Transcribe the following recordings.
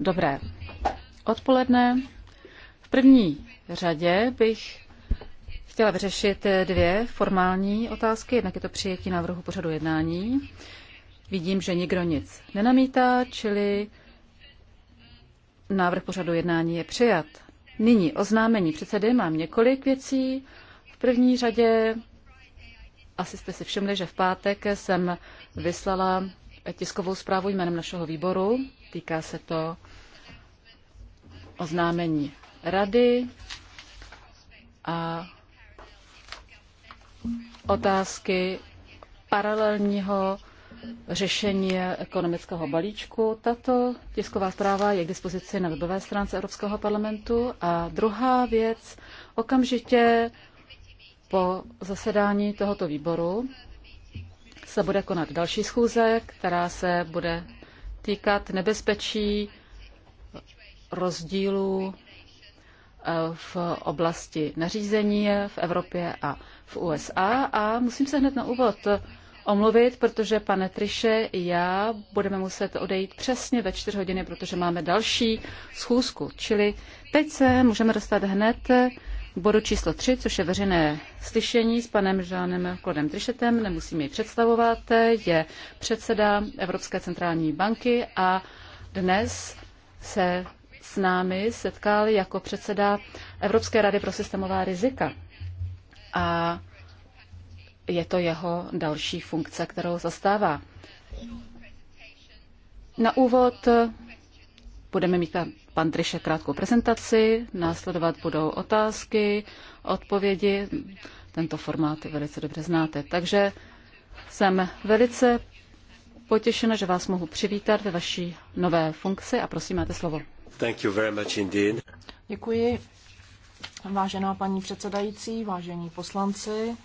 Dobré odpoledne. V první řadě bych chtěla vyřešit dvě formální otázky. Jednak je to přijetí návrhu pořadu jednání. Vidím, že nikdo nic nenamítá, čili návrh pořadu jednání je přijat. Nyní oznámení předsedy mám několik věcí. V první řadě asi jste si všimli, že v pátek jsem vyslala tiskovou zprávu jménem našeho výboru. Týká se to oznámení rady a otázky paralelního řešení ekonomického balíčku. Tato tisková zpráva je k dispozici na webové stránce Evropského parlamentu. A druhá věc, okamžitě po zasedání tohoto výboru se bude konat další schůze, která se bude týkat nebezpečí rozdílů eh, v oblasti nařízení v Evropě a v USA. A musím se hned na úvod omluvit, protože pane Triše i já budeme muset odejít přesně ve čtyři hodiny, protože máme další schůzku. Čili teď se můžeme dostat hned bodu číslo 3, což je veřejné slyšení s panem Žánem Klodem Trišetem, nemusím jej představovat, je předseda Evropské centrální banky a dnes se s námi setkal jako předseda Evropské rady pro systémová rizika. A je to jeho další funkce, kterou zastává. Na úvod budeme mít pan Triše krátkou prezentaci, následovat budou otázky, odpovědi. Tento formát velice dobře znáte. Takže jsem velice potěšena, že vás mohu přivítat ve vaší nové funkci a prosím, máte slovo. Thank you very much indeed. Děkuji. Vážená paní předsedající, vážení poslanci,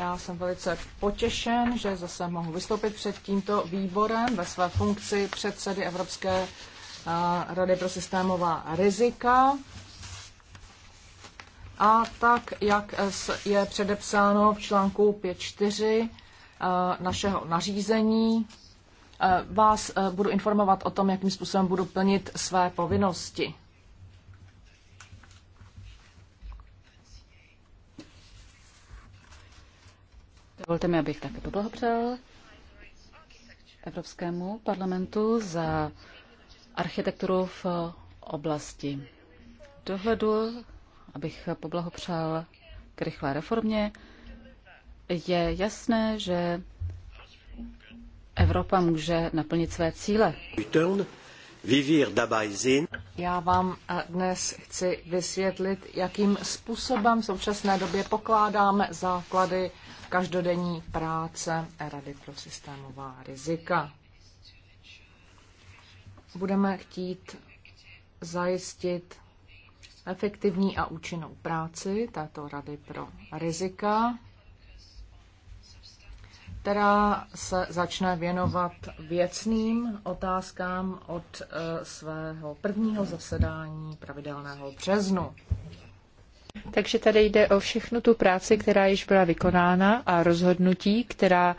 já jsem velice potěšen, že zase mohu vystoupit před tímto výborem ve své funkci předsedy Evropské Rady pro systémová rizika. A tak, jak je předepsáno v článku 5.4 eh, našeho nařízení, eh, vás eh, budu informovat o tom, jakým způsobem budu plnit své povinnosti. Dovolte mi, abych také poblahopřel Evropskému parlamentu za architekturu v oblasti dohledu, abych poblahopřál k rychlé reformě. Je jasné, že Evropa může naplnit své cíle. Já vám dnes chci vysvětlit, jakým způsobem v současné době pokládáme základy každodenní práce Rady pro systémová rizika budeme chtít zajistit efektivní a účinnou práci této Rady pro rizika, která se začne věnovat věcným otázkám od eh, svého prvního zasedání pravidelného březnu. Takže tady jde o všechnu tu práci, která již byla vykonána a rozhodnutí, která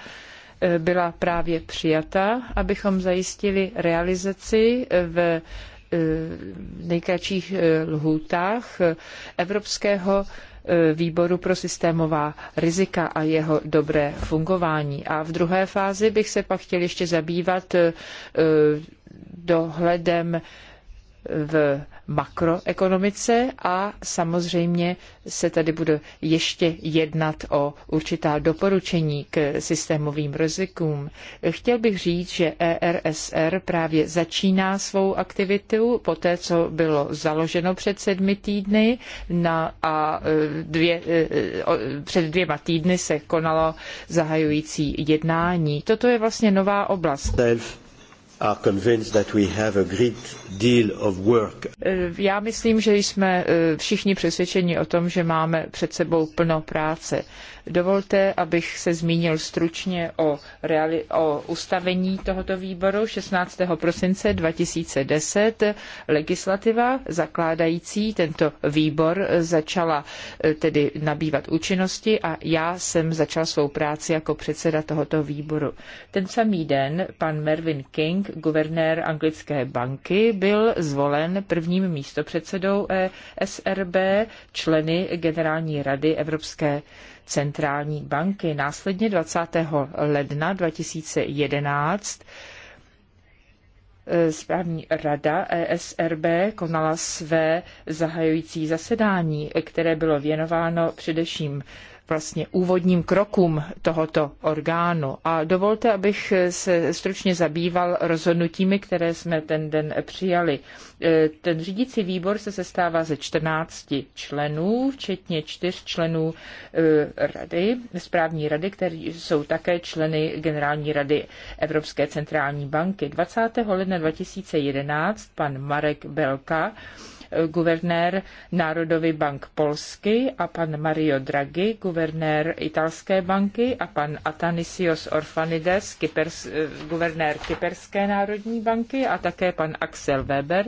byla právě přijata, abychom zajistili realizaci v e, nejkratších e, lhůtách Evropského e, výboru pro systémová rizika a jeho dobré fungování. A v druhé fázi bych se pak chtěl ještě zabývat dohledem v makroekonomice a samozřejmě se tady bude ještě jednat o určitá doporučení k systémovým rizikům. Chtěl bych říct, že ERSR právě začíná svou aktivitu po té, co bylo založeno před sedmi týdny na, a e, dvě, e, před dvěma týdny se konalo zahajující jednání. Toto je vlastně nová oblast. Dave are convinced that we have a great deal of work. Eh, já myslím, že jsme eh, všichni přesvědčeni o tom, že máme před sebou plno práce. Dovolte, abych se zmínil stručně o, reali- o ustavení tohoto výboru 16. prosince 2010. Legislativa zakládající tento výbor začala eh, tedy nabývat účinnosti a já jsem začal svou práci jako předseda tohoto výboru. Ten samý den pan Mervyn King, guvernér anglické banky, byl zvolen prvním místopředsedou e SRB členy Generální rady Evropské centrální banky. Následně 20. ledna 2011 eh, správní rada ESRB konala své zahajující zasedání, které bylo věnováno především vlastně úvodním krokům tohoto orgánu. A dovolte, abych se stručně zabýval rozhodnutími, které jsme ten den přijali. E, ten řídící výbor se sestává ze 14 členů, včetně čtyř členů e, rady, správní rady, kteří jsou také členy Generální rady Evropské centrální banky. 20. ledna 2011 pan Marek Belka guvernér Národovy bank Polsky a pan Mario Draghi, guvernér Italské banky a pan Atanisios Orfanides, kypers, eh, guvernér Kyperské národní banky a také pan Axel Weber,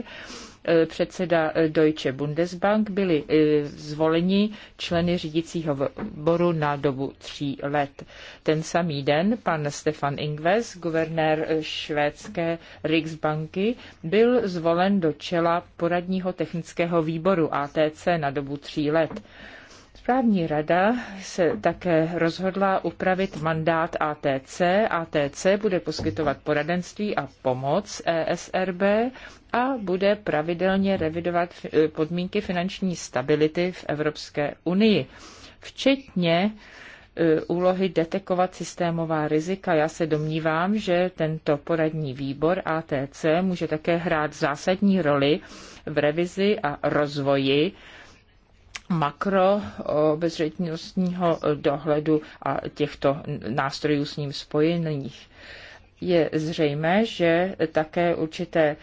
Eh, předseda eh, Deutsche Bundesbank, byli eh, zvoleni členy řídícího boru na dobu tří let. Ten samý den pan Stefan Ingves, guvernér švédské Riksbanky, byl zvolen do čela poradního technického výboru ATC na dobu tří let. Správní rada se také rozhodla upravit mandát ATC. ATC bude poskytovat poradenství a pomoc ESRB a bude pravidelně revidovat eh, podmínky finanční stability v Evropské unii, včetně eh, úlohy detekovat systémová rizika. Já se domnívám, že tento poradní výbor ATC může také hrát zásadní roli v revizi a rozvoji makroobezřetnostního dohledu a těchto nástrojů s ním spojených. Je zřejmé, že také určité e,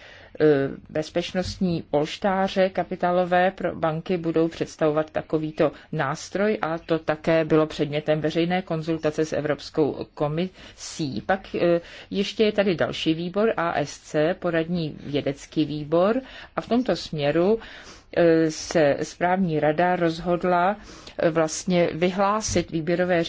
bezpečnostní polštáře kapitálové pro banky budou představovat takovýto nástroj a to také bylo předmětem veřejné konzultace s Evropskou komisí. Pak e, ještě je tady další výbor ASC, poradní vědecký výbor a v tomto směru Eh, se správní rada rozhodla eh, vlastně vyhlásit výběrové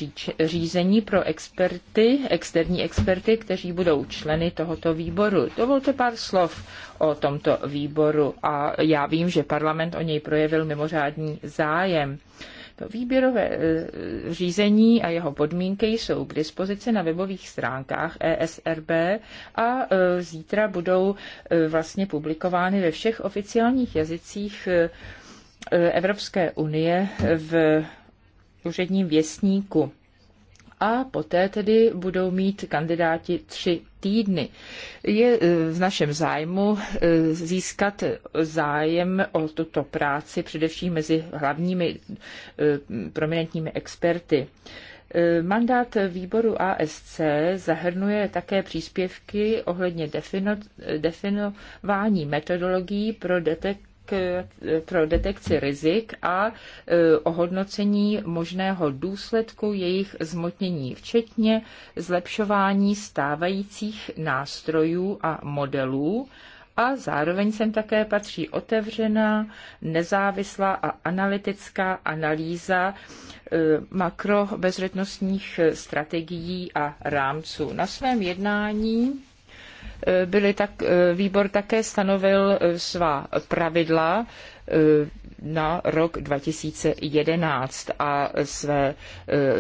řízení pro experty, externí experty, kteří budou členy tohoto výboru. Dovolte pár slov o tomto výboru a já vím, že parlament o něj projevil mimořádný zájem. To výběrové e, řízení a jeho podmínky jsou k dispozici na webových stránkách ESRB a e, zítra budou e, vlastně publikovány ve všech oficiálních jazycích Evropské unie v úředním věstníku a poté tedy budou mít kandidáti tři týdny. Je e, v našem zájmu e, získat zájem o tuto práci především mezi hlavními e, prominentními experty. Mandát výboru ASC zahrnuje také příspěvky ohledně definování metodologií pro detek pro detekci rizik a e, ohodnocení možného důsledku jejich zmotnění, včetně zlepšování stávajících nástrojů a modelů a zároveň sem také patří otevřená, nezávislá a analytická analýza e, makrobezřetnostních strategií a rámců. Na svém jednání byly tak, eh, výbor také stanovil eh, svá pravidla eh, na rok 2011 a své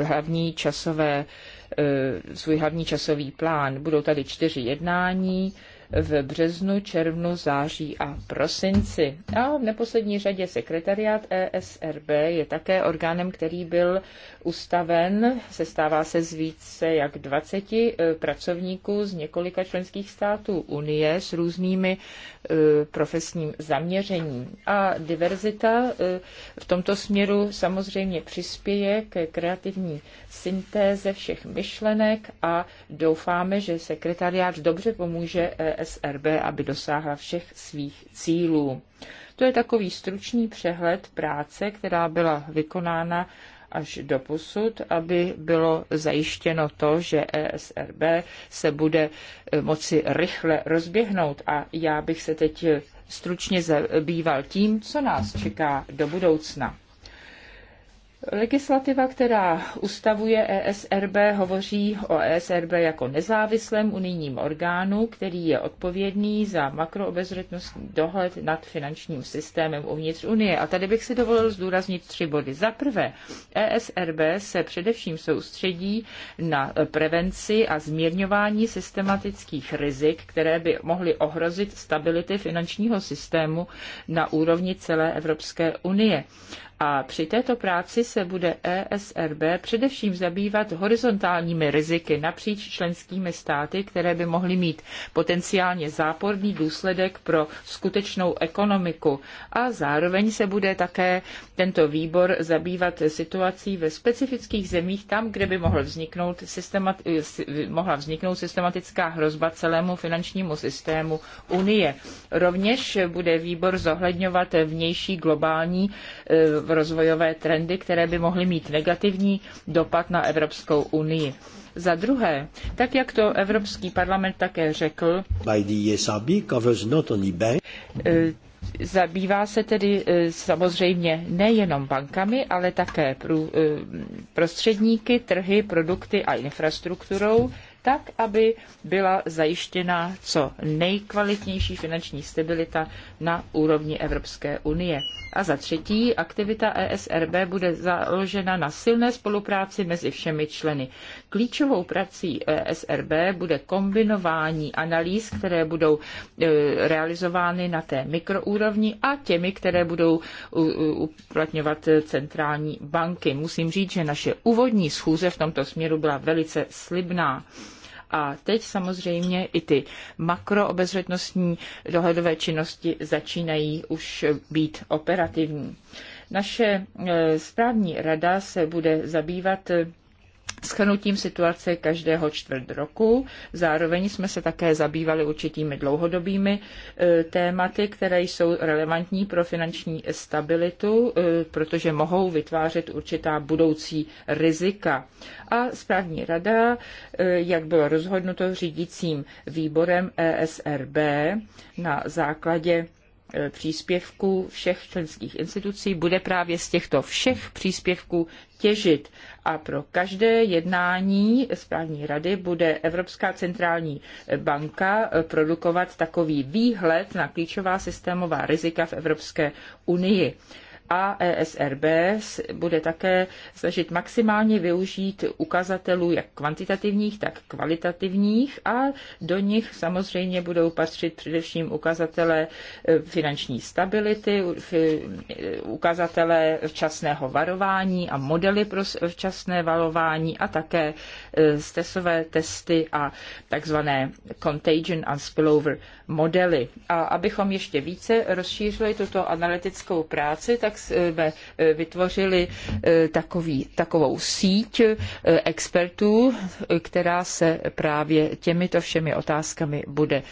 hlavní časové svůj hlavní časový plán. Budou tady čtyři jednání, v březnu, červnu, září a prosinci. A v neposlední řadě sekretariát ESRB je také orgánem, který byl ustaven, sestává se z více jak 20 eh, pracovníků z několika členských států Unie s různými eh, profesním zaměřením. A diverzita eh, v tomto směru samozřejmě přispěje k kreativní syntéze všech myšlenek a doufáme, že sekretariát dobře pomůže ESRB, aby dosáhla všech svých cílů. To je takový stručný přehled práce, která byla vykonána až do posud, aby bylo zajištěno to, že ESRB se bude eh, moci rychle rozběhnout. A já bych se teď eh, stručně zabýval tím, co nás čeká do budoucna. Legislativa, která ustavuje ESRB, hovoří o ESRB jako nezávislém unijním orgánu, který je odpovědný za makroobezřetnostní dohled nad finančním systémem uvnitř Unie. A tady bych si dovolil zdůraznit tři body. Za prvé, ESRB se především soustředí na prevenci a zmírňování systematických rizik, které by mohly ohrozit stability finančního systému na úrovni celé Evropské unie. A při této práci se bude ESRB především zabývat horizontálními riziky napříč členskými státy, které by mohly mít potenciálně záporný důsledek pro skutečnou ekonomiku. A zároveň se bude také tento výbor zabývat situací ve specifických zemích tam, kde by mohl vzniknout systemat, mohla vzniknout systematická hrozba celému finančnímu systému Unie. Rovněž bude výbor zohledňovat vnější globální eh, rozvojové trendy, které by mohly mít negativní dopad na Evropskou unii. Za druhé, tak jak to Evropský parlament také řekl, e e, zabývá se tedy e, samozřejmě nejenom bankami, ale také prostředníky, trhy, produkty a infrastrukturou tak, aby byla zajištěna co nejkvalitnější finanční stabilita na úrovni Evropské unie. A za třetí, aktivita ESRB bude založena na silné spolupráci mezi všemi členy. Klíčovou prací eh, SRB bude kombinování analýz, které budou eh, realizovány na té mikroúrovni a těmi, které budou uplatňovat eh, centrální banky. Musím říct, že naše úvodní schůze v tomto směru byla velice slibná. A teď samozřejmě i ty makroobezřetnostní dohledové činnosti začínají už být operativní. Naše správní rada se bude zabývat schrnutím situace každého čtvrt roku. Zároveň jsme se také zabývali určitými dlouhodobými e, tématy, které jsou relevantní pro finanční stabilitu, e, protože mohou vytvářet určitá budoucí rizika. A správní rada, e, jak bylo rozhodnuto řídícím výborem ESRB na základě Eh, příspěvků všech členských institucí bude právě z těchto všech příspěvků těžit. A pro každé jednání správní rady bude Evropská centrální banka eh, produkovat takový výhled na klíčová systémová rizika v Evropské unii a ESRB bude také snažit maximálně využít ukazatelů jak kvantitativních, tak kvalitativních a do nich samozřejmě budou patřit především ukazatele e, finanční stability, e, ukazatele včasného varování a modely pro včasné varování a také e, stresové testy a takzvané contagion and spillover modely. A abychom ještě více rozšířili tuto analytickou práci, tak jsme eh, eh, vytvořili eh, takový, takovou síť expertů, která se právě těmito všemi otázkami bude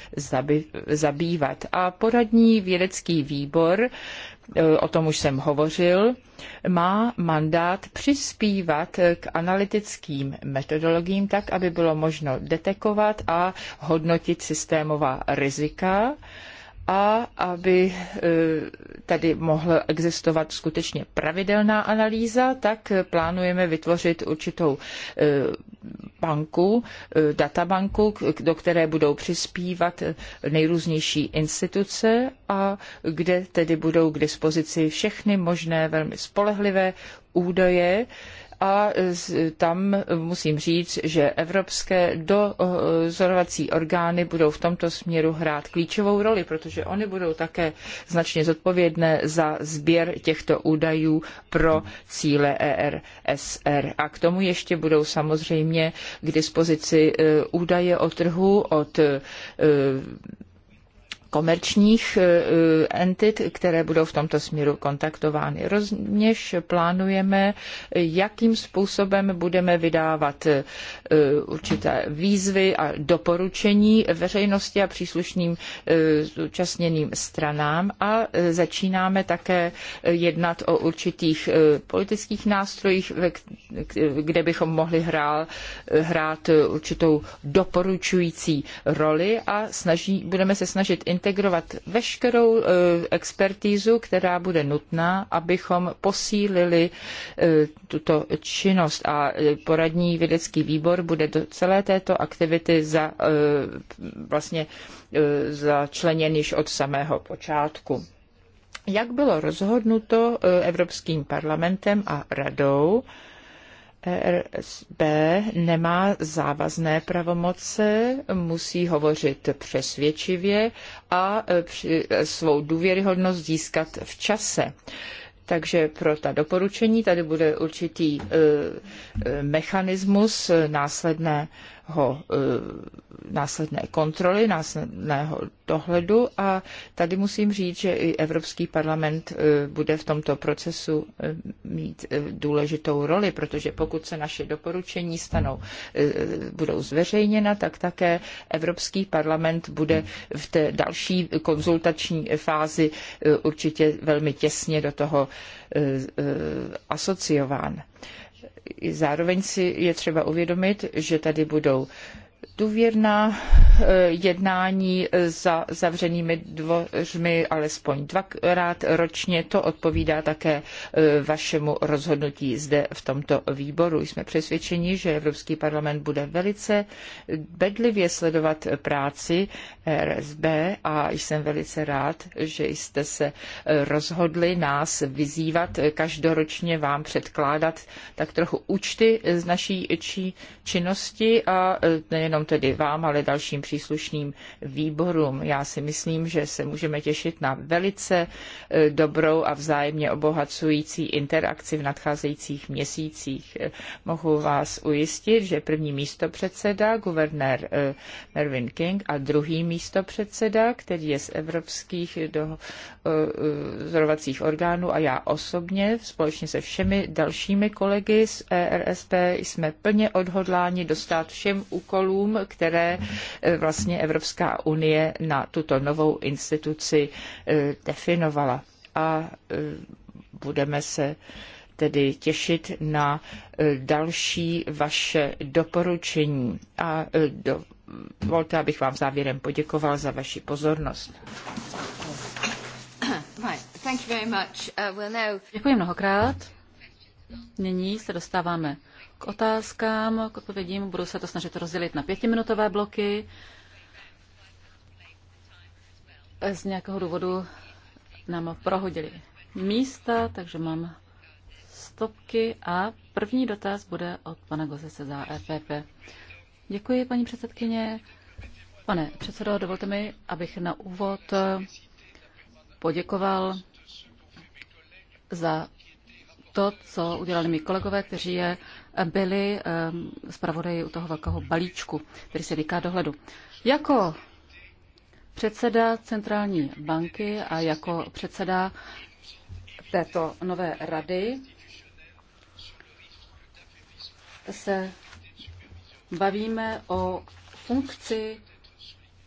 zabývat. A poradní vědecký výbor, o tom už jsem hovořil, má mandát přispívat k analytickým metodologiím tak, aby bylo možno detekovat a hodnotit systémová rizika, a aby e, tady mohla existovat skutečně pravidelná analýza, tak plánujeme vytvořit určitou e, banku, e, databanku, do které budou přispívat nejrůznější instituce a kde tedy budou k dispozici všechny možné velmi spolehlivé údaje, a tam musím říct, že evropské dozorovací orgány budou v tomto směru hrát klíčovou roli, protože oni budou také značně zodpovědné za sběr těchto údajů pro cíle ERSR. A k tomu ještě budou samozřejmě k dispozici e, údaje o trhu od e, komerčních e, e, entit, které budou v tomto směru kontaktovány. Rovněž plánujeme, jakým způsobem budeme vydávat e, určité výzvy a doporučení veřejnosti a příslušným zúčastněným stranám a začínáme také jednat o určitých politických nástrojích, kde bychom mohli hrál, hrát určitou doporučující roli a snaží, budeme se snažit integrovat veškerou eh, expertízu, která bude nutná, abychom posílili eh, tuto činnost a eh, poradní vědecký výbor bude do celé této aktivity za, vlastně začleněn již od samého počátku. Jak bylo rozhodnuto Evropským parlamentem a radou, E RSB nemá závazné pravomoce, musí hovořit přesvědčivě a e, e, svou důvěryhodnost získat v čase. Takže pro ta doporučení tady bude určitý mechanismus následné e, následné kontroly, následného dohledu a tady musím říct, že i Evropský parlament eh, bude v tomto procesu eh, mít důležitou roli, protože pokud se naše doporučení stanou, budou zveřejněna, tak také Evropský parlament bude v té další konzultační fázi určitě velmi těsně do toho asociován zároveň si je třeba uvědomit, že tady budou důvěrná eh, jednání za zavřenými dvořmi alespoň dvakrát ročně. To odpovídá také eh, vašemu rozhodnutí zde v tomto výboru. Jsme přesvědčeni, že Evropský parlament bude velice bedlivě sledovat práci RSB a jsem velice rád, že jste se eh, rozhodli nás vyzývat každoročně vám předkládat tak trochu účty z naší činnosti a nejenom tedy vám, ale dalším příslušným výborům. Já si myslím, že se můžeme těšit na velice e, dobrou a vzájemně obohacující interakci v nadcházejících měsících. E, mohu vás ujistit, že první místo předseda, guvernér e, Mervyn King a druhý místo předseda, který je z evropských dozorovacích orgánů a já osobně společně se všemi dalšími kolegy z ERSP jsme plně odhodláni dostat všem úkolům, které eh, vlastně Evropská unie na tuto novou instituci eh, definovala. A eh, budeme se tedy těšit na další vaše doporučení. A dovolte, abych vám závěrem poděkoval za vaši pozornost. Uh, Děkuji mnohokrát. Nyní se dostáváme k otázkám, k odpovědím. Budu se to snažit rozdělit na pětiminutové bloky. Z nějakého důvodu nám prohodili místa, takže mám stopky a první dotaz bude od pana Gozese za EPP. Děkuji, paní předsedkyně. Pane předsedo, dovolte mi, abych na úvod poděkoval za to, co udělali mi kolegové, kteří je byli eh, zpravodaji u toho velkého balíčku, který se týká dohledu. Jako předseda centrální banky a jako předseda této nové rady se bavíme o funkci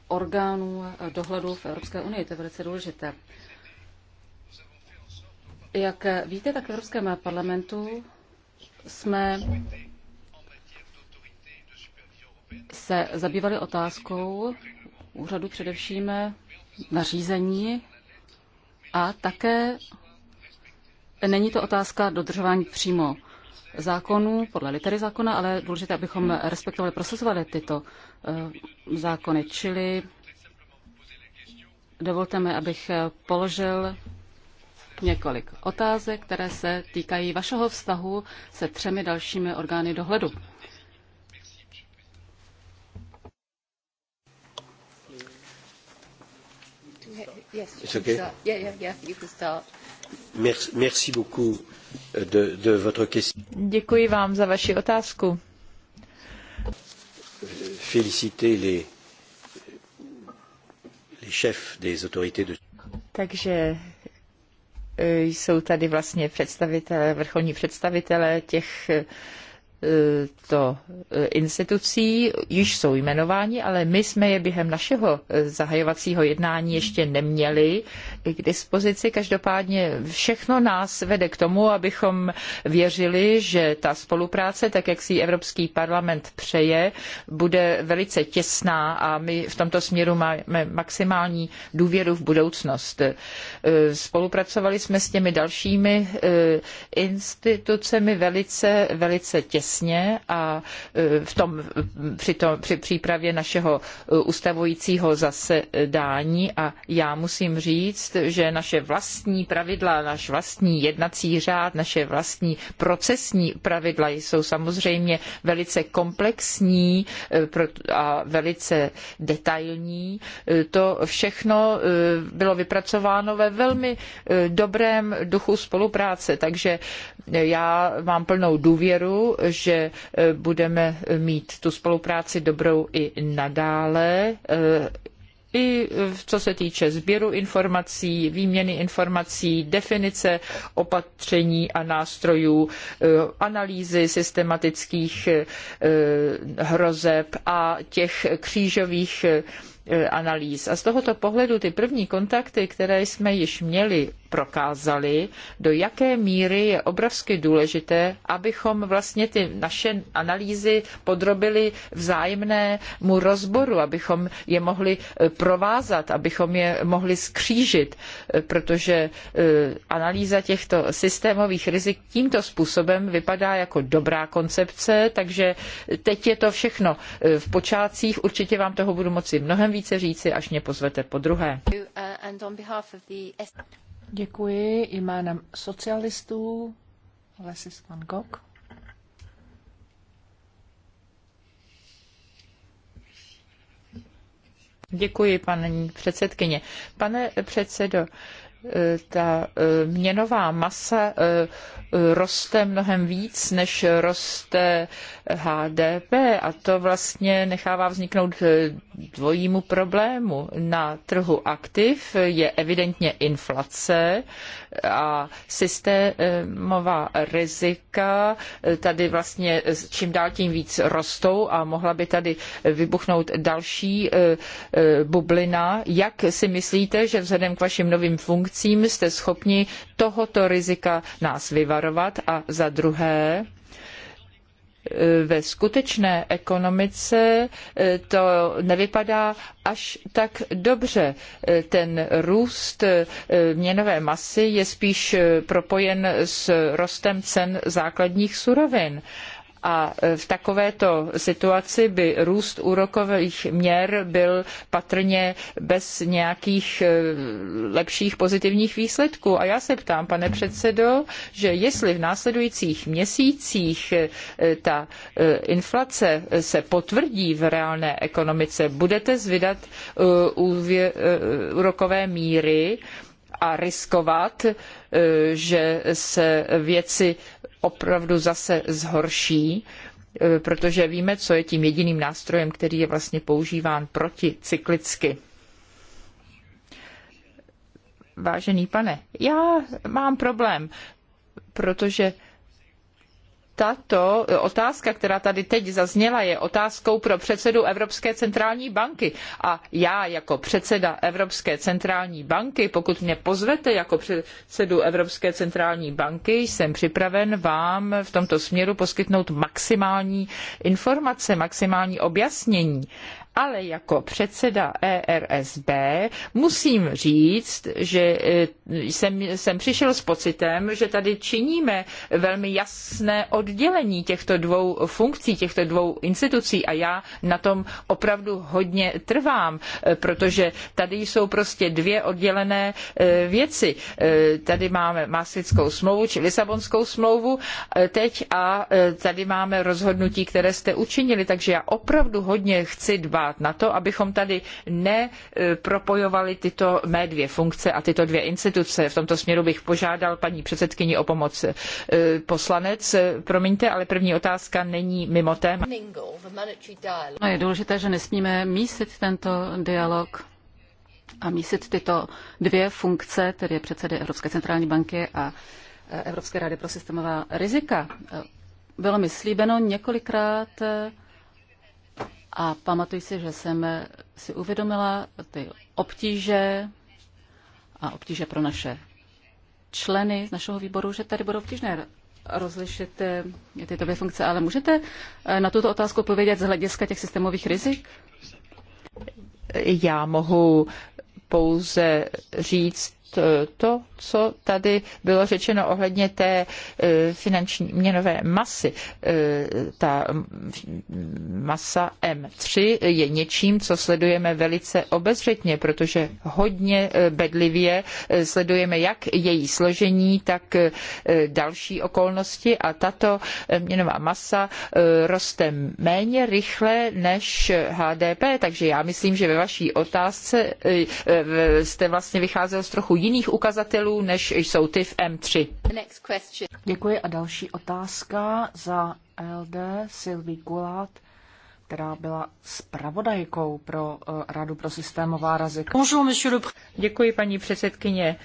orgánů dohledu v Evropské unii. To je velice důležité. Jak víte, tak v Evropském parlamentu jsme se zabývali otázkou úřadu především nařízení a také není to otázka dodržování přímo zákonů, podle litery zákona, ale důležité, abychom respektovali, prosazovali tyto eh, zákony. Čili dovolte mi, abych položil několik otázek, které se týkají vašeho vztahu se třemi dalšími orgány dohledu. Yes, okay. yeah, yeah, yeah, merci, merci beaucoup de, de votre question. Děkuji vám za vaši otázku. Féliciter les, les chefs des autorités de... Takže jsou tady vlastně představitelé, vrcholní představitelé těch E, to e, institucí již jsou jmenováni, ale my jsme je během našeho e, zahajovacího jednání ještě neměli k dispozici. Každopádně všechno nás vede k tomu, abychom věřili, že ta spolupráce, tak jak si Evropský parlament přeje, bude velice těsná a my v tomto směru máme maximální důvěru v budoucnost. Spolupracovali jsme s těmi dalšími institucemi velice, velice těsně jasně a e, v tom, při, tom, při přípravě našeho e, ustavujícího zasedání a já musím říct, že naše vlastní pravidla, náš vlastní jednací řád, naše vlastní procesní pravidla jsou samozřejmě velice komplexní e, a velice detailní. To všechno bylo vypracováno ve velmi dobrém duchu spolupráce, takže já mám plnou důvěru, že e, budeme mít tu spolupráci dobrou i nadále e, i co se týče sběru informací, výměny informací, definice opatření a nástrojů, e, analýzy systematických hrozeb a těch křížových analýz. A z tohoto pohledu ty první kontakty, které jsme již měli prokázali, do jaké míry je obrovsky důležité, abychom vlastně ty naše analýzy podrobili vzájemnému rozboru, abychom je mohli eh, provázat, abychom je mohli skřížit, eh, protože eh, analýza těchto systémových rizik tímto způsobem vypadá jako dobrá koncepce, takže teď je to všechno v počátcích. Určitě vám toho budu moci mnohem více říci, až mě pozvete po druhé. Uh, Děkuji jménem socialistů Lesis van Gogh. Děkuji, paní předsedkyně. Pane předsedo, ta e, měnová masa e, e, roste mnohem víc, než roste HDP a to vlastně nechává vzniknout dvojímu problému. Na trhu aktiv je evidentně inflace a systémová rizika tady vlastně čím dál tím víc rostou a mohla by tady vybuchnout další bublina. Jak si myslíte, že vzhledem k vašim novým funkcím sankcím jste schopni tohoto rizika nás vyvarovat a za druhé, eh, ve skutečné ekonomice eh, to nevypadá až tak dobře. Eh, ten růst měnové masy je spíš propojen s rostem cen základních surovin. A e, v takovéto situaci by růst úrokových měr byl patrně bez nějakých e, lepších pozitivních výsledků. A já se ptám, pane předsedo, že jestli v následujících měsících e, ta inflace se potvrdí v reálné ekonomice, budete zvydat úrokové míry a riskovat, že se věci opravdu zase zhorší, e, protože víme, co je tím jediným nástrojem, který je vlastně používán proticyklicky. Vážený pane, já mám problém, protože tato otázka, která tady teď zazněla, je otázkou pro předsedu Evropské centrální banky. A já jako předseda Evropské centrální banky, pokud mě pozvete jako předsedu Evropské centrální banky, jsem připraven vám v tomto směru poskytnout maximální informace, maximální objasnění ale jako předseda ERSB musím říct, že e, jsem, jsem přišel s pocitem, že tady činíme velmi jasné oddělení těchto dvou funkcí, těchto dvou institucí a já na tom opravdu hodně trvám, e, protože tady jsou prostě dvě oddělené e, věci. Tady máme Maastrichtskou smlouvu či Lisabonskou smlouvu teď a tady máme rozhodnutí, které jste učinili, takže já opravdu hodně chci dbát dbát na to, abychom tady nepropojovali tyto mé dvě funkce a tyto dvě instituce. V tomto směru bych požádal paní předsedkyni o pomoc. E, poslanec, e, promiňte, ale první otázka není mimo téma. No je důležité, že nesmíme mísit tento dialog a mísit tyto dvě funkce, tedy předsedy Evropské centrální banky a e, Evropské rady pro systémová rizika. Bylo mi slíbeno několikrát a pamatuji si, že jsem si uvědomila ty obtíže a obtíže pro naše členy z našeho výboru, že tady budou obtížné rozlišit eh, tyto dvě funkce, ale můžete eh, na tuto otázku povědět z hlediska těch systémových rizik? Já mohu pouze říct, to, co tady bylo řečeno ohledně té e, finanční měnové masy. E, ta masa M3 je něčím, co sledujeme velice obezřetně, protože hodně e, bedlivě sledujeme jak její složení, tak další okolnosti a tato měnová masa roste méně rychle než HDP, takže já myslím, že ve vaší otázce jste vlastně vycházel z trochu jiných ukazatelů, než jsou ty v M3. Děkuji a další otázka za LD Sylvie Gulát která byla spravodajkou pro eh, Radu pro systémová rizika. Děkuji, paní předsedkyně.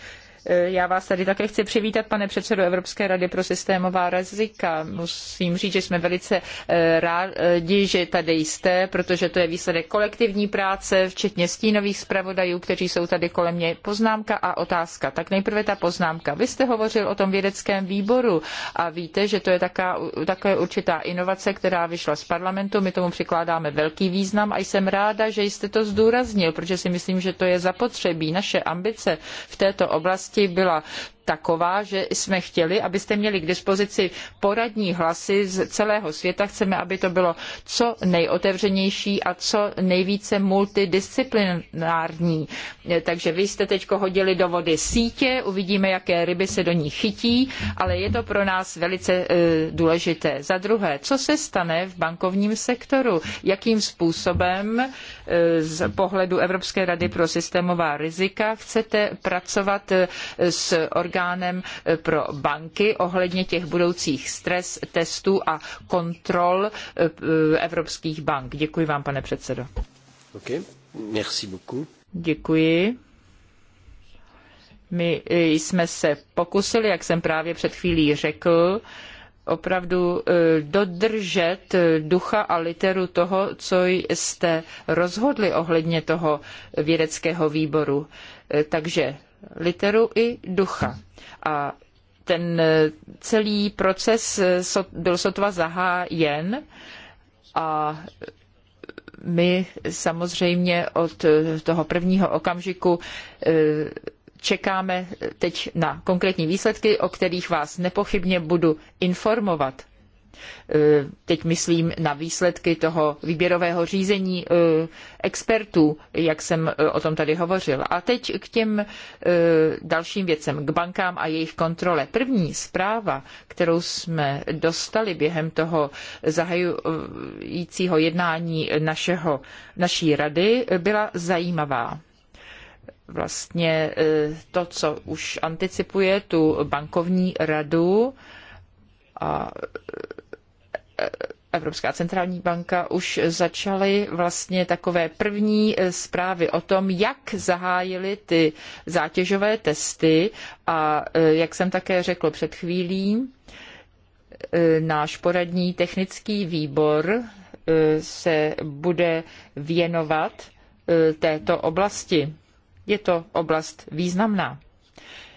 Já vás tady také chci přivítat, pane předsedo Evropské rady pro systémová rizika. Musím říct, že jsme velice eh, rádi, že tady jste, protože to je výsledek kolektivní práce, včetně stínových zpravodajů, kteří jsou tady kolem mě. Poznámka a otázka. Tak nejprve ta poznámka. Vy jste hovořil o tom vědeckém výboru a víte, že to je taká, také určitá inovace, která vyšla z parlamentu. My tomu přikládáme velký význam a jsem ráda, že jste to zdůraznil, protože si myslím, že to je zapotřebí. Naše ambice v této oblasti části byla taková, že jsme chtěli, abyste měli k dispozici poradní hlasy z celého světa. Chceme, aby to bylo co nejotevřenější a co nejvíce multidisciplinární. Takže vy jste teď hodili do vody sítě, uvidíme, jaké ryby se do ní chytí, ale je to pro nás velice e, důležité. Za druhé, co se stane v bankovním sektoru? Jakým způsobem z pohledu Evropské rady pro systémová rizika chcete pracovat eh, s orgánem eh, pro banky ohledně těch budoucích stres testů a kontrol eh, evropských bank. Děkuji vám, pane předsedo. Okay. Merci beaucoup. Děkuji. My jsme se pokusili, jak jsem právě před chvílí řekl, opravdu e, dodržet e, ducha a literu toho, co jste rozhodli ohledně toho vědeckého výboru. E, takže literu i ducha. A ten celý proces byl sotva zahájen a my samozřejmě od toho prvního okamžiku Čekáme teď na konkrétní výsledky, o kterých vás nepochybně budu informovat. E, teď myslím na výsledky toho výběrového řízení e, expertů, jak jsem e, o tom tady hovořil. A teď k těm dalším věcem, k bankám a jejich kontrole. První zpráva, kterou jsme dostali během toho zahajujícího jednání našeho, naší rady, byla zajímavá vlastně e, to, co už anticipuje tu bankovní radu a e, Evropská centrální banka už začaly vlastně takové první e, zprávy o tom, jak zahájili ty zátěžové testy a jak jsem také řekl před chvílí, náš poradní technický výbor se bude věnovat této oblasti je to oblast významná.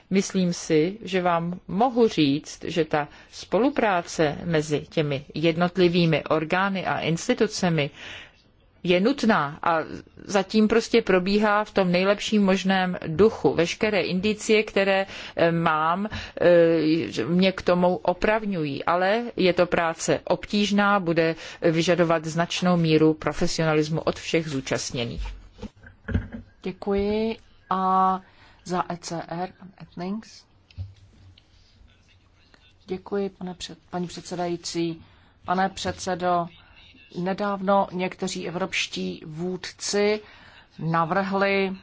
Myslím si, že vám mohu říct, že ta spolupráce mezi těmi jednotlivými orgány a institucemi je nutná a zatím prostě probíhá v tom nejlepším možném duchu. Veškeré indicie, které eh, mám, eh, mě k tomu opravňují, ale je to práce obtížná, bude vyžadovat značnou míru profesionalismu od všech zúčastněných. Děkuji a za ECR, pan Etnings. Děkuji, pane před, paní předsedající. Pane předsedo, nedávno někteří evropští vůdci navrhli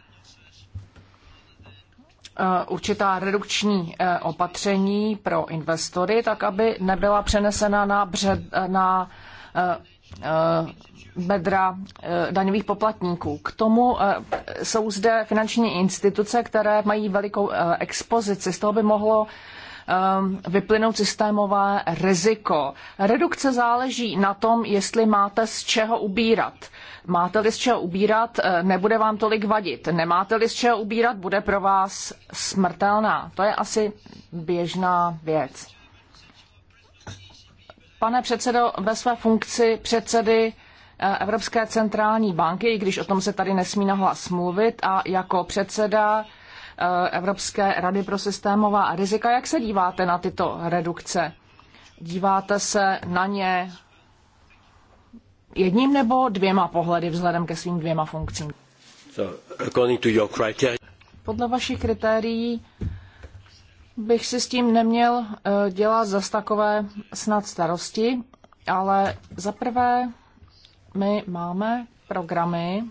eh, určitá redukční eh, opatření pro investory, tak aby nebyla přenesena na, bře, na eh, Eh, bedra eh, daňových poplatníků. K tomu eh, jsou zde finanční instituce, které mají velikou expozici. Z toho by mohlo vyplynout systémové riziko. Redukce záleží na tom, jestli máte z čeho ubírat. Máte-li z čeho ubírat, nebude vám tolik vadit. Nemáte-li z čeho ubírat, bude pro vás smrtelná. To je asi běžná věc pane předsedo, ve své funkci předsedy eh, Evropské centrální banky, i když o tom se tady nesmí nahlas mluvit, a jako předseda eh, Evropské rady pro systémová rizika, jak se díváte na tyto redukce? Díváte se na ně jedním nebo dvěma pohledy vzhledem ke svým dvěma funkcím? So, Podle vašich kritérií bych si s tím neměl eh, dělat zas takové snad starosti, ale za prvé my máme programy,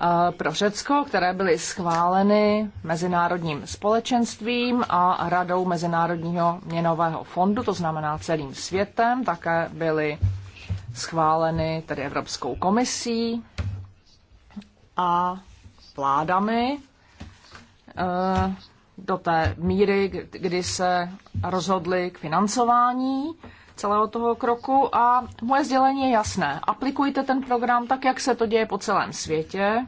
eh, pro Řecko, které byly schváleny mezinárodním společenstvím a Radou Mezinárodního měnového fondu, to znamená celým světem, také byly schváleny tedy Evropskou komisí a vládami eh, do té míry, kdy se rozhodli k financování celého toho kroku a moje sdělení je jasné. Aplikujte ten program tak, jak se to děje po celém světě eh,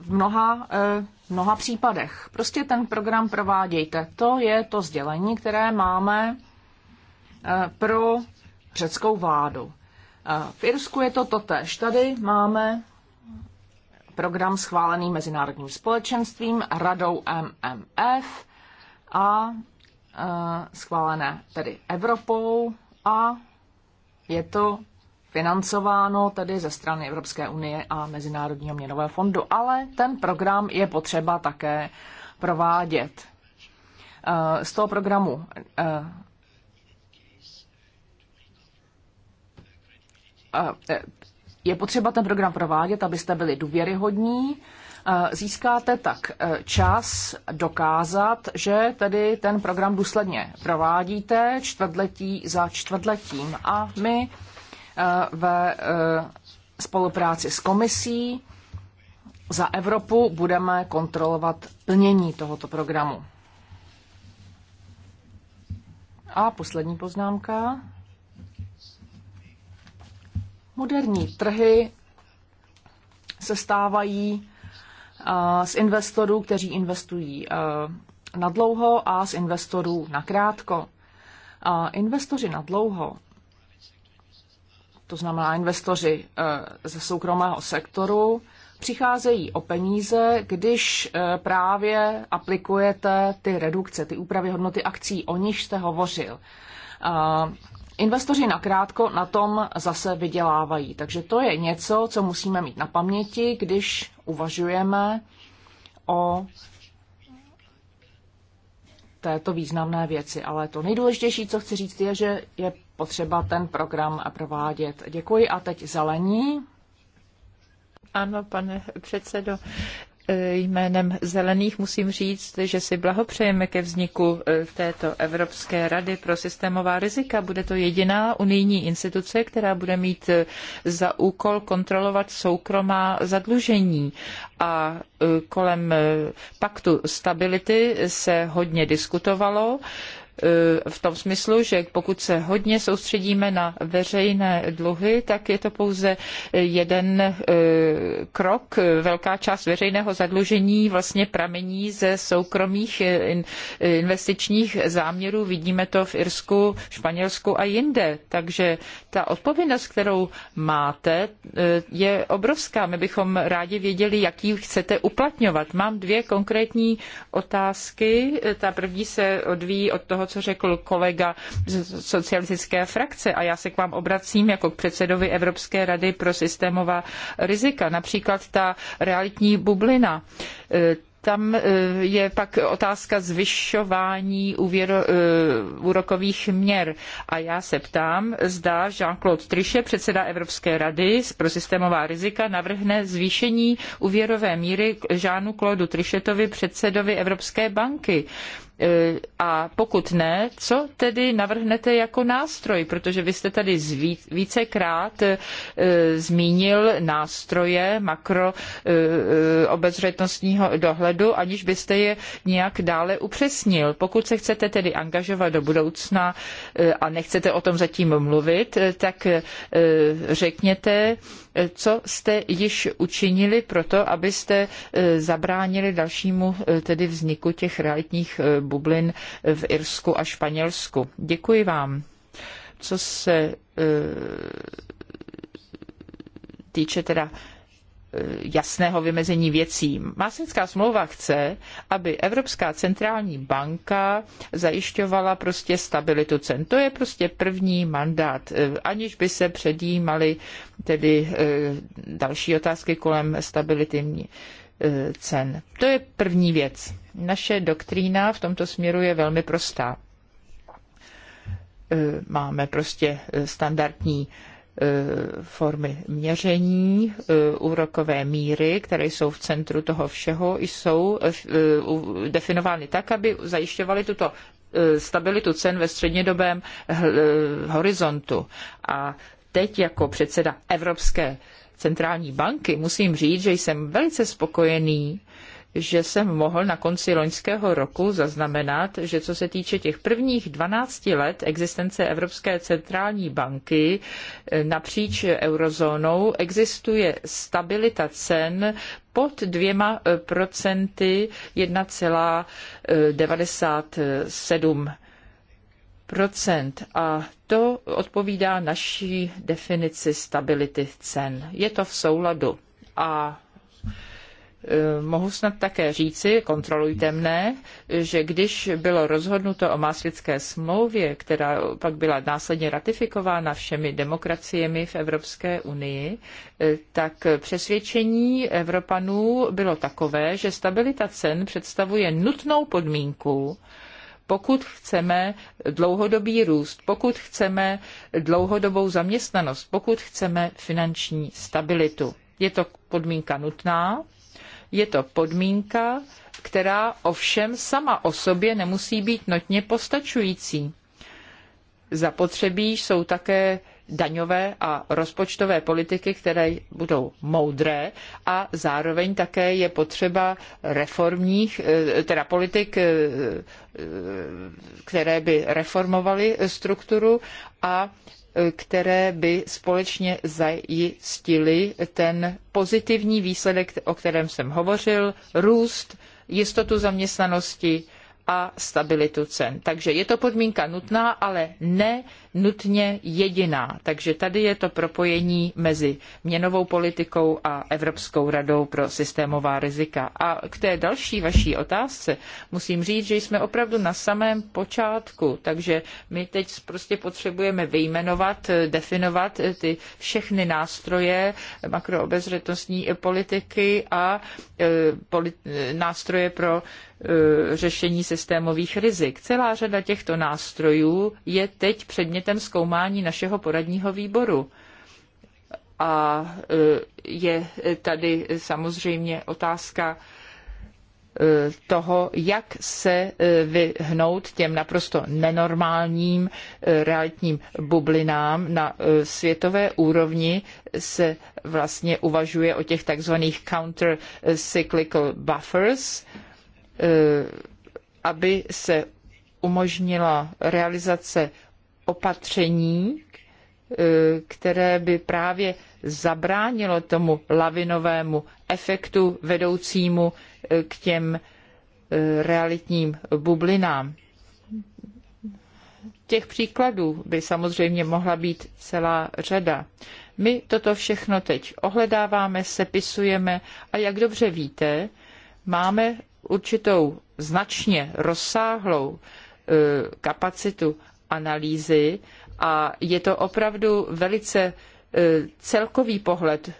v mnoha, eh, v mnoha případech. Prostě ten program provádějte. To je to sdělení, které máme pro řeckou vládu. V Irsku je to totež. Tady máme program schválený Mezinárodním společenstvím, Radou MMF a e, schválené tedy Evropou a je to financováno tedy ze strany Evropské unie a Mezinárodního měnového fondu, ale ten program je potřeba také provádět. E, z toho programu e, je potřeba ten program provádět, abyste byli důvěryhodní. Eh, získáte tak eh, čas dokázat, že tedy ten program důsledně provádíte čtvrtletí za čtvrtletím a my eh, ve spolupráci s komisí za Evropu budeme kontrolovat plnění tohoto programu. A poslední poznámka. Moderní trhy se stávají eh, z investorů, kteří investují eh, na dlouho a z investorů na krátko. Investoři na dlouho, to znamená investoři eh, ze soukromého sektoru, přicházejí o peníze, když právě aplikujete ty redukce, ty úpravy hodnoty akcí, o nich jste hovořil. Investoři nakrátko na tom zase vydělávají. Takže to je něco, co musíme mít na paměti, když uvažujeme o této významné věci. Ale to nejdůležitější, co chci říct, je, že je potřeba ten program provádět. Děkuji a teď zelení. Ano, pane předsedo, jménem zelených musím říct, že si blahopřejeme ke vzniku e, této Evropské rady pro systémová rizika. Bude to jediná unijní instituce, která bude mít e, za úkol kontrolovat soukromá zadlužení. A e, kolem paktu stability se hodně diskutovalo. Eh, v tom smyslu, že pokud se hodně soustředíme na veřejné dluhy, tak je to pouze jeden eh, krok. Velká část veřejného zadlužení vlastně pramení ze soukromých eh, investičních záměrů. Vidíme to v Irsku, Španělsku a jinde. Takže ta odpovědnost, kterou máte, je obrovská. My bychom rádi věděli, jaký chcete uplatňovat. Mám dvě konkrétní otázky. Ta první se odvíjí od toho, toho, co řekl kolega z socialistické frakce a já se k vám obracím jako k předsedovi Evropské rady pro systémová rizika, například ta realitní bublina e, tam e, je pak otázka zvyšování e, úrokových měr. A já se ptám, zda Jean-Claude Trichet, předseda Evropské rady pro systémová rizika, navrhne zvýšení úvěrové míry Žánu Claudu Trichetovi, předsedovi Evropské banky E, a pokud ne, co tedy navrhnete jako nástroj? Protože vy jste tady vícekrát e, zmínil nástroje makro e, obezřetnostního dohledu, aniž byste je nějak dále upřesnil. Pokud se chcete tedy angažovat do budoucna a nechcete o tom zatím mluvit, tak řekněte, co jste již učinili pro to, abyste e, zabránili dalšímu e, tedy vzniku těch realitních e, bublin v Irsku a Španělsku. Děkuji vám. Co se týče teda Eh, jasného vymezení věcí. Másenská smlouva chce, aby Evropská centrální banka zajišťovala prostě stabilitu cen. To je prostě první mandát, eh, aniž by se předjímaly tedy eh, další otázky kolem stability cen. To je první věc. Naše doktrína v tomto směru je velmi prostá. Máme prostě standardní E, formy měření e, úrokové míry, které jsou v centru toho všeho, jsou e, definovány tak, aby zajišťovaly tuto stabilitu cen ve střednědobém horizontu. A teď jako předseda Evropské centrální banky musím říct, že jsem velice spokojený že jsem mohl na konci loňského roku zaznamenat, že co se týče těch prvních 12 let existence Evropské centrální banky eh, napříč eurozónou existuje stabilita cen pod dvěma eh, procenty 1,97 a to odpovídá naší definici stability cen. Je to v souladu. A Eh, mohu snad také říci, kontrolujte mne, že když bylo rozhodnuto o Maastrichtské smlouvě, která pak byla následně ratifikována všemi demokraciemi v Evropské unii, eh, tak přesvědčení Evropanů bylo takové, že stabilita cen představuje nutnou podmínku, pokud chceme dlouhodobý růst, pokud chceme dlouhodobou zaměstnanost, pokud chceme finanční stabilitu. Je to podmínka nutná, je to podmínka, která ovšem sama o sobě nemusí být notně postačující. Zapotřebí jsou také daňové a rozpočtové politiky, které budou moudré a zároveň také je potřeba reformních, eh, teda politik, eh, eh, které by reformovaly strukturu a Eh, které by společně zajistily ten pozitivní výsledek, o kterém jsem hovořil, růst, jistotu zaměstnanosti, a stabilitu cen. Takže je to podmínka nutná, ale ne nutně jediná. Takže tady je to propojení mezi měnovou politikou a Evropskou radou pro systémová rizika. A k té další vaší otázce musím říct, že jsme opravdu na samém počátku, takže my teď prostě potřebujeme vyjmenovat, definovat ty všechny nástroje makroobezřetnostní politiky a e, e, nástroje pro Eh, řešení systémových rizik. Celá řada těchto nástrojů je teď předmětem zkoumání našeho poradního výboru. A eh, je tady samozřejmě otázka, eh, toho, jak se vyhnout těm naprosto nenormálním realitním bublinám na světové úrovni se vlastně uvažuje o těch takzvaných counter cyclical buffers, Eh, aby se umožnila realizace opatření, eh, které by právě zabránilo tomu lavinovému efektu vedoucímu eh, k těm realitním bublinám. Těch příkladů by samozřejmě mohla být celá řada. My toto všechno teď ohledáváme, sepisujeme a jak dobře víte, máme určitou značně rozsáhlou e, kapacitu analýzy a je to opravdu velice E, celkový pohled, e,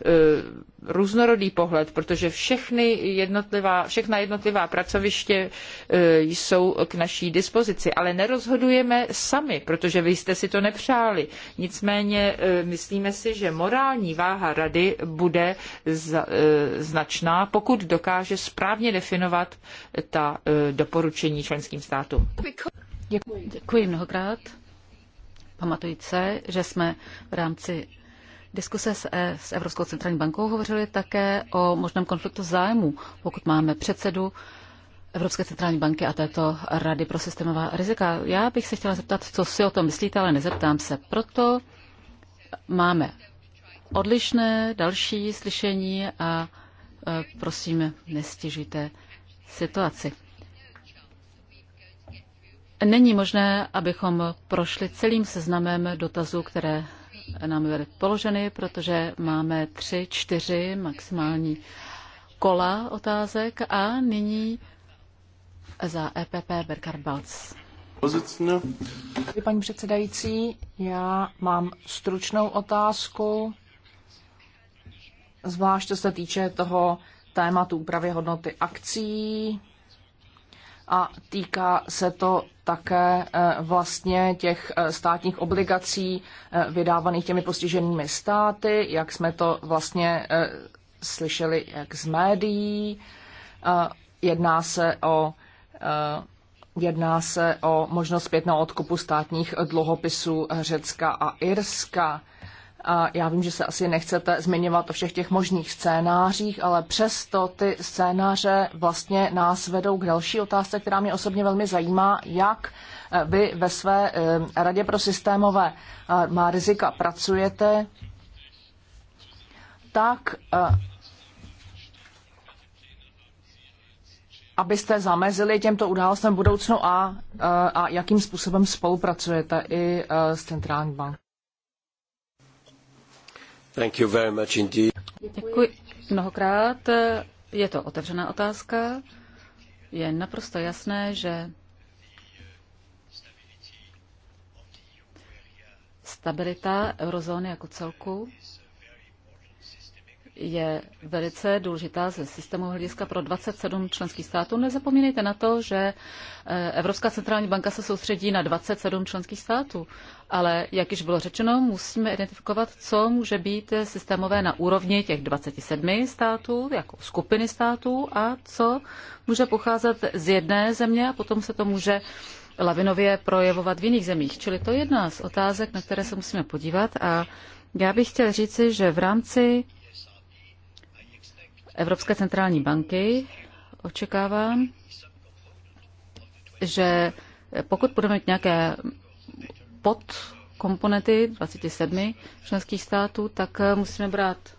různorodý pohled, protože všechny jednotlivá, všechna jednotlivá pracoviště e, jsou k naší dispozici, ale nerozhodujeme sami, protože vy jste si to nepřáli. Nicméně myslíme si, že morální váha rady bude značná, pokud dokáže správně definovat ta doporučení členským státům. Děkuji, Děkuji mnohokrát. Pamatujte, že jsme v rámci Diskuse s, eh, s Evropskou centrální bankou hovořily také o možném konfliktu zájmu, pokud máme předsedu Evropské centrální banky a této rady pro systémová rizika. Já bych se chtěla zeptat, co si o tom myslíte, ale nezeptám se. Proto máme odlišné další slyšení a eh, prosím, nestěžujte situaci. Není možné, abychom prošli celým seznamem dotazů, které nám byly položeny, protože máme tři, čtyři maximální kola otázek a nyní za EPP Berkar Balc. Paní předsedající, já mám stručnou otázku, zvlášť se týče toho tématu úpravy hodnoty akcí, a týká se to také eh, vlastně těch eh, státních obligací eh, vydávaných těmi postiženými státy, jak jsme to vlastně slyšeli jak z médií. Jedná se o Jedná se o možnost zpětného odkupu státních dluhopisů Řecka a Irska. Já vím, že se asi nechcete zmiňovat o všech těch možných scénářích, ale přesto ty scénáře vlastně nás vedou k další otázce, která mě osobně velmi zajímá, jak eh, vy ve své eh, Radě pro systémové eh, má rizika pracujete, tak abyste zamezili těmto událostem budoucnu a, a jakým způsobem spolupracujete i s Centrální bankou. Děkuji mnohokrát. Je to otevřená otázka. Je naprosto jasné, že stabilita eurozóny jako celku je velice důležitá ze systému hlediska pro 27 členských států. Nezapomínejte na to, že eh, Evropská centrální banka se soustředí na 27 členských států, ale jak již bylo řečeno, musíme identifikovat, co může být systémové na úrovni těch 27 států, jako skupiny států a co může pocházet z jedné země a potom se to může lavinově projevovat v jiných zemích. Čili to je jedna z otázek, na které se musíme podívat a já bych chtěl říci, že v rámci Evropské centrální banky očekávám, že pokud budeme mít nějaké podkomponenty 27 členských států, tak musíme brát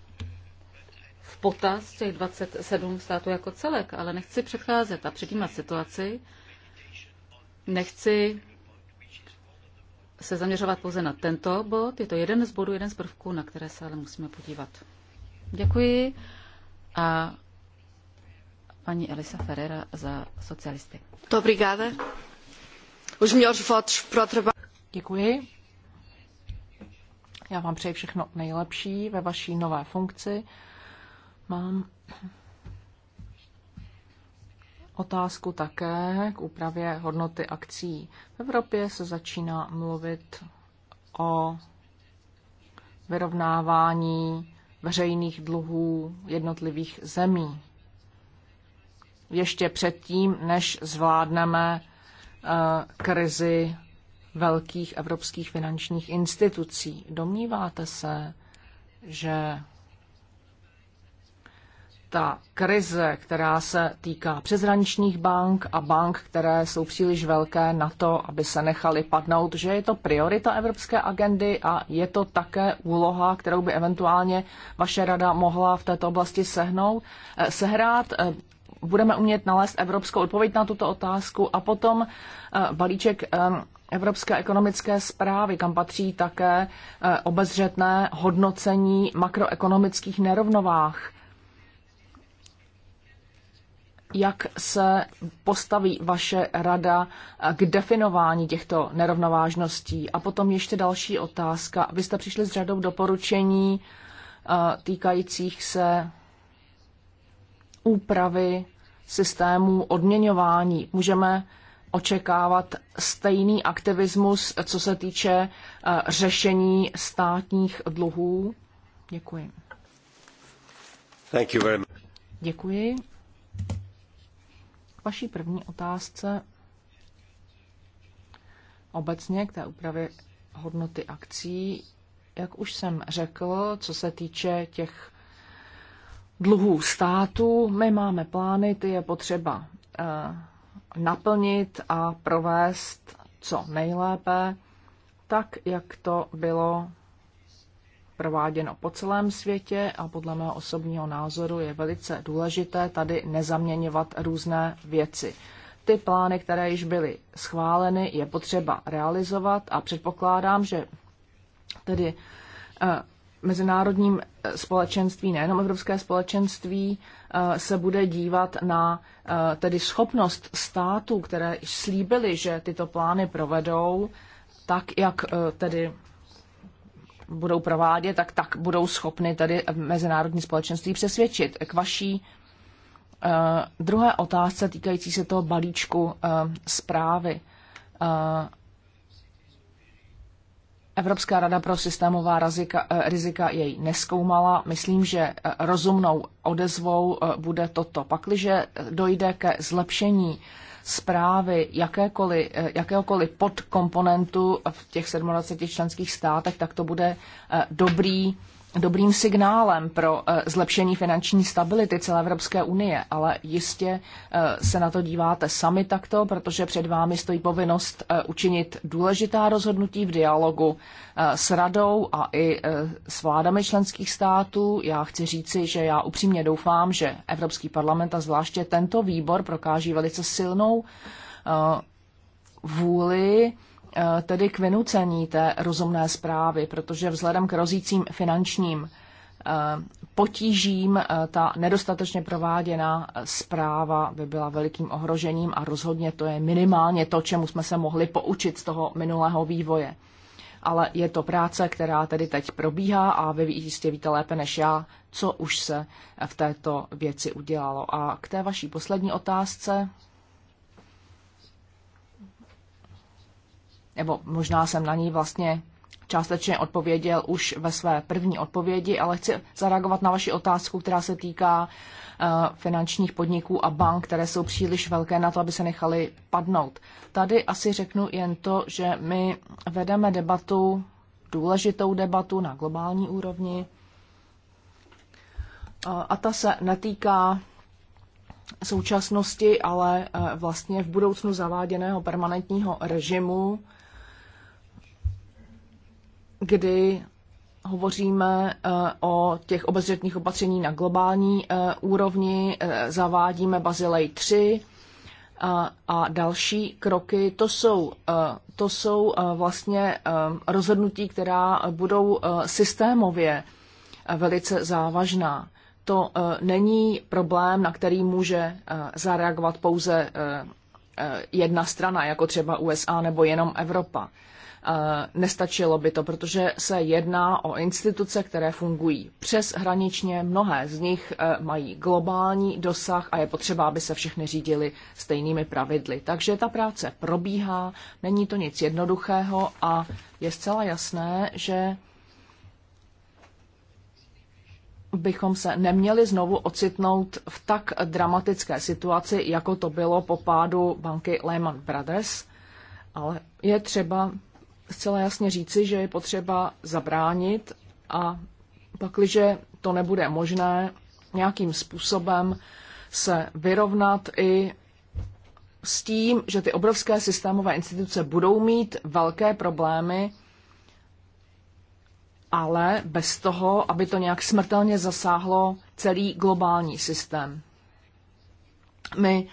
v potaz těch 27 států jako celek, ale nechci předcházet a předjímat situaci, nechci se zaměřovat pouze na tento bod. Je to jeden z bodů, jeden z prvků, na které se ale musíme podívat. Děkuji a paní Elisa Ferreira za socialisty. Obrigada. Os melhores votos para o trabalho. Děkuji. Já vám přeji všechno nejlepší ve vaší nové funkci. Mám otázku také k úpravě hodnoty akcí. V Evropě se začíná mluvit o vyrovnávání veřejných dluhů jednotlivých zemí. Ještě předtím, než zvládneme eh, krizi velkých evropských finančních institucí. Domníváte se, že ta krize, která se týká přezraničních bank a bank, které jsou příliš velké na to, aby se nechali padnout, že je to priorita evropské agendy a je to také úloha, kterou by eventuálně vaše rada mohla v této oblasti sehnout, eh, sehrát. Eh, budeme umět nalézt evropskou odpověď na tuto otázku a potom eh, balíček Evropské ekonomické zprávy, kam patří také obezřetné hodnocení makroekonomických nerovnovách jak se postaví vaše rada eh, k definování těchto nerovnovážností. A potom ještě další otázka. Vy jste přišli s řadou doporučení eh, týkajících se úpravy systému odměňování. Můžeme očekávat stejný aktivismus, co se týče eh, řešení státních dluhů? Děkuji. Thank you very much. Děkuji vaší první otázce obecně k té úpravě hodnoty akcí, jak už jsem řekl, co se týče těch dluhů státu, my máme plány, ty je potřeba eh, naplnit a provést co nejlépe, tak jak to bylo prováděno po celém světě a podle mého osobního názoru je velice důležité tady nezaměňovat různé věci. Ty plány, které již byly schváleny, je potřeba realizovat a předpokládám, že tedy eh, mezinárodním eh, společenství, nejenom evropské společenství, eh, se bude dívat na tedy schopnost států, které slíbily, že tyto plány provedou, tak jak tedy budou provádět, tak tak budou schopny tady mezinárodní společenství přesvědčit. K vaší uh, druhé otázce týkající se toho balíčku uh, zprávy. Uh, Evropská rada pro systémová rizika, rizika jej neskoumala. Myslím, že rozumnou odezvou bude toto. Pakliže dojde ke zlepšení zprávy jakékoliv, eh, jakéhokoliv podkomponentu v těch 27 členských státech, tak to bude eh, dobrý dobrým signálem pro eh, zlepšení finanční stability celé Evropské unie, ale jistě eh, se na to díváte sami takto, protože před vámi stojí povinnost eh, učinit důležitá rozhodnutí v dialogu s radou a i s vládami členských států. Já chci říci, že já upřímně doufám, že Evropský parlament a zvláště tento výbor prokáží velice silnou vůli Eh, tedy k vynucení té rozumné zprávy, protože vzhledem k rozícím finančním eh, potížím eh, ta nedostatečně prováděná zpráva by byla velikým ohrožením a rozhodně to je minimálně to, čemu jsme se mohli poučit z toho minulého vývoje. Ale je to práce, která tedy teď probíhá a vy jistě víte lépe než já, co už se v této věci udělalo. A k té vaší poslední otázce nebo možná jsem na ní vlastně částečně odpověděl už ve své první odpovědi, ale chci zareagovat na vaši otázku, která se týká eh, finančních podniků a bank, které jsou příliš velké na to, aby se nechali padnout. Tady asi řeknu jen to, že my vedeme debatu, důležitou debatu na globální úrovni eh, a ta se netýká současnosti, ale eh, vlastně v budoucnu zaváděného permanentního režimu kdy hovoříme eh, o těch obezřetných opatření na globální eh, úrovni, eh, zavádíme Bazilej 3 a další kroky. To jsou, to jsou vlastně rozhodnutí, která budou systémově velice závažná. To není problém, na který může zareagovat pouze jedna strana, jako třeba USA nebo jenom Evropa. Eh, nestačilo by to, protože se jedná o instituce, které fungují přeshraničně. mnohé z nich eh, mají globální dosah a je potřeba, aby se všechny řídily stejnými pravidly. Takže ta práce probíhá, není to nic jednoduchého a je zcela jasné, že bychom se neměli znovu ocitnout v tak dramatické situaci, jako to bylo po pádu banky Lehman Brothers, ale je třeba zcela jasně říci, že je potřeba zabránit a pakliže to nebude možné, nějakým způsobem se vyrovnat i s tím, že ty obrovské systémové instituce budou mít velké problémy, ale bez toho, aby to nějak smrtelně zasáhlo celý globální systém. My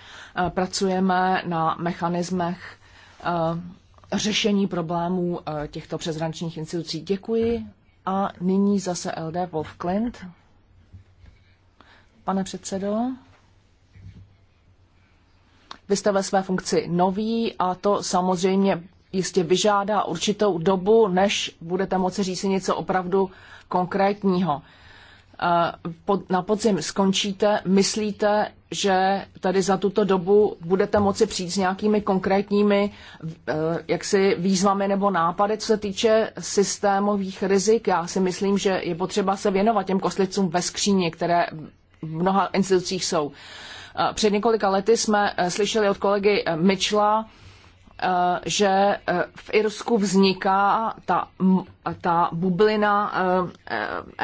eh, pracujeme na mechanismech eh, řešení problémů eh, těchto přezrančních institucí. Děkuji. A nyní zase LD Wolf Klint. Pane předsedo, vy jste ve své funkci nový a to samozřejmě jistě vyžádá určitou dobu, než budete moci říct něco opravdu konkrétního. Eh, na podzim skončíte, myslíte, že tady za tuto dobu budete moci přijít s nějakými konkrétními eh, jaksi výzvami nebo nápady, co se týče systémových rizik. Já si myslím, že je potřeba se věnovat těm koslicům ve skříně, které v mnoha institucích jsou. Eh, před několika lety jsme slyšeli od kolegy Mitchella, že v Irsku vzniká ta, ta bublina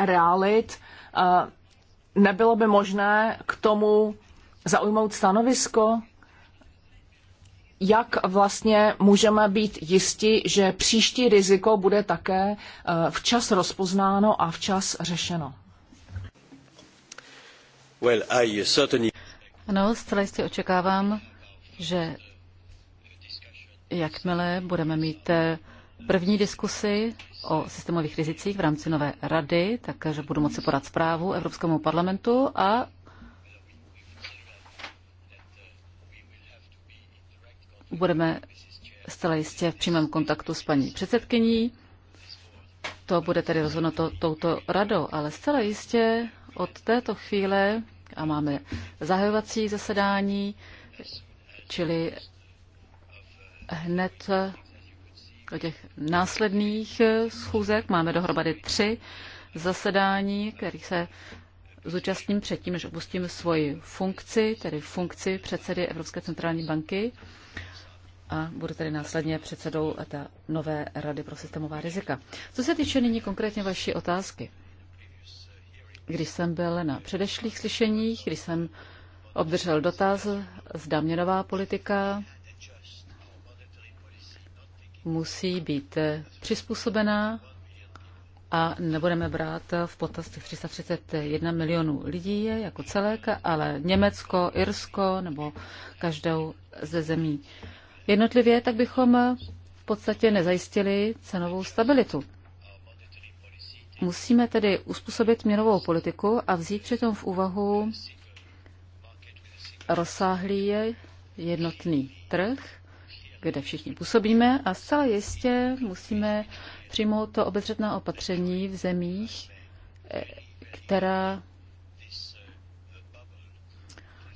realit, nebylo by možné k tomu zaujmout stanovisko? Jak vlastně můžeme být jisti, že příští riziko bude také eh, včas rozpoznáno a včas řešeno? Well, I certainly... Ano, zcela jistě očekávám, že jakmile budeme mít eh, první diskusi o systémových rizicích v rámci nové rady, takže budu moci podat zprávu Evropskému parlamentu a budeme zcela jistě v přímém kontaktu s paní předsedkyní. To bude tedy rozhodnuto touto radou, ale zcela jistě od této chvíle a máme zahajovací zasedání, čili hned do těch následných eh, schůzek. Máme dohromady tři zasedání, kterých se zúčastním předtím, než opustím svoji funkci, tedy funkci předsedy Evropské centrální banky a budu tedy následně předsedou té nové Rady pro systémová rizika. Co se týče nyní konkrétně vaší otázky, když jsem byl na předešlých slyšeních, když jsem obdržel dotaz, zda měnová politika musí být přizpůsobená a nebudeme brát v potaz těch 331 milionů lidí je jako celek, ale Německo, Irsko nebo každou ze zemí jednotlivě, tak bychom v podstatě nezajistili cenovou stabilitu. Musíme tedy uspůsobit měnovou politiku a vzít přitom v úvahu rozsáhlý jednotný trh, kde všichni působíme a zcela jistě musíme přijmout to obezřetná opatření v zemích, eh, která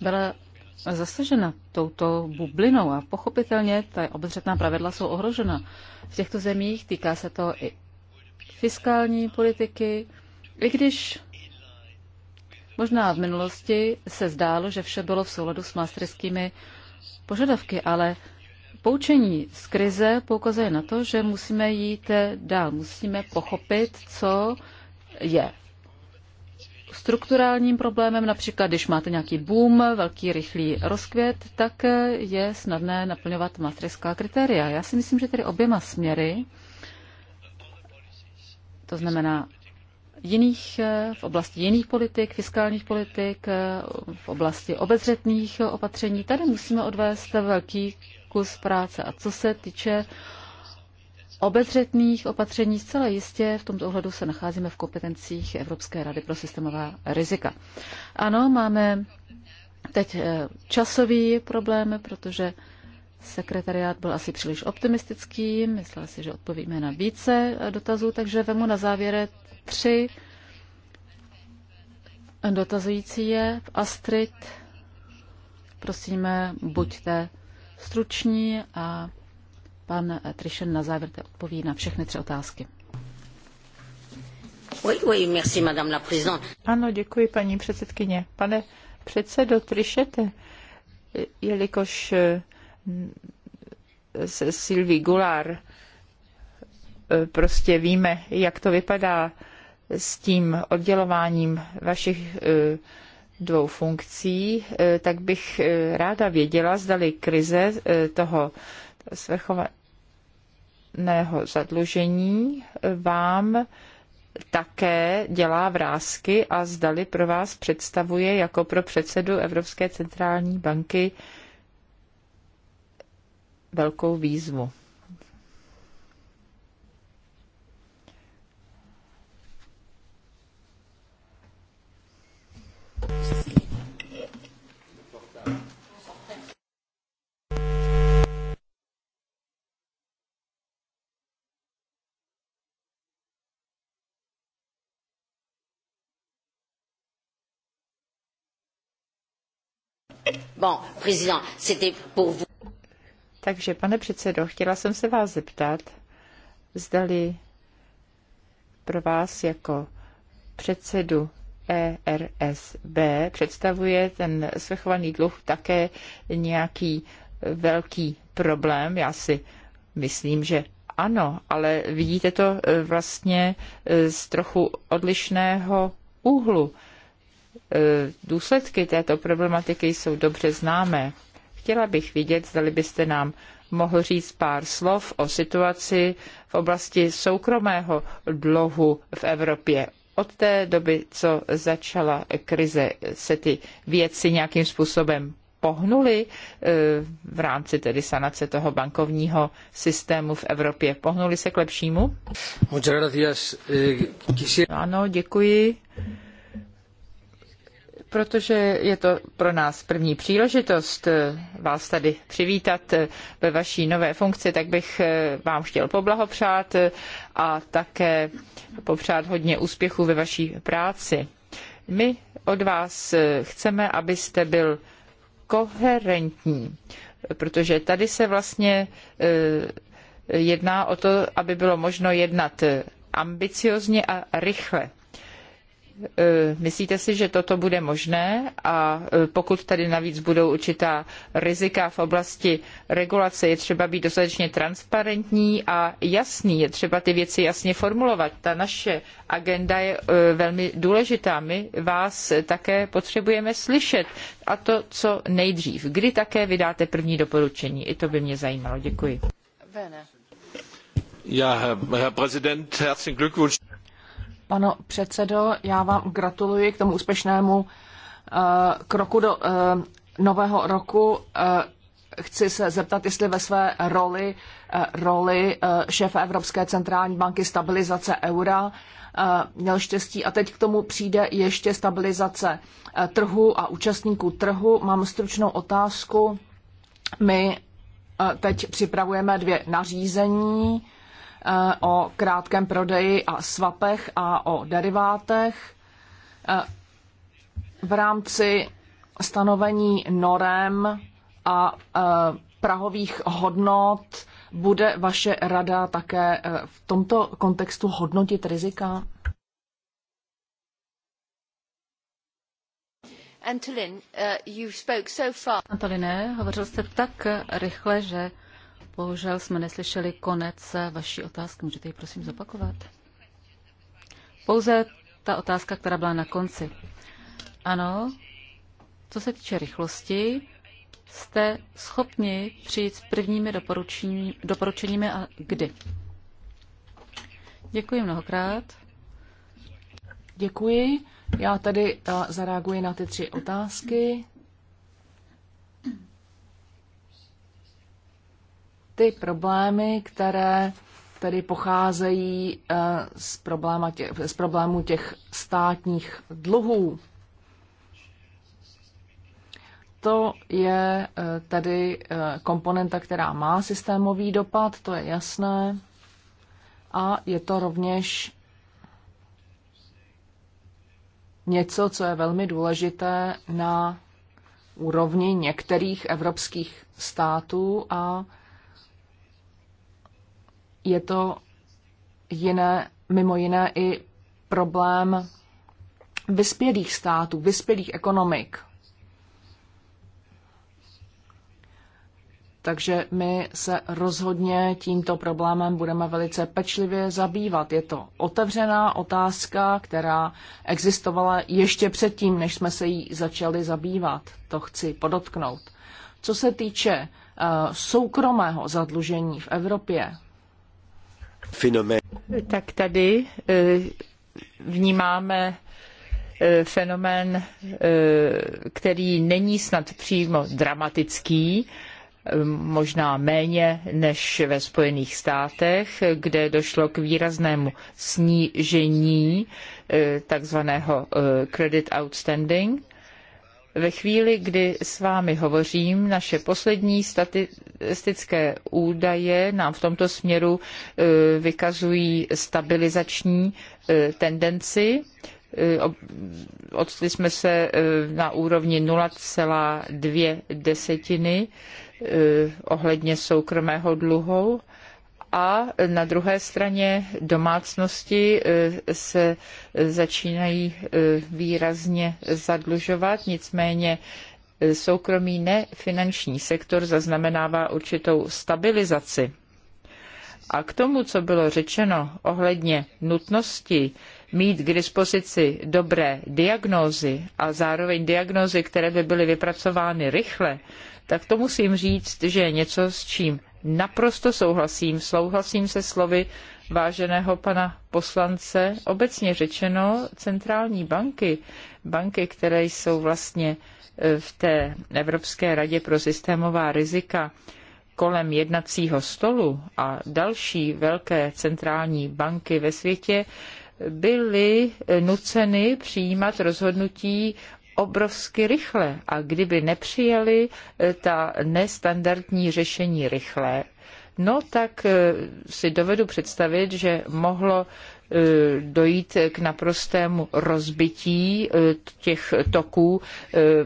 byla zasažena touto bublinou a pochopitelně ta obezřetná pravidla jsou ohrožena. V těchto zemích týká se to i fiskální politiky, i když možná v minulosti se zdálo, že vše bylo v souladu s maastrichtskými požadavky, ale Poučení z krize poukazuje na to, že musíme jít dál, musíme pochopit, co je strukturálním problémem, například když máte nějaký boom, velký rychlý rozkvět, tak je snadné naplňovat matrická kritéria. Já si myslím, že tedy oběma směry, to znamená jiných, v oblasti jiných politik, fiskálních politik, v oblasti obezřetných opatření, tady musíme odvést velký kus práce. A co se týče obezřetných opatření, zcela jistě v tomto ohledu se nacházíme v kompetencích Evropské rady pro systémová rizika. Ano, máme teď eh, časový problém, protože sekretariát byl asi příliš optimistický, myslel si, že odpovíme na více eh, dotazů, takže vemu na závěre tři dotazující je v Astrid. Prosíme, buďte stručně a pan Trišen na závěr odpoví na všechny tři otázky. Ano, děkuji, paní předsedkyně. Pane předsedo Trišete, jelikož eh, se Silví Gulár eh, prostě víme, jak to vypadá s tím oddělováním vašich eh, dvou funkcí, eh, tak bych eh, ráda věděla, zdali krize eh, toho svrchovaného zadlužení vám také dělá vrázky a zdali pro vás představuje jako pro předsedu Evropské centrální banky velkou výzvu. Takže, pane předsedo, chtěla jsem se vás zeptat, zdali pro vás jako předsedu ERSB představuje ten svrchovaný dluh také nějaký velký problém? Já si myslím, že ano, ale vidíte to e, vlastně e, z trochu odlišného úhlu. E, důsledky této problematiky jsou dobře známé. Chtěla bych vidět, zdali byste nám mohl říct pár slov o situaci v oblasti soukromého dluhu v Evropě od té doby, co začala krize, se ty věci nějakým způsobem pohnuly e, v rámci tedy sanace toho bankovního systému v Evropě? Pohnuly se k lepšímu? Eh, ano, děkuji protože je to pro nás první příležitost eh, vás tady přivítat eh, ve vaší nové funkci, tak bych eh, vám chtěl poblahopřát a také popřát hodně úspěchů ve vaší práci. My od vás chceme, abyste byl koherentní, protože tady se vlastně jedná o to, aby bylo možno jednat ambiciozně a rychle. Eh, myslíte si, že toto bude možné a eh, pokud tady navíc budou určitá rizika v oblasti regulace, je třeba být dostatečně transparentní a jasný, je třeba ty věci jasně formulovat. Ta naše agenda je eh, velmi důležitá. My vás také potřebujeme slyšet a to, co nejdřív. Kdy také vydáte první doporučení? I to by mě zajímalo. Děkuji. Ja, Herr, Herr Präsident, herzlichen Glückwunsch. Pano předsedo, já vám gratuluji k tomu úspěšnému eh, kroku do eh, nového roku eh, chci se zeptat, jestli ve své roli, roli šéfa Evropské centrální banky stabilizace eura měl štěstí. A teď k tomu přijde ještě stabilizace trhu a účastníků trhu. Mám stručnou otázku. My teď připravujeme dvě nařízení Eh, o krátkém prodeji a svapech a o derivátech. Eh, v rámci stanovení norem a eh, prahových hodnot bude vaše rada také v tomto kontextu hodnotit rizika? Antolin, uh, you spoke so far. Antoline, hovořil jste tak rychle, že Bohužel jsme neslyšeli konec vaší otázky. Můžete ji prosím zopakovat? Pouze ta otázka, která byla na konci. Ano, co se týče rychlosti, jste schopni přijít s prvními doporučení, doporučeními a kdy? Děkuji mnohokrát. Děkuji. Já tady eh, zareaguji na ty tři otázky. ty problémy, které tedy pocházejí eh, z, tě, z problému těch státních dluhů. To je eh, tedy eh, komponenta, která má systémový dopad, to je jasné. A je to rovněž něco, co je velmi důležité na úrovni některých evropských států a je to jiné, mimo jiné i problém vyspělých států, vyspělých ekonomik. Takže my se rozhodně tímto problémem budeme velice pečlivě zabývat. Je to otevřená otázka, která existovala ještě předtím, než jsme se jí začali zabývat. To chci podotknout. Co se týče eh, soukromého zadlužení v Evropě, fenomén. Tak tady eh, vnímáme eh, fenomén, eh, který není snad přímo dramatický, možná méně než ve Spojených státech, kde došlo k výraznému snížení takzvaného credit outstanding ve chvíli, kdy s vámi hovořím, naše poslední statistické údaje nám v tomto směru e, vykazují stabilizační e, tendenci. E, Odstli jsme se na úrovni 0,2 desetiny ohledně soukromého dluhu a na druhé straně domácnosti eh, se začínají eh, výrazně zadlužovat, nicméně eh, soukromý nefinanční sektor zaznamenává určitou stabilizaci. A k tomu, co bylo řečeno ohledně nutnosti mít k dispozici dobré diagnózy a zároveň diagnózy, které by byly vypracovány rychle, tak to musím říct, že je něco, s čím naprosto souhlasím. Souhlasím se slovy váženého pana poslance. Obecně řečeno, centrální banky, banky, které jsou vlastně e, v té Evropské radě pro systémová rizika kolem jednacího stolu a další velké centrální banky ve světě, byly e, nuceny přijímat rozhodnutí obrovsky rychle a kdyby nepřijeli eh, ta nestandardní řešení rychle, no tak eh, si dovedu představit, že mohlo eh, dojít k naprostému rozbití těch toků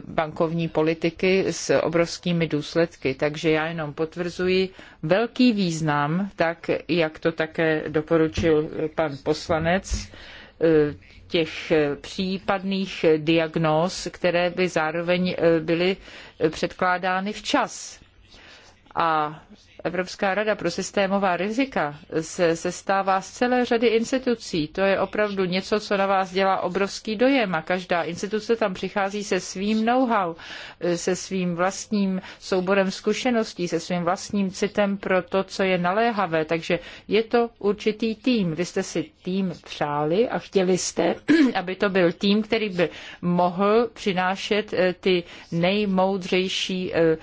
bankovní politiky s obrovskými důsledky. Takže já jenom potvrzuji velký význam, tak jak to také doporučil pan poslanec, těch eh, případných diagnóz, které by zároveň eh, byly eh, předkládány včas. A Evropská rada pro systémová rizika se, se stává z celé řady institucí. To je opravdu něco, co na vás dělá obrovský dojem a každá instituce tam přichází se svým know-how, se svým vlastním souborem zkušeností, se svým vlastním citem pro to, co je naléhavé. Takže je to určitý tým. Vy jste si tým přáli a chtěli jste, aby to byl tým, který by mohl přinášet eh, ty nejmoudřejší eh,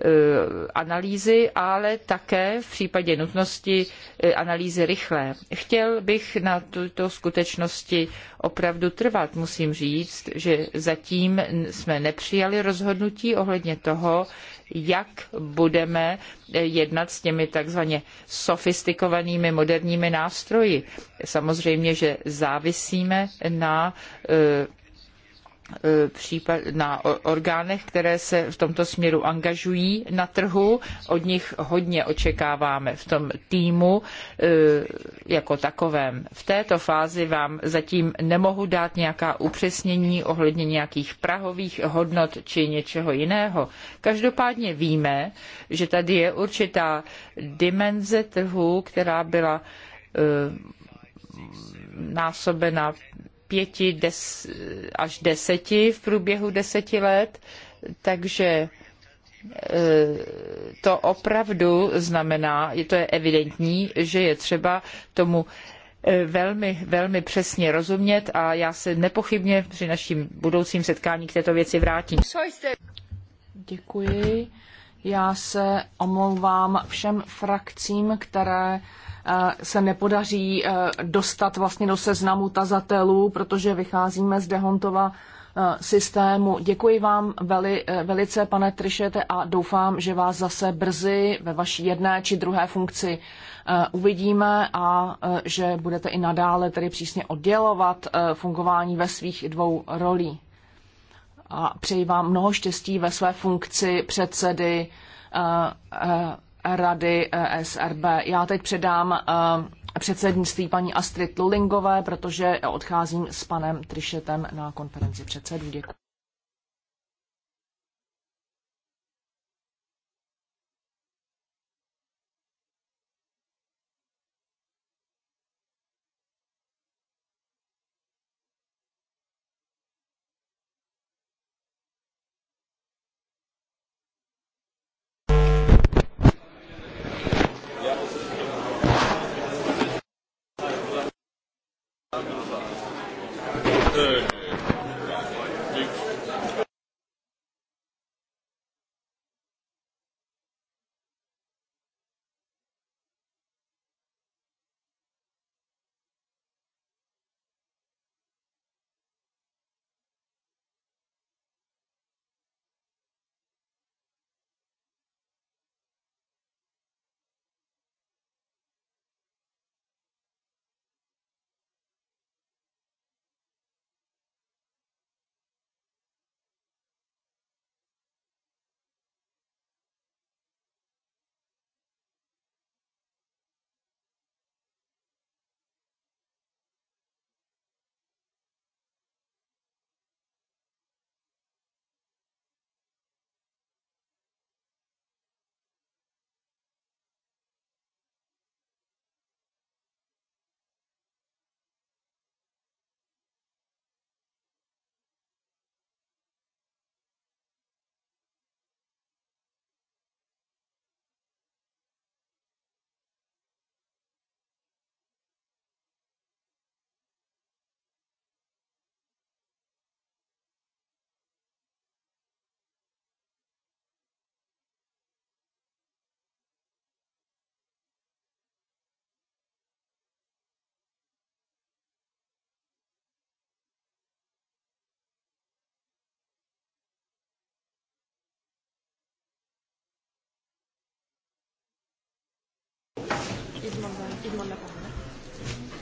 Eh, analýzy, ale také v případě nutnosti eh, analýzy rychlé. Chtěl bych na tuto skutečnosti opravdu trvat. Musím říct, že zatím jsme nepřijali rozhodnutí ohledně toho, jak budeme eh, jednat s těmi takzvaně sofistikovanými moderními nástroji. Samozřejmě, že závisíme na E, na orgánech, které se v tomto směru angažují na trhu. Od nich hodně očekáváme v tom týmu e, jako takovém. V této fázi vám zatím nemohu dát nějaká upřesnění ohledně nějakých prahových hodnot či něčeho jiného. Každopádně víme, že tady je určitá dimenze trhu, která byla e, násobena pěti des, až deseti v průběhu deseti let, takže e, to opravdu znamená, je to je evidentní, že je třeba tomu e, velmi, velmi přesně rozumět a já se nepochybně při naším budoucím setkání k této věci vrátím. Děkuji. Já se omlouvám všem frakcím, které se nepodaří e, dostat vlastně do seznamu tazatelů, protože vycházíme z Dehontova e, systému. Děkuji vám veli, e, velice, pane Trišete, a doufám, že vás zase brzy ve vaší jedné či druhé funkci uvidíme a že budete i nadále tedy přísně oddělovat fungování ve svých dvou rolí. A přeji vám mnoho štěstí ve své funkci předsedy rady eh, SRB. Já teď předám eh, předsednictví paní Astrid Lulingové, protože odcházím s panem Trišetem na konferenci předsedů. Děkuji.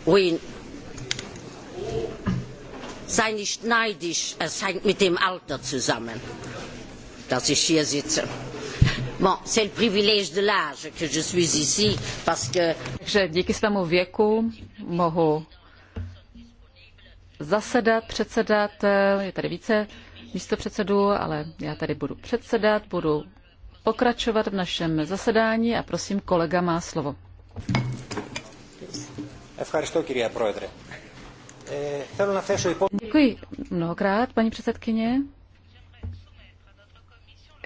Oui. Sei nicht neidisch, es er hängt mit dem Alter zusammen, dass ich hier sitze. Bon, c'est le privilège de l'âge que je suis ici, parce que... Takže díky svému věku mohu zasedat, předsedat, je tady více místo předsedu, ale já tady budu předsedat, budu pokračovat v našem zasedání a prosím, kolega má slovo. Děkuji mnohokrát, paní předsedkyně.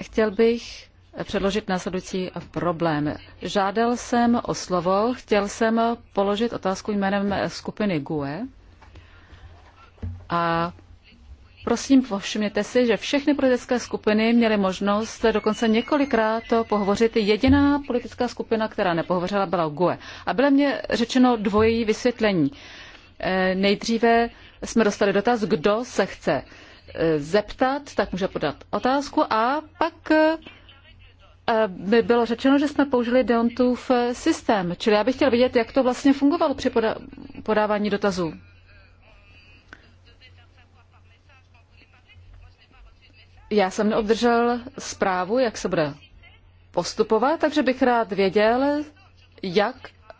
Chtěl bych předložit následující problém. Žádal jsem o slovo, chtěl jsem položit otázku jménem skupiny GUE a Prosím, povšimněte si, že všechny politické skupiny měly možnost dokonce několikrát to pohovořit. Jediná politická skupina, která nepohovořila, byla GUE. A bylo mě řečeno dvojí vysvětlení. Eh, nejdříve jsme dostali dotaz, kdo se chce eh, zeptat, tak může podat otázku a pak by eh, bylo řečeno, že jsme použili Deontův systém. Čili já bych chtěl vidět, jak to vlastně fungovalo při podávání dotazů. Já jsem neobdržel zprávu, jak se bude postupovat, takže bych rád věděl, jak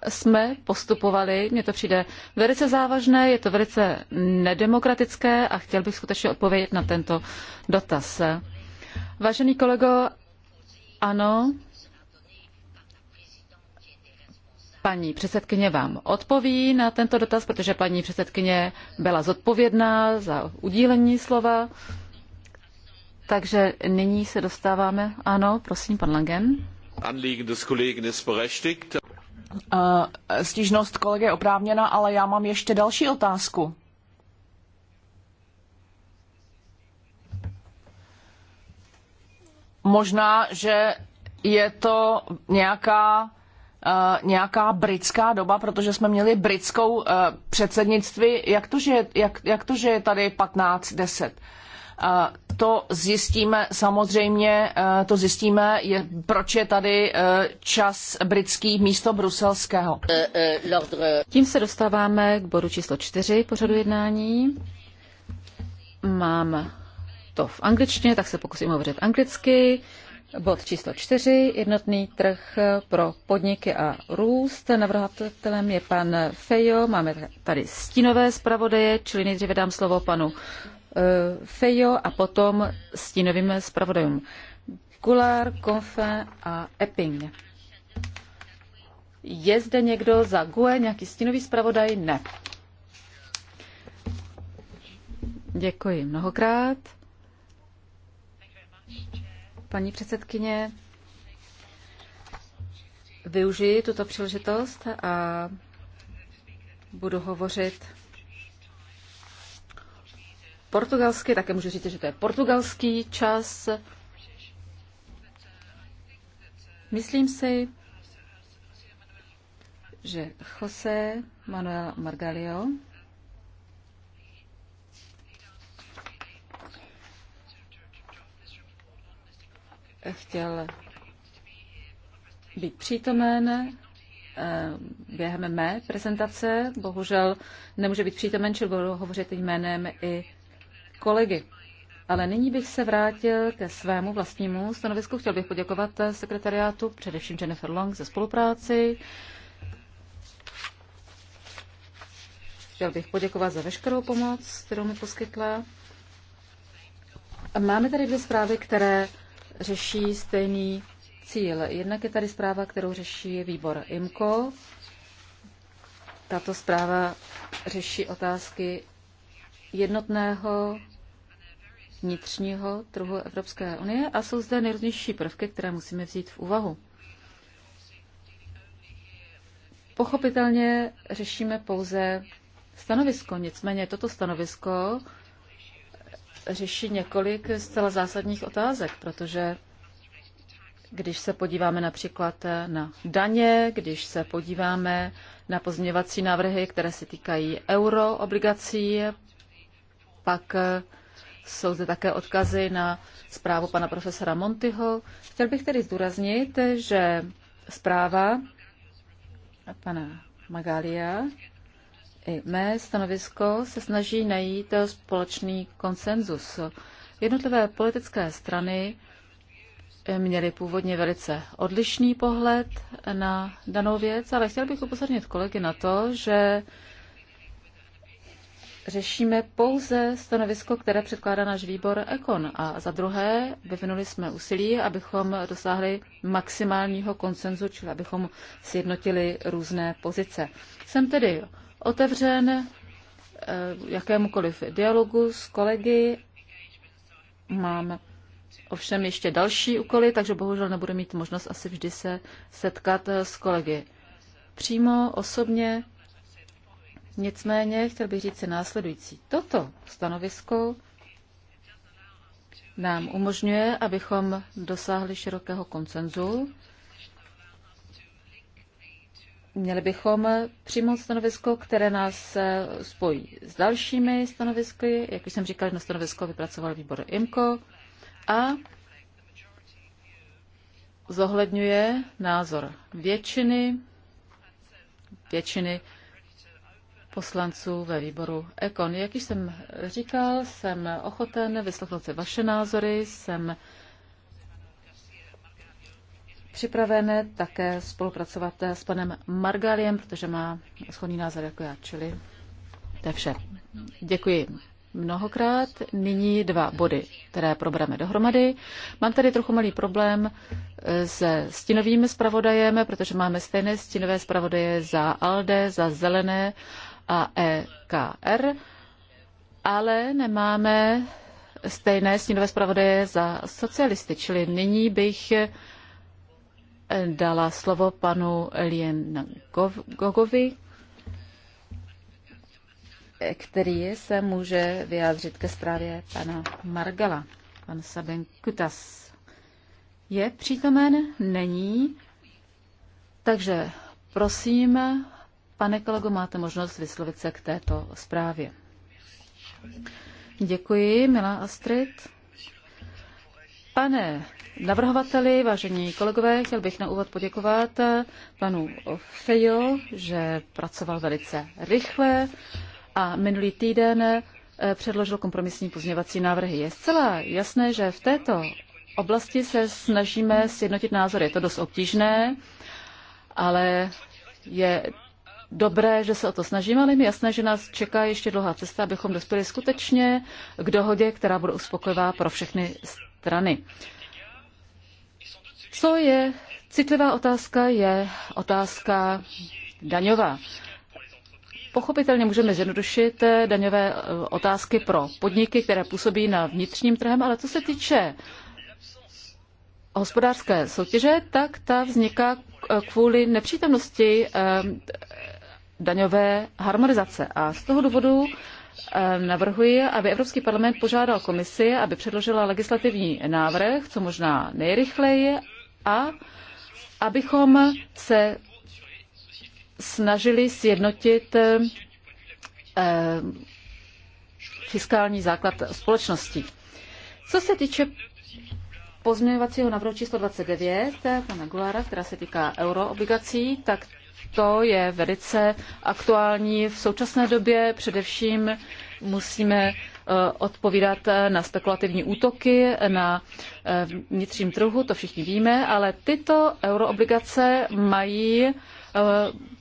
jsme postupovali. Mně to přijde velice závažné, je to velice nedemokratické a chtěl bych skutečně odpovědět na tento dotaz. Vážený kolego, ano, paní předsedkyně vám odpoví na tento dotaz, protože paní předsedkyně byla zodpovědná za udílení slova. Takže nyní se dostáváme, ano, prosím, pan Langen. Anliegen des Kollegen ist berechtigt. Eh, stížnost kolegy je oprávněna, ale já mám ještě další otázku. Možná, že je to nějaká Uh, nějaká britská doba, protože jsme měli britskou uh, předsednictví. Jak to, že, jak, jak to, že je tady 15-10? To zjistíme samozřejmě, e, to zjistíme, je, proč je tady e, čas britský místo bruselského. E, Tím se dostáváme k bodu číslo čtyři pořadu jednání. Mám to v angličtině, tak se pokusím hovořit anglicky. Bod číslo čtyři, jednotný trh pro podniky a růst. Navrhovatelem je pan Fejo, máme tady stínové zpravodaje, čili nejdříve dám slovo panu Eh, Fejo a potom stínovým zpravodajům. Gular, Konfe a Epping. Je zde někdo za GUE, nějaký stínový zpravodaj? Ne. Děkuji mnohokrát. Paní předsedkyně, využiji tuto příležitost a budu hovořit portugalsky, také můžu říct, že to je portugalský čas. Myslím si, že Jose Manuel Margalio chtěl být přítomen eh, během mé prezentace. Bohužel nemůže být přítomen, čili budu hovořit jménem i kolegy. Ale nyní bych se vrátil ke svému vlastnímu stanovisku. Chtěl bych poděkovat sekretariátu, především Jennifer Long, za spolupráci. Chtěl bych poděkovat za veškerou pomoc, kterou mi poskytla. Máme tady dvě zprávy, které řeší stejný cíl. Jednak je tady zpráva, kterou řeší výbor IMCO. Tato zpráva řeší otázky jednotného vnitřního trhu Evropské unie a jsou zde nejrůznější prvky, které musíme vzít v úvahu. Pochopitelně řešíme pouze stanovisko, nicméně toto stanovisko řeší několik zcela zásadních otázek, protože když se podíváme například na daně, když se podíváme na pozměňovací návrhy, které se týkají euroobligací, pak eh, jsou zde také odkazy na zprávu pana profesora Montyho. Chtěl bych tedy zdůraznit, že zpráva pana Magalia i mé stanovisko se snaží najít společný konsenzus. Jednotlivé politické strany měly původně velice odlišný pohled na danou věc, ale chtěl bych upozornit kolegy na to, že řešíme pouze stanovisko, které předkládá náš výbor Ekon. A za druhé, vyvinuli jsme úsilí, abychom dosáhli maximálního konsenzu, čili abychom sjednotili různé pozice. Jsem tedy otevřen eh, jakémukoliv dialogu s kolegy. Mám ovšem ještě další úkoly, takže bohužel nebudu mít možnost asi vždy se setkat eh, s kolegy přímo, osobně. Nicméně chtěl bych říct si následující. Toto stanovisko nám umožňuje, abychom dosáhli širokého koncenzu. Měli bychom přijmout stanovisko, které nás eh, spojí s dalšími stanovisky. Jak už jsem říkal, jedno stanovisko vypracoval výbor IMCO a zohledňuje názor většiny, většiny poslanců ve výboru Ekon. Jak již jsem říkal, jsem ochoten vyslechnout si vaše názory, jsem připraven také spolupracovat s panem Margaliem, protože má schodný názor jako já, čili to je vše. Děkuji mnohokrát. Nyní dva body, které probereme dohromady. Mám tady trochu malý problém eh, se stinovým zpravodajem, protože máme stejné stinové zpravodaje za ALDE, za Zelené a EKR, ale nemáme stejné stínové zpravodaje za socialisty, čili nyní bych dala slovo panu Lien Gogovi, který se může vyjádřit ke zprávě pana Margala. Pan Saben Kutas je přítomen? Není. Takže prosím, Pane kolego, máte možnost vyslovit se k této zprávě. Děkuji, milá Astrid. Pane navrhovateli, vážení kolegové, chtěl bych na úvod poděkovat panu Fejo, že pracoval velice rychle a minulý týden eh, předložil kompromisní pozměňovací návrhy. Je zcela jasné, že v této oblasti se snažíme sjednotit názory. Je to dost obtížné, ale je dobré, že se o to snažíme, ale je jasné, že nás čeká ještě dlouhá cesta, abychom dospěli skutečně k dohodě, která bude uspokojivá pro všechny strany. Co je citlivá otázka, je otázka daňová. Pochopitelně můžeme zjednodušit eh, daňové eh, otázky pro podniky, které působí na vnitřním trhem, ale co se týče hospodářské soutěže, tak ta vzniká eh, kvůli nepřítomnosti daňové harmonizace. A z toho důvodu eh, navrhuji, aby Evropský parlament požádal komisi, aby předložila legislativní návrh, co možná nejrychleji, a abychom se snažili sjednotit eh, fiskální základ společností. Co se týče pozměňovacího návrhu číslo 29 eh, pana Guara, která se týká euroobligací, tak to je velice aktuální v současné době. Především musíme eh, odpovídat na spekulativní útoky na eh, vnitřním trhu, to všichni víme, ale tyto euroobligace mají eh,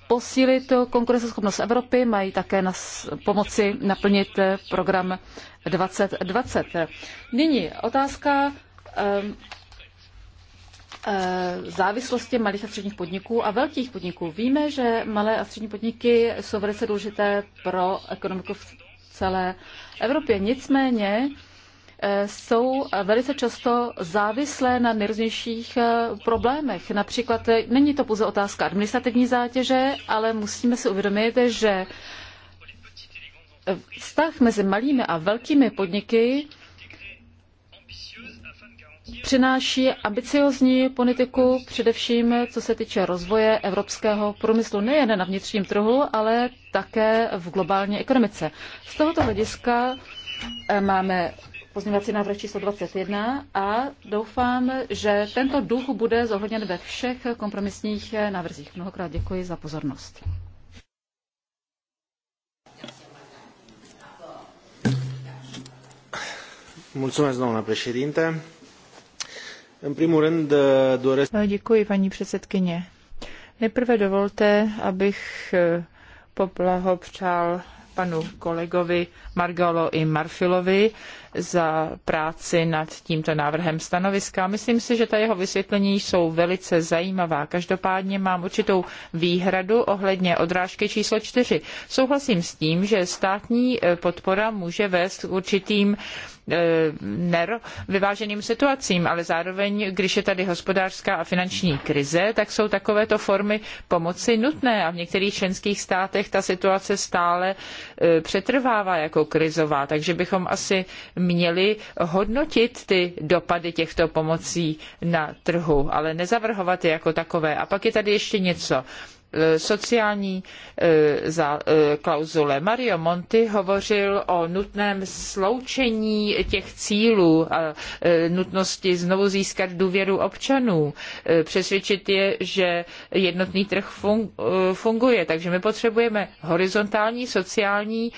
posílit konkurenceschopnost Evropy, mají také nas, pomoci naplnit program 2020. Nyní otázka Eh, závislosti malých a středních podniků a velkých podniků. Víme, že malé a střední podniky jsou velice důležité pro ekonomiku v celé Evropě. Nicméně eh, jsou velice často závislé na nejrůznějších eh, problémech. Například není to pouze otázka administrativní zátěže, ale musíme si uvědomit, že vztah mezi malými a velkými podniky přináší ambiciozní politiku, především co se týče rozvoje evropského průmyslu nejen na vnitřním trhu, ale také v globální ekonomice. Z tohoto hlediska eh, máme pozměňovací návrh číslo 21 a doufám, že tento duch bude zohledněn ve všech kompromisních eh, návrzích. Mnohokrát děkuji za pozornost. Mulțumesc, domnule președinte. No, děkuji, paní předsedkyně. Nejprve dovolte, abych eh, poblahopřál panu kolegovi Margolo i Marfilovi za práci nad tímto návrhem stanoviska. Myslím si, že ta jeho vysvětlení jsou velice zajímavá. Každopádně mám určitou výhradu ohledně odrážky číslo 4. Souhlasím s tím, že státní eh, podpora může vést k určitým eh, ner vyváženým situacím, ale zároveň, když je tady hospodářská a finanční krize, tak jsou takovéto formy pomoci nutné a v některých členských státech ta situace stále eh, přetrvává jako krizová, takže bychom asi měli hodnotit ty dopady těchto pomocí na trhu, ale nezavrhovat je jako takové. A pak je tady ještě něco. Eh, sociální eh, eh, klauzule. Mario Monti hovořil o nutném sloučení těch cílů a nutnosti znovu získat důvěru občanů, přesvědčit je, že jednotný trh funguje. Takže my potřebujeme horizontální sociální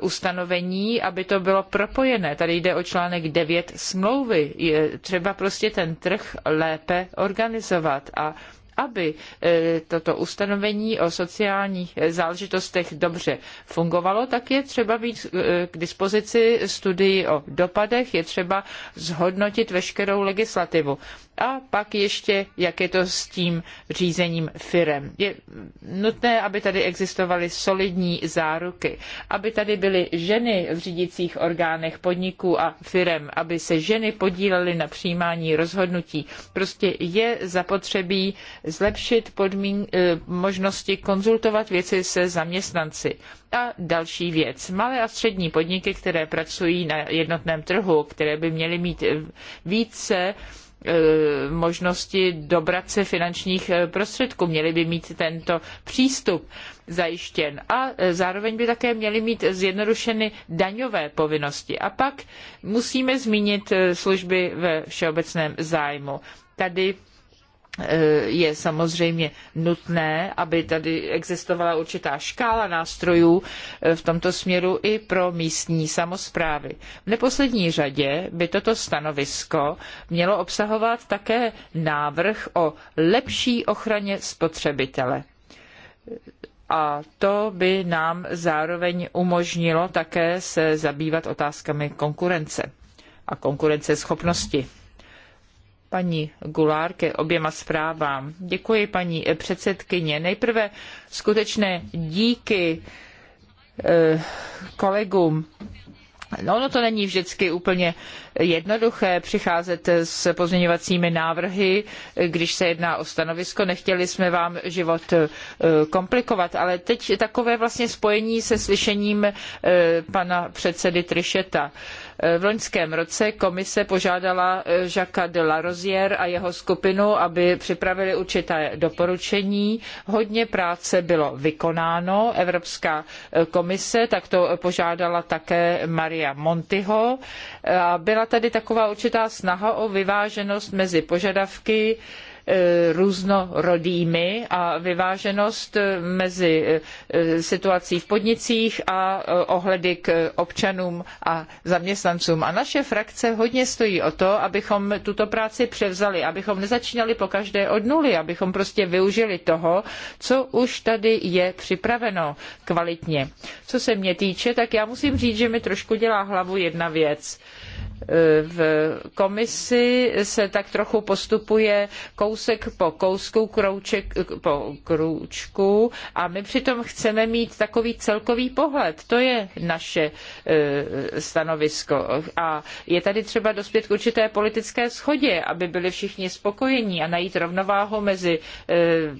ustanovení, aby to bylo propojené. Tady jde o článek 9 smlouvy. Je třeba prostě ten trh lépe organizovat a aby e, toto ustanovení o sociálních e, záležitostech dobře fungovalo, tak je třeba být e, k dispozici studii o dopadech, je třeba zhodnotit veškerou legislativu. A pak ještě, jak je to s tím řízením firem. Je nutné, aby tady existovaly solidní záruky, aby tady byly ženy v řídících orgánech podniků a firem, aby se ženy podílely na přijímání rozhodnutí. Prostě je zapotřebí zlepšit podmín, eh, možnosti konzultovat věci se zaměstnanci. A další věc. Malé a střední podniky, které pracují na jednotném trhu, které by měly mít eh, více Eh, možnosti dobrat se finančních eh, prostředků. Měli by mít tento přístup zajištěn a eh, zároveň by také měli mít zjednodušeny daňové povinnosti. A pak musíme zmínit služby ve všeobecném zájmu. Tady Eh, je samozřejmě nutné, aby tady existovala určitá škála nástrojů eh, v tomto směru i pro místní samosprávy. V neposlední řadě by toto stanovisko mělo obsahovat také návrh o lepší ochraně spotřebitele a to by nám zároveň umožnilo také se zabývat otázkami konkurence a konkurenceschopnosti paní Gulár ke oběma zprávám. Děkuji paní předsedkyně. Nejprve skutečné díky eh, kolegům. No, ono to není vždycky úplně jednoduché přicházet s pozměňovacími návrhy, když se jedná o stanovisko. Nechtěli jsme vám život eh, komplikovat, ale teď takové vlastně spojení se slyšením eh, pana předsedy Trišeta. Eh, v loňském roce komise požádala Jacques de la a jeho skupinu, aby připravili určité doporučení. Hodně práce bylo vykonáno. Evropská komise takto požádala také Maria Montiho. A byla tady taková určitá snaha o vyváženost mezi požadavky e, různorodými a vyváženost e, mezi e, situací v podnicích a ohledy k občanům a zaměstnancům. A naše frakce hodně stojí o to, abychom tuto práci převzali, abychom nezačínali po každé od nuly, abychom prostě využili toho, co už tady je připraveno kvalitně. Co se mě týče, tak já musím říct, že mi trošku dělá hlavu jedna věc v komisi se tak trochu postupuje kousek po kousku, krouček po krůčku a my přitom chceme mít takový celkový pohled. To je naše e, stanovisko. A je tady třeba dospět k určité politické schodě, aby byli všichni spokojení a najít rovnováhu mezi e,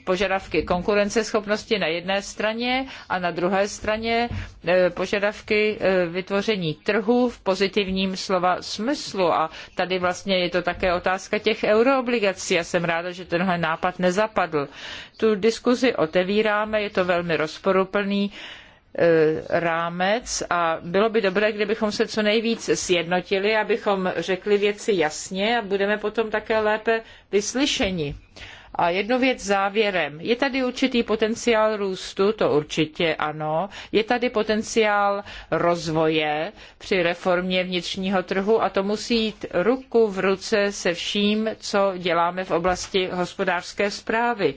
požadavky konkurenceschopnosti na jedné straně a na druhé straně e, požadavky vytvoření trhu v pozitivním slova smyslu a tady vlastně je to také otázka těch euroobligací. Já jsem ráda, že tenhle nápad nezapadl. Tu diskuzi otevíráme, je to velmi rozporuplný e, rámec a bylo by dobré, kdybychom se co nejvíc sjednotili, abychom řekli věci jasně a budeme potom také lépe vyslyšeni. A jednu věc závěrem. Je tady určitý potenciál růstu, to určitě ano. Je tady potenciál rozvoje při reformě vnitřního trhu a to musí jít ruku v ruce se vším, co děláme v oblasti hospodářské správy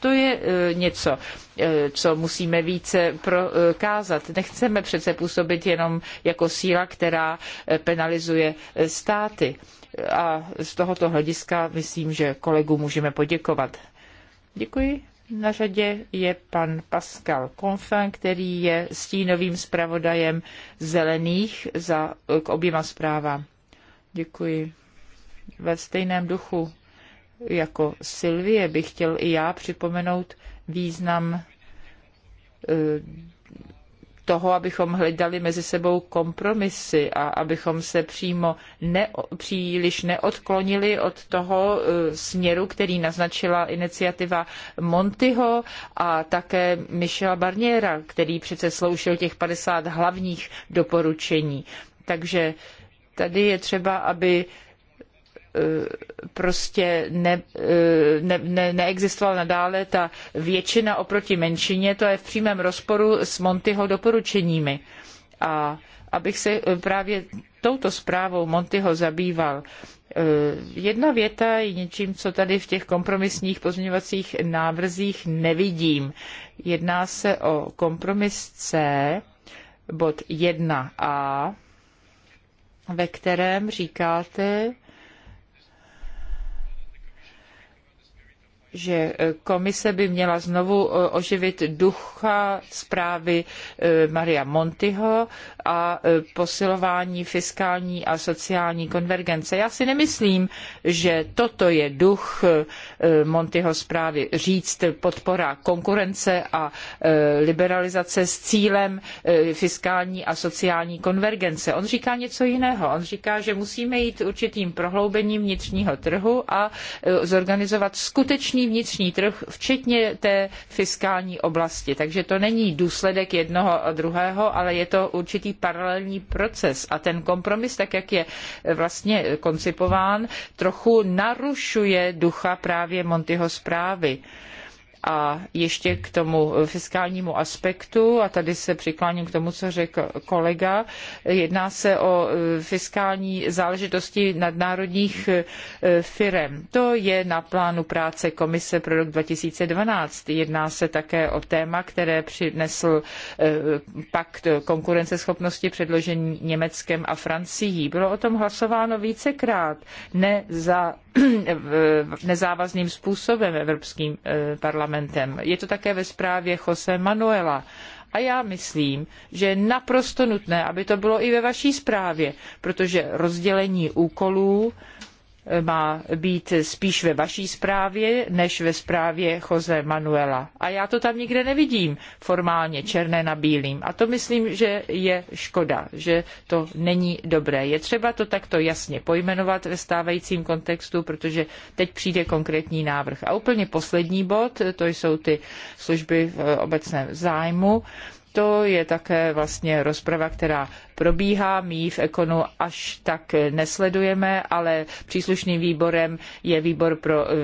to je e, něco, e, co musíme více prokázat. Nechceme přece působit jenom jako síla, která e, penalizuje státy a z tohoto hlediska myslím, že kolegu můžeme poděkovat. Děkuji. Na řadě je pan Pascal Confin, který je stínovým zpravodajem zelených za, k oběma zprávám. Děkuji. Ve stejném duchu jako Sylvie bych chtěl i já připomenout význam eh, toho, abychom hledali mezi sebou kompromisy a abychom se přímo ne, příliš neodklonili od toho e, směru, který naznačila iniciativa Montyho a také Michela Barniera, který přece sloužil těch 50 hlavních doporučení. Takže tady je třeba, aby Eh, prostě ne, eh, ne, ne, neexistovala nadále ta většina oproti menšině, to je v přímém rozporu s Montyho doporučeními. A abych se eh, právě touto zprávou Montyho zabýval, Jedna věta je něčím, co tady v těch kompromisních pozměňovacích návrzích nevidím. Jedná se o kompromis C, bod 1a, ve kterém říkáte, že e, komise by měla znovu e, oživit ducha zprávy e, Maria Montiho a posilování fiskální a sociální konvergence. Já si nemyslím, že toto je duch Montiho zprávy říct podpora konkurence a liberalizace s cílem fiskální a sociální konvergence. On říká něco jiného. On říká, že musíme jít určitým prohloubením vnitřního trhu a zorganizovat skutečný vnitřní trh, včetně té fiskální oblasti. Takže to není důsledek jednoho a druhého, ale je to určitý paralelní proces. A ten kompromis, tak jak je vlastně koncipován, trochu narušuje ducha právě Montyho zprávy. A ještě k tomu fiskálnímu aspektu, a tady se přikláním k tomu, co řekl kolega, jedná se o e, fiskální záležitosti nadnárodních e, firem. To je na plánu práce Komise pro rok 2012. Jedná se také o téma, které přinesl e, pakt konkurenceschopnosti předložený Německem a Francií. Bylo o tom hlasováno vícekrát, ne za, nezávazným způsobem Evropským parlamentem parlamentem. Je to také ve zprávě Jose Manuela. A já myslím, že je naprosto nutné, aby to bylo i ve vaší zprávě, protože rozdělení úkolů má být spíš ve vaší zprávě, než ve zprávě Jose Manuela. A já to tam nikde nevidím formálně černé na bílým. A to myslím, že je škoda, že to není dobré. Je třeba to takto jasně pojmenovat ve stávajícím kontextu, protože teď přijde konkrétní návrh. A úplně poslední bod, to jsou ty služby v obecném zájmu to je také vlastně rozprava, která probíhá. My ji v Ekonu až tak nesledujeme, ale příslušným výborem je výbor pro eh,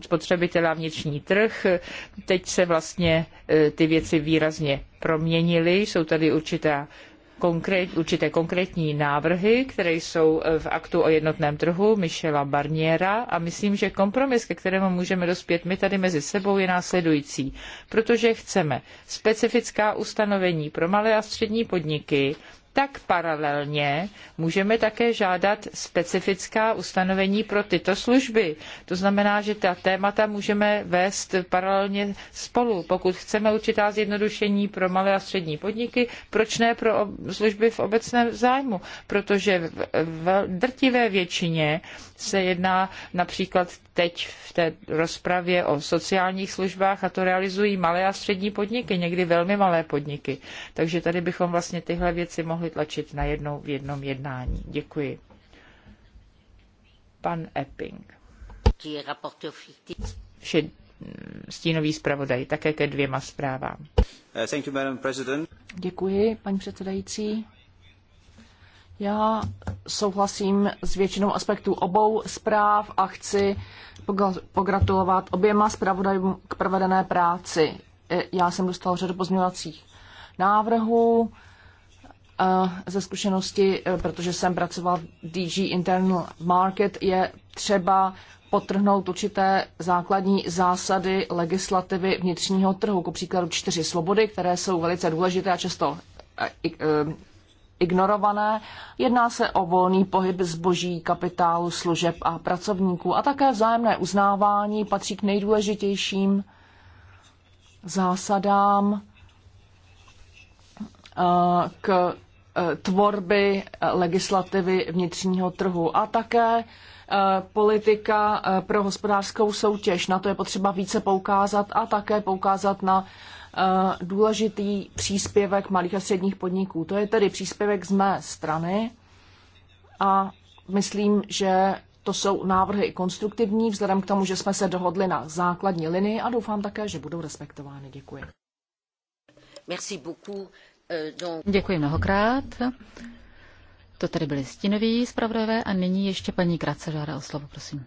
spotřebitele a vnitřní trh. Teď se vlastně eh, ty věci výrazně proměnily, jsou tady určitá určité konkrétní návrhy, které jsou e, v aktu o jednotném trhu Michela Barniera a myslím, že kompromis, ke kterému můžeme dospět my tady mezi sebou, je následující. Protože chceme specifická ustanovení pro malé a střední podniky, tak paralelně můžeme také žádat specifická ustanovení pro tyto služby. To znamená, že ta témata můžeme vést paralelně spolu. Pokud chceme určitá zjednodušení pro malé a střední podniky, proč ne pro služby v obecném zájmu? Protože v drtivé většině se jedná například teď v té rozpravě o sociálních službách a to realizují malé a střední podniky, někdy velmi malé podniky. Takže tady bychom vlastně tyhle věci mohli mohli tlačit najednou v jednom jednání. Děkuji. Pan Epping. Vše mm, stínový zpravodaj, také ke dvěma zprávám. Eh, thank you, Madam President. Děkuji, paní předsedající. Já souhlasím s většinou aspektů obou zpráv a chci pogratulovat oběma zpravodajům k provedené práci. Eh, já jsem dostal řadu pozměňovacích návrhů, ze zkušenosti, eh, protože jsem pracoval v DG Internal Market, je třeba potrhnout určité základní zásady legislativy vnitřního trhu, ku příkladu čtyři svobody, které jsou velice důležité a často eh, eh, ignorované. Jedná se o volný pohyb zboží, kapitálu, služeb a pracovníků a také vzájemné uznávání patří k nejdůležitějším zásadám k Eh, tvorby eh, legislativy vnitřního trhu a také eh, politika pro hospodářskou soutěž. Na to je potřeba více poukázat a také poukázat na důležitý příspěvek malých a středních podniků. To je tedy příspěvek z mé strany a myslím, že to jsou návrhy konstruktivní, vzhledem k tomu, že jsme se dohodli na základní linii a doufám také, že budou respektovány. Děkuji. Merci beaucoup. Děkuji mnohokrát. To tady byly stinoví zpravodajové a nyní ještě paní Krace žádá o slovo, prosím.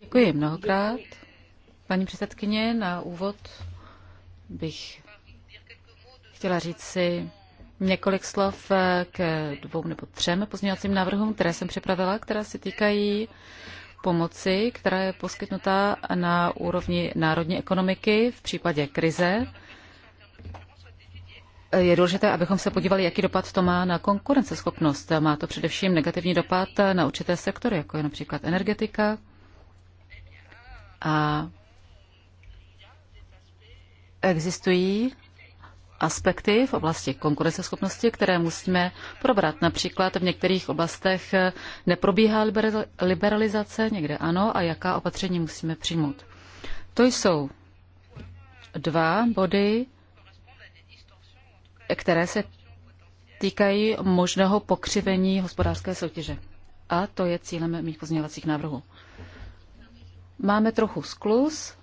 Děkuji mnohokrát. Paní předsedkyně, na úvod bych chtěla říct si několik slov k dvou nebo třem pozměňovacím návrhům, které jsem připravila, které se týkají pomoci, která je poskytnuta na úrovni národní ekonomiky v případě krize. Je důležité, abychom se podívali, jaký dopad to má na konkurenceschopnost. Má to především negativní dopad na určité sektory, jako je například energetika a existují aspekty v oblasti konkurenceschopnosti, které musíme probrat. Například v některých oblastech neprobíhá liberalizace, někde ano, a jaká opatření musíme přijmout. To jsou dva body, které se týkají možného pokřivení hospodářské soutěže. A to je cílem mých pozměňovacích návrhů. Máme trochu sklus,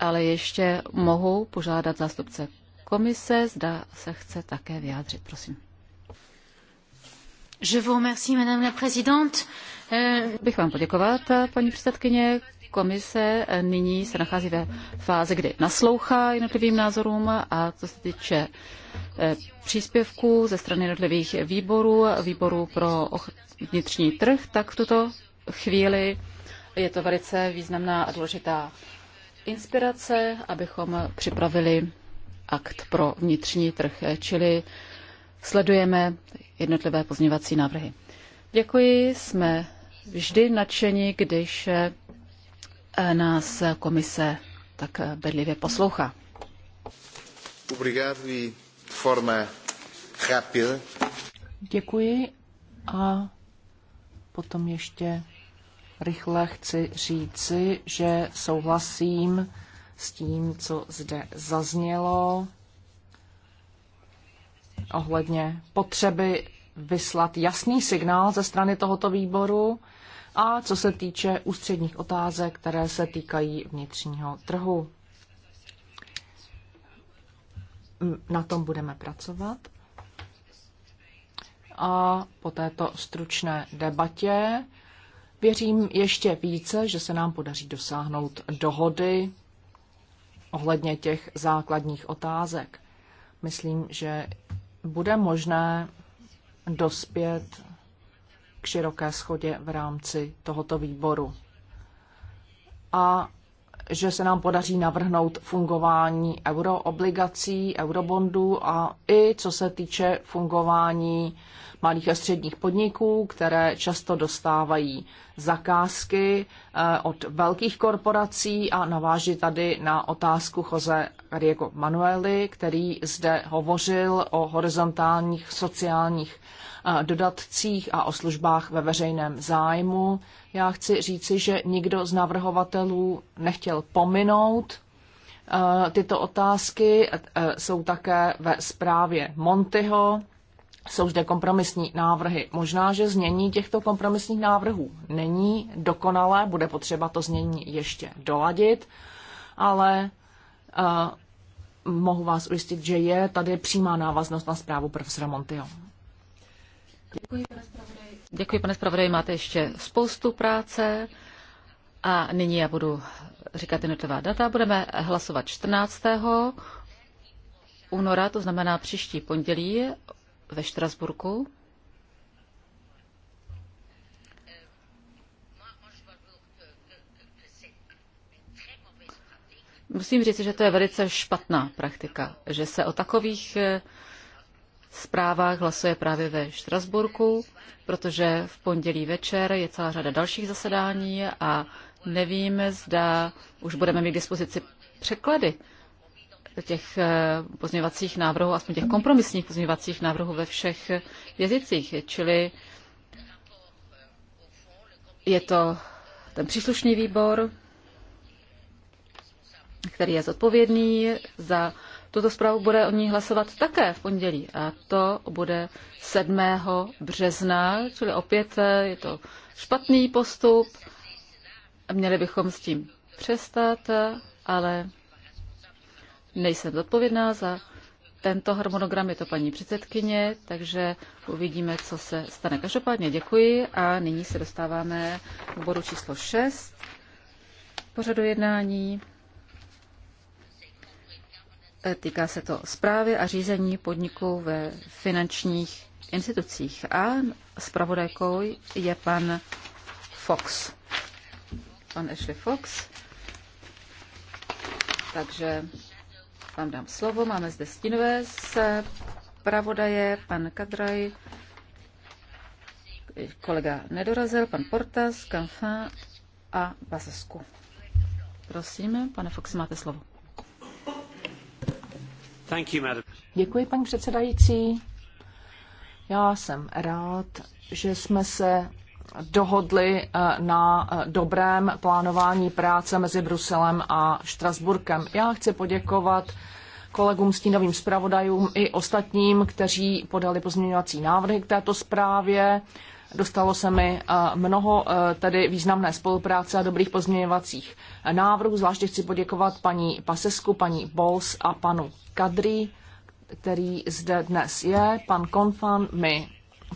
ale ještě mohu požádat zástupce komise, zda se chce také vyjádřit. Prosím. Je vous remercie, madame la présidente. Euh, Bych vám poděkovat, paní předsedkyně. Komise nyní se nachází ve fázi, kdy naslouchá jednotlivým názorům a co se týče eh, příspěvků ze strany jednotlivých výborů, výborů pro vnitřní trh, tak v tuto chvíli je to velice významná a důležitá inspirace, abychom připravili akt pro vnitřní trh, čili sledujeme jednotlivé pozměvací návrhy. Děkuji, jsme vždy nadšení, když eh, nás komise tak bedlivě poslouchá. E Děkuji a potom ještě rychle chci říci, že souhlasím s tím, co zde zaznělo ohledně potřeby vyslat jasný signál ze strany tohoto výboru a co se týče ústředních otázek, které se týkají vnitřního trhu. Na tom budeme pracovat. A po této stručné debatě věřím ještě více, že se nám podaří dosáhnout dohody ohledně těch základních otázek. Myslím, že bude možné dospět k široké schodě v rámci tohoto výboru. A že se nám podaří navrhnout fungování euroobligací, eurobondů a i co se týče fungování malých a středních podniků, které často dostávají zakázky eh, od velkých korporací a naváží tady na otázku Jose Riego Manueli, který zde hovořil o horizontálních sociálních eh, dodatcích a o službách ve veřejném zájmu. Já chci říci, že nikdo z navrhovatelů nechtěl pominout eh, tyto otázky. Jsou také ve zprávě Montyho, jsou zde kompromisní návrhy. Možná, že znění těchto kompromisních návrhů není dokonalé, bude potřeba to znění ještě doladit, ale uh, mohu vás ujistit, že je tady přímá návaznost na zprávu profesora Montio. Děkuji, pane zpravodaj. Děkuji, pane zpravodaj. Máte ještě spoustu práce a nyní já budu říkat jednotlivá data. Budeme hlasovat 14. února, to znamená příští pondělí ve Štrasburku. Musím říct, že to je velice špatná praktika, že se o takových eh, zprávách hlasuje právě ve Štrasburku, protože v pondělí večer je celá řada dalších zasedání a nevím, zda už budeme mít k dispozici překlady těch eh, pozměňovacích návrhů, aspoň těch kompromisních pozměňovacích návrhů ve všech jazycích. Čili je to ten příslušný výbor, který je zodpovědný za tuto zprávu, bude o ní hlasovat také v pondělí. A to bude 7. března, čili opět eh, je to špatný postup. Měli bychom s tím přestat, eh, ale Nejsem zodpovědná za tento harmonogram, je to paní předsedkyně, takže uvidíme, co se stane. Každopádně děkuji a nyní se dostáváme k bodu číslo 6 pořadu jednání. E, týká se to zprávy a řízení podniků ve finančních institucích. A zpravodajkou je pan Fox. Pan Ashley Fox. Takže vám dám slovo. Máme zde stínové zpravodaje, pan Kadraj, kolega Nedorazil, pan Portas, Kanfa a Bazesku. Prosím, pane Fox, máte slovo. Děkuji, paní předsedající. Já jsem rád, že jsme se dohodli eh, na eh, dobrém plánování práce mezi Bruselem a Štrasburkem. Já chci poděkovat kolegům stínovým zpravodajům i ostatním, kteří podali pozměňovací návrhy k této zprávě. Dostalo se mi eh, mnoho tedy významné spolupráce a dobrých pozměňovacích návrhů. Zvláště chci poděkovat paní Pasesku, paní Bols a panu Kadri, který zde dnes je. Pan Konfan mi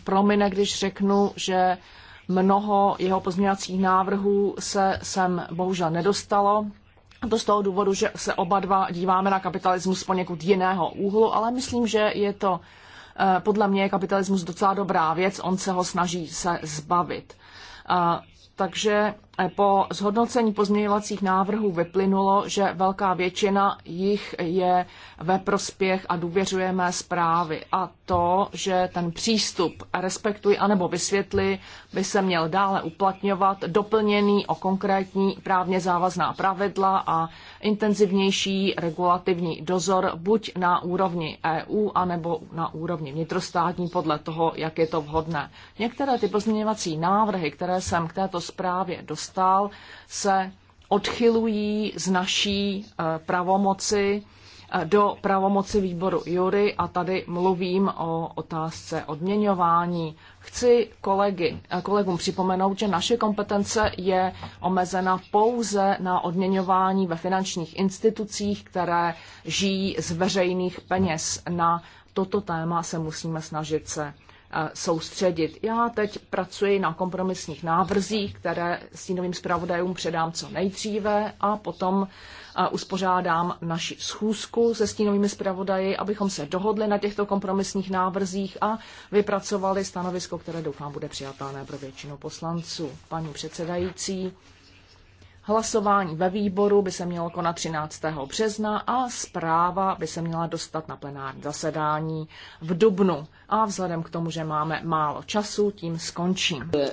promine, když řeknu, že Mnoho jeho pozměňovacích návrhů se sem bohužel nedostalo. A to z toho důvodu, že se oba dva díváme na kapitalismus poněkud jiného úhlu, ale myslím, že je to eh, podle mě je kapitalismus docela dobrá věc, on se ho snaží se zbavit. Eh, takže po zhodnocení pozměňovacích návrhů vyplynulo, že velká většina jich je ve prospěch a důvěřujeme zprávy. A to, že ten přístup respektuj anebo vysvětli by se měl dále uplatňovat, doplněný o konkrétní právně závazná pravidla a intenzivnější regulativní dozor buď na úrovni EU, anebo na úrovni vnitrostátní podle toho, jak je to vhodné. Některé ty pozměňovací návrhy, které jsem k této zprávě dostala, stál, se odchylují z naší eh, pravomoci eh, do pravomoci výboru Jury a tady mluvím o otázce odměňování. Chci kolegy, eh, kolegům připomenout, že naše kompetence je omezena pouze na odměňování ve finančních institucích, které žijí z veřejných peněz. Na toto téma se musíme snažit se soustředit. Já teď pracuji na kompromisních návrzích, které stínovým zpravodajům předám co nejdříve a potom uspořádám naši schůzku se stínovými zpravodaji, abychom se dohodli na těchto kompromisních návrzích a vypracovali stanovisko, které doufám bude přijatelné pro většinu poslanců. Paní předsedající, Hlasování ve výboru by se mělo konat 13. března a zpráva by se měla dostat na plenární zasedání v dubnu. A vzhledem k tomu, že máme málo času, tím skončím. Euh,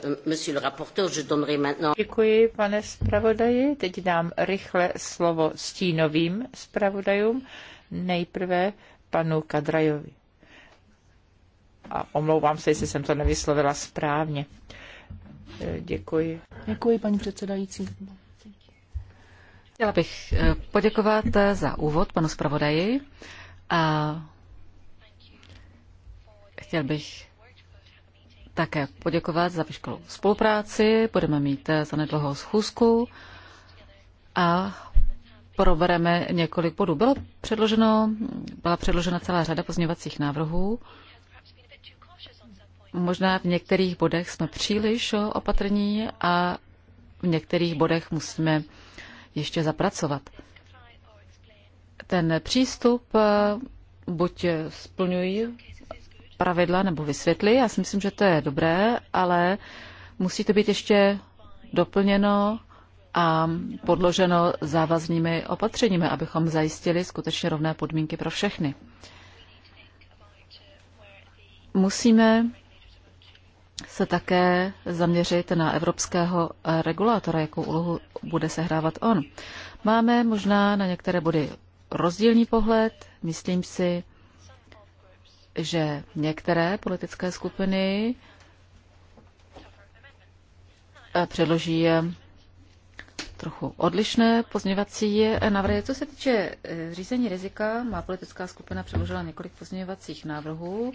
Děkuji, pane zpravodaji. Teď dám rychle slovo stínovým zpravodajům. Nejprve panu Kadrajovi. A omlouvám se, jestli jsem to nevyslovila správně. Děkuji. Děkuji, paní předsedající. Chtěla bych eh, poděkovat eh, za úvod panu zpravodaji a chtěl bych také poděkovat za veškerou spolupráci. Budeme mít eh, zanedlouho schůzku a probereme několik bodů. Bylo předloženo, byla předložena celá řada pozměňovacích návrhů. Možná v některých bodech jsme příliš opatrní a v některých bodech musíme ještě zapracovat. Ten přístup eh, buď splňují pravidla nebo vysvětlí, já si myslím, že to je dobré, ale musí to být ještě doplněno a podloženo závaznými opatřeními, abychom zajistili skutečně rovné podmínky pro všechny. Musíme se také zaměřit na evropského eh, regulátora, jakou úlohu bude sehrávat on. Máme možná na některé body rozdílný pohled. Myslím si, že některé politické skupiny eh, předloží eh, trochu odlišné pozměňovací návrhy. Co se týče řízení rizika, má politická skupina předložila několik pozměňovacích návrhů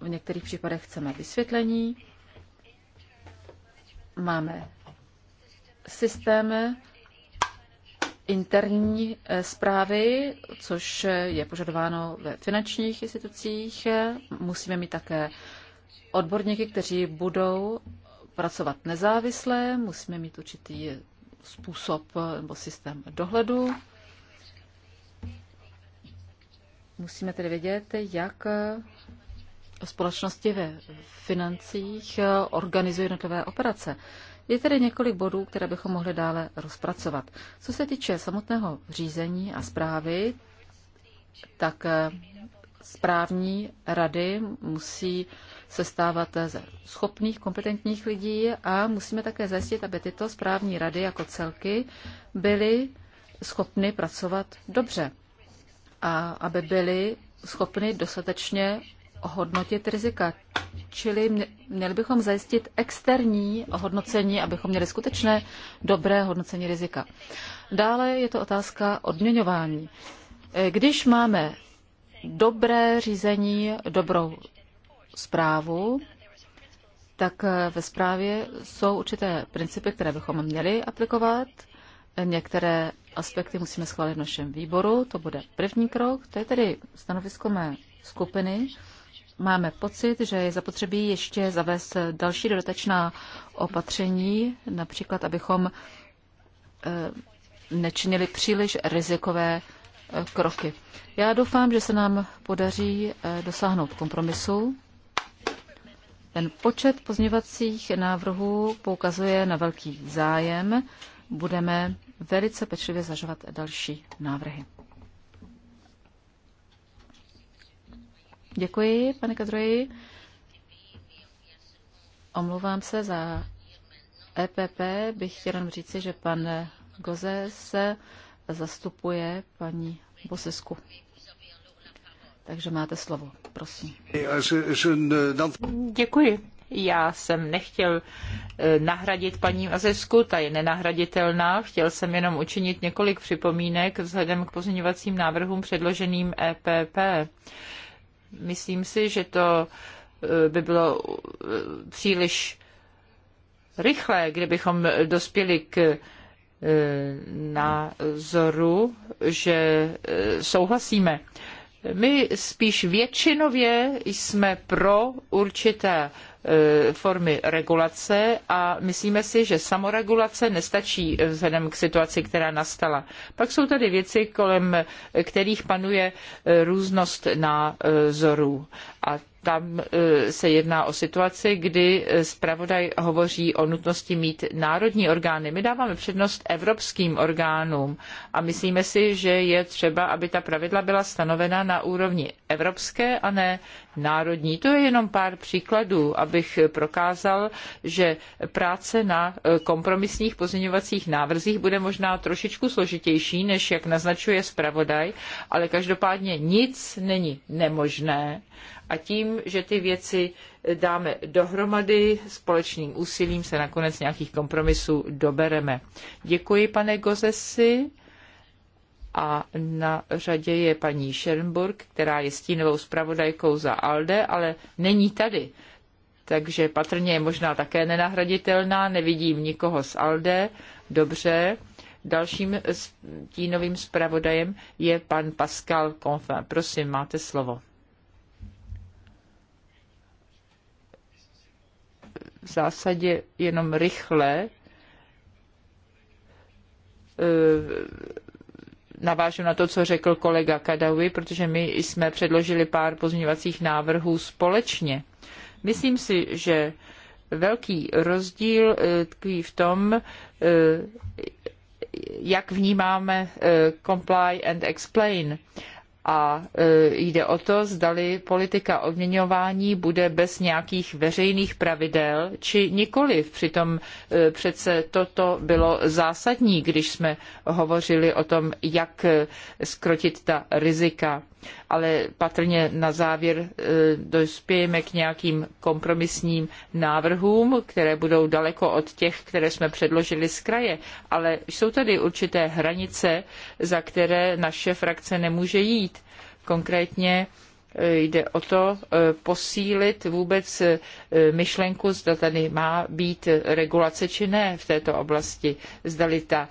v některých případech chceme vysvětlení. Máme systém interní zprávy, eh, což je požadováno ve finančních institucích. Musíme mít také odborníky, kteří budou pracovat nezávisle, musíme mít určitý způsob nebo systém dohledu. Musíme tedy vědět, jak společnosti ve financích eh, organizují jednotlivé operace. Je tedy několik bodů, které bychom mohli dále rozpracovat. Co se týče samotného řízení a zprávy, tak eh, správní rady musí se stávat ze schopných, kompetentních lidí a musíme také zajistit, aby tyto správní rady jako celky byly schopny pracovat dobře a aby byly schopny dostatečně hodnotit rizika. Čili měli bychom zajistit externí hodnocení, abychom měli skutečné dobré hodnocení rizika. Dále je to otázka odměňování. Eh, když máme dobré řízení, dobrou zprávu, tak eh, ve zprávě jsou určité principy, které bychom měli aplikovat. Eh, některé aspekty musíme schválit v našem výboru, to bude první krok, to je tedy stanovisko mé skupiny máme pocit, že je zapotřebí ještě zavést další dodatečná opatření, například abychom eh, nečinili příliš rizikové eh, kroky. Já doufám, že se nám podaří eh, dosáhnout kompromisu. Ten počet pozměvacích návrhů poukazuje na velký zájem. Budeme velice pečlivě zažovat další návrhy. Děkuji, pane Kadroji. Omlouvám se za EPP. Bych chtěl jenom říci, že pan se zastupuje paní Bosesku. Takže máte slovo, prosím. Děkuji. Já jsem nechtěl eh, nahradit paní Azesku, ta je nenahraditelná. Chtěl jsem jenom učinit několik připomínek vzhledem k pozměňovacím návrhům předloženým EPP. Myslím si, že to eh, by bylo eh, příliš rychlé, kdybychom dospěli k eh, názoru, že souhlasíme. My spíš většinově jsme pro určité Eh, formy regulace a myslíme si, že samoregulace nestačí vzhledem k situaci, která nastala. Pak jsou tady věci, kolem kterých panuje eh, různost názorů. A tam e, se jedná o situaci, kdy e, zpravodaj hovoří o nutnosti mít národní orgány. My dáváme přednost evropským orgánům a myslíme si, že je třeba, aby ta pravidla byla stanovena na úrovni evropské a ne národní. To je jenom pár příkladů, abych prokázal, že práce na e, kompromisních pozměňovacích návrzích bude možná trošičku složitější, než jak naznačuje zpravodaj, ale každopádně nic není nemožné a tím, že ty věci dáme dohromady, společným úsilím se nakonec nějakých kompromisů dobereme. Děkuji, pane Gozesi. A na řadě je paní Schernburg, která je stínovou zpravodajkou za ALDE, ale není tady. Takže patrně je možná také nenahraditelná, nevidím nikoho z ALDE. Dobře, Dalším stínovým zpravodajem je pan Pascal Confin. Prosím, máte slovo. v zásadě jenom rychle eh, navážu na to, co řekl kolega Kadawi, protože my jsme předložili pár pozměňovacích návrhů společně. Myslím si, že velký rozdíl eh, tkví v tom, eh, jak vnímáme comply and explain a e, jde o to, zdali politika odměňování bude bez nějakých veřejných pravidel, či nikoliv. Přitom e, přece toto bylo zásadní, když jsme hovořili o tom, jak skrotit e, ta rizika ale patrně na závěr e, dospějeme k nějakým kompromisním návrhům, které budou daleko od těch, které jsme předložili z kraje, ale jsou tady určité hranice, za které naše frakce nemůže jít. Konkrétně jde o to e, posílit vůbec e, myšlenku, zda tady má být regulace či ne v této oblasti. Zdali ta,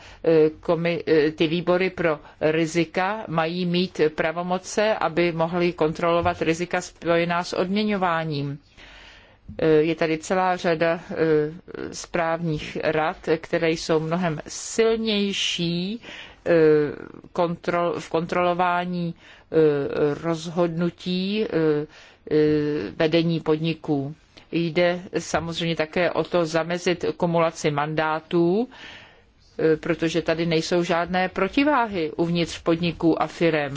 e, ty výbory pro rizika mají mít pravomoce, aby mohly kontrolovat rizika spojená s odměňováním. Je tady celá řada správních rad, které jsou mnohem silnější v kontrolování Eh, rozhodnutí eh, eh, vedení podniků. Jde samozřejmě také o to zamezit kumulaci mandátů, protože tady nejsou žádné protiváhy uvnitř podniků a firem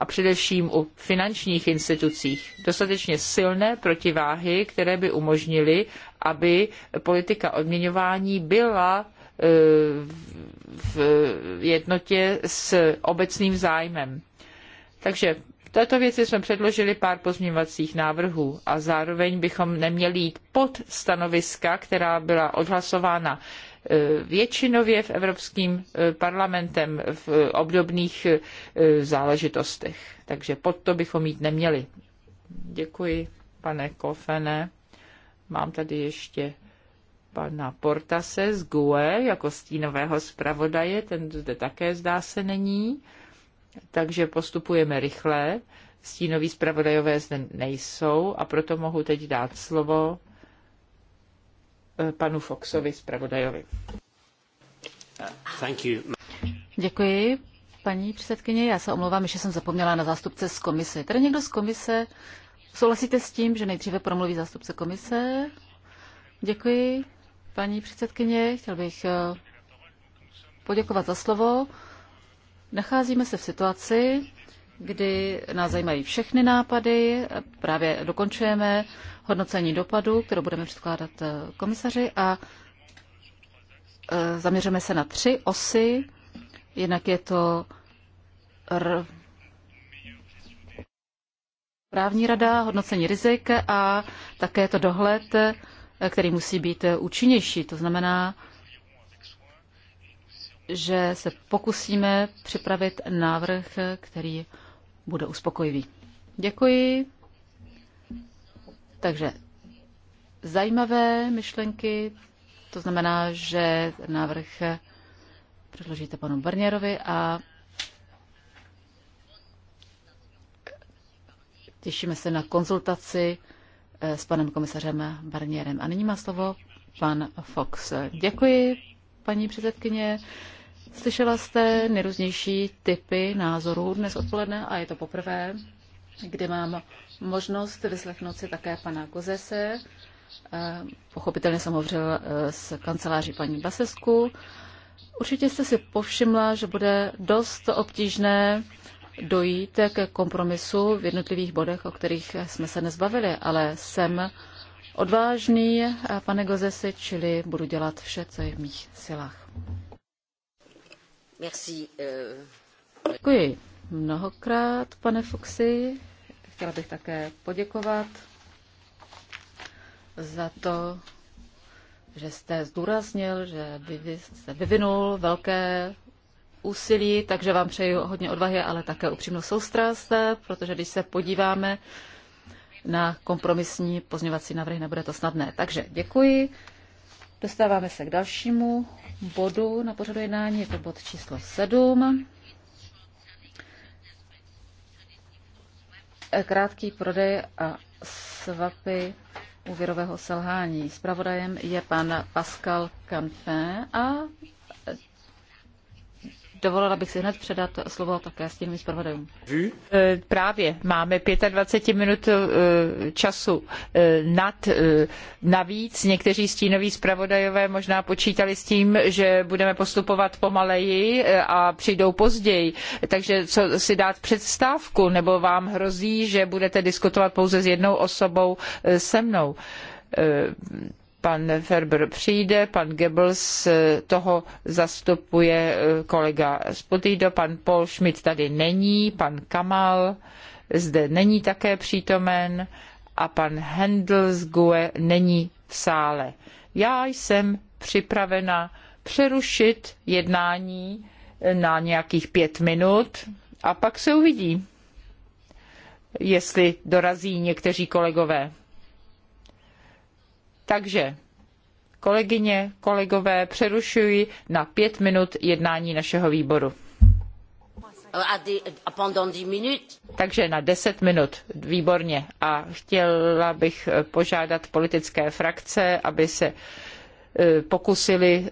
a především u finančních institucích dostatečně silné protiváhy, které by umožnily, aby politika odměňování byla v jednotě s obecným zájmem. Takže v této věci jsme předložili pár pozměňovacích návrhů a zároveň bychom neměli jít pod stanoviska, která byla odhlasována e, většinově v Evropským e, parlamentem v obdobných e, záležitostech. Takže pod to bychom jít neměli. Děkuji, pane Kofene. Mám tady ještě pana Portase z GUE jako stínového zpravodaje, ten zde také zdá se není takže postupujeme rychle. Stínoví zpravodajové zde nejsou a proto mohu teď dát slovo eh, panu Foxovi zpravodajovi. Děkuji, paní předsedkyně. Já se omlouvám, že jsem zapomněla na zástupce z komise. Tady někdo z komise, souhlasíte s tím, že nejdříve promluví zástupce komise? Děkuji, paní předsedkyně. Chtěl bych eh, poděkovat za slovo. Nacházíme se v situaci, kdy nás zajímají všechny nápady, právě dokončujeme hodnocení dopadu, kterou budeme předkládat eh, komisaři a eh, zaměříme se na tři osy. Jednak je to r... právní rada, hodnocení rizik a také to dohled, eh, který musí být účinnější. To znamená, že se pokusíme připravit návrh, který bude uspokojivý. Děkuji. Takže zajímavé myšlenky, to znamená, že návrh předložíte panu Barnierovi a těšíme se na konzultaci eh, s panem komisařem Barnierem. A nyní má slovo pan Fox. Děkuji, paní předsedkyně. Slyšela jste nejrůznější typy názorů dnes odpoledne a je to poprvé, kdy mám možnost vyslechnout si také pana Gozese. Eh, pochopitelně jsem hovořil eh, s kanceláří paní Basesku. Určitě jste si povšimla, že bude dost obtížné dojít ke kompromisu v jednotlivých bodech, o kterých jsme se nezbavili, ale jsem odvážný, eh, pane Gozesi, čili budu dělat vše, co je v mých silách. Eh. Děkuji mnohokrát, pane Foxy. Chtěla bych také poděkovat za to, že jste zdůraznil, že vy jste vyvinul velké úsilí, takže vám přeji hodně odvahy, ale také upřímnou soustrast, protože když se podíváme na kompromisní pozměvací návrhy, nebude to snadné. Takže děkuji. Dostáváme se k dalšímu bodu na pořadu jednání, je to bod číslo 7. Krátký prodej a svapy úvěrového selhání. Spravodajem je pan Pascal Canfin a Dovolila bych si hned předat slovo také s těmi zpravodajům. Eh, právě máme 25 minut eh, času eh, nad navíc. Někteří stínoví zpravodajové možná počítali s tím, že budeme postupovat pomaleji a přijdou později. Takže co si dát představku? nebo vám hrozí, že budete diskutovat pouze s jednou osobou se mnou pan Ferber přijde, pan Goebbels eh, toho zastupuje eh, kolega Sputido, pan Paul Schmidt tady není, pan Kamal zde není také přítomen a pan Hendl z GUE není v sále. Já jsem připravena přerušit jednání eh, na nějakých pět minut a pak se uvidí, jestli dorazí někteří kolegové. Takže, kolegyně, kolegové, přerušuji na pět minut jednání našeho výboru. Takže na deset minut, výborně. A chtěla bych požádat politické frakce, aby se e, pokusili e,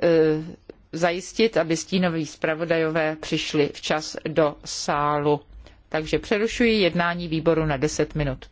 zajistit, aby stínoví zpravodajové přišli včas do sálu. Takže přerušuji jednání výboru na deset minut.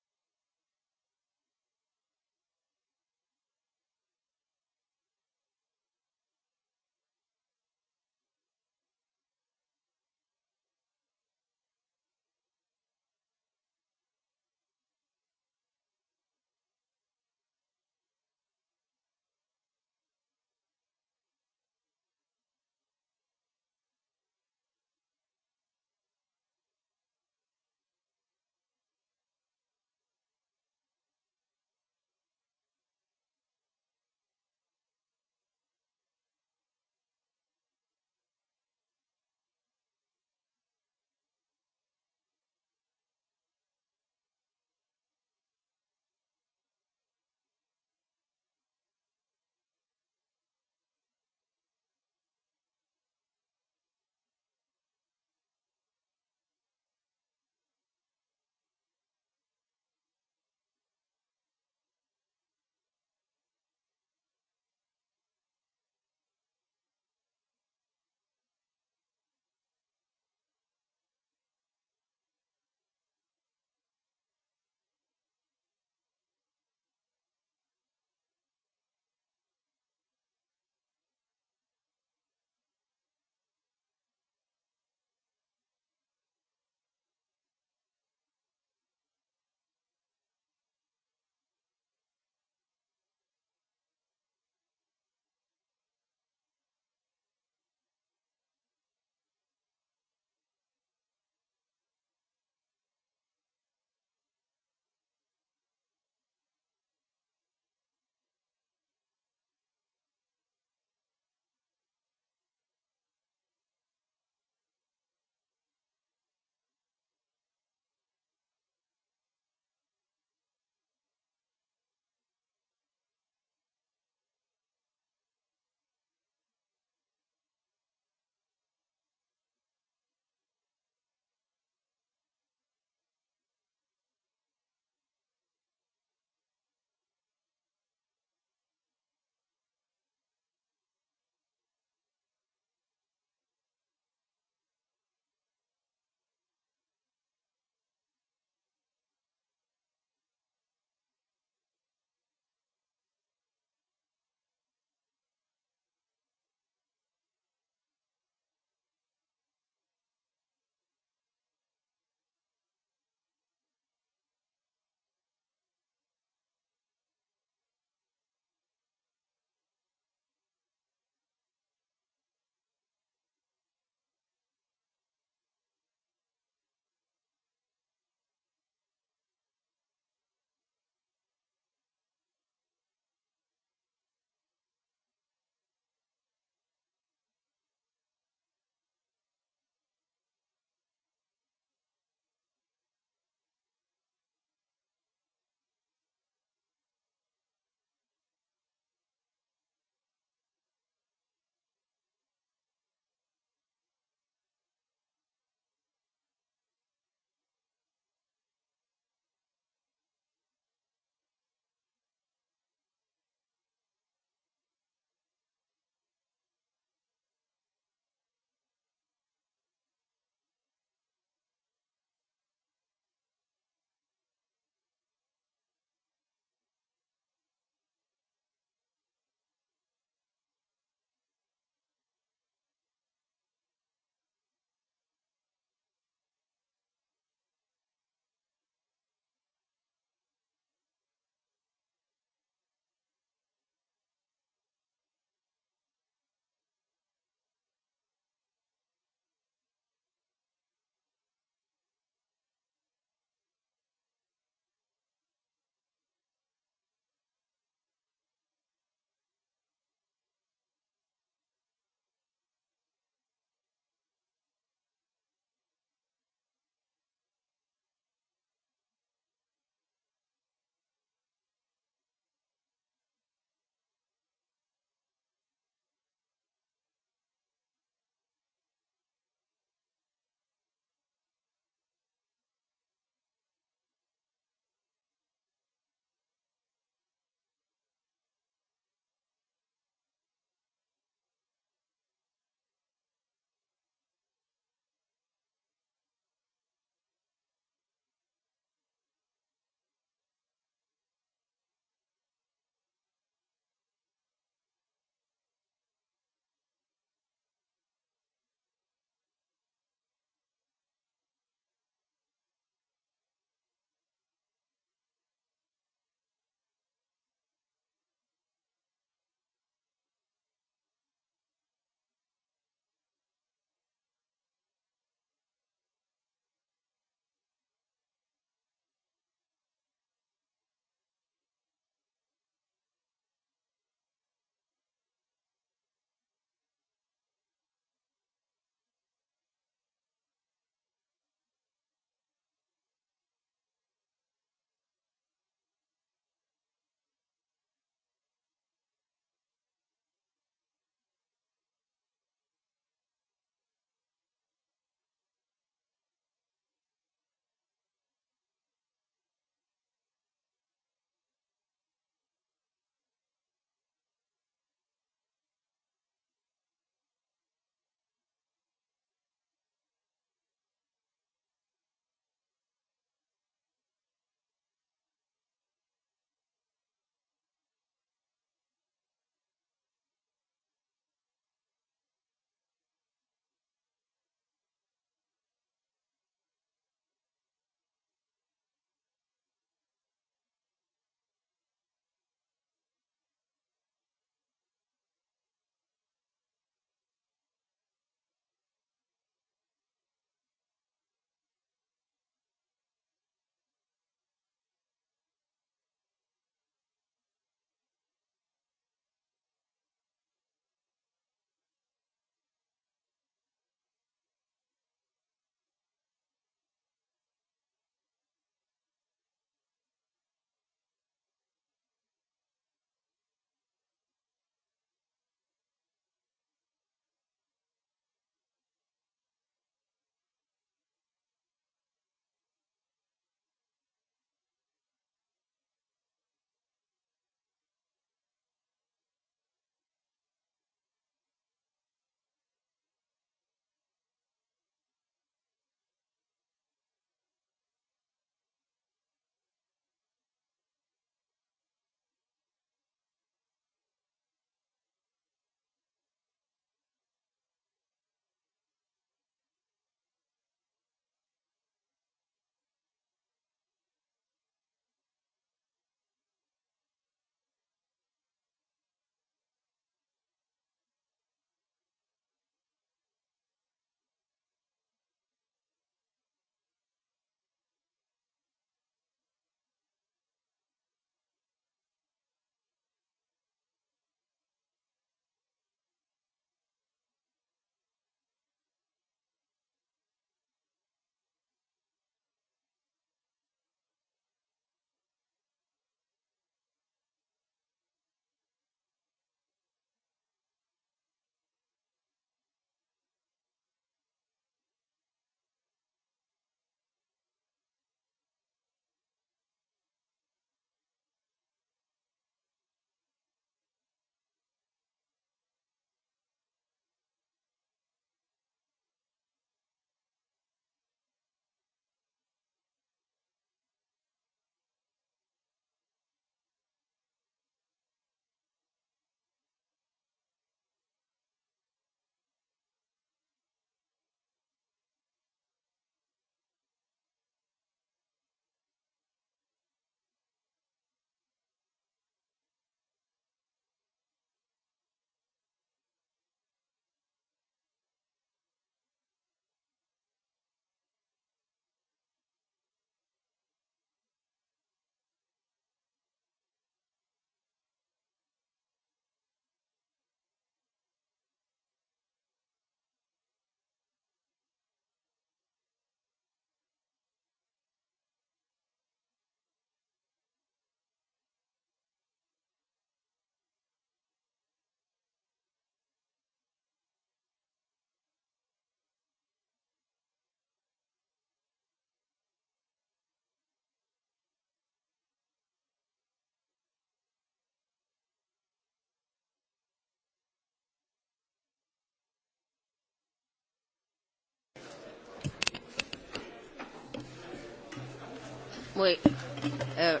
Eh,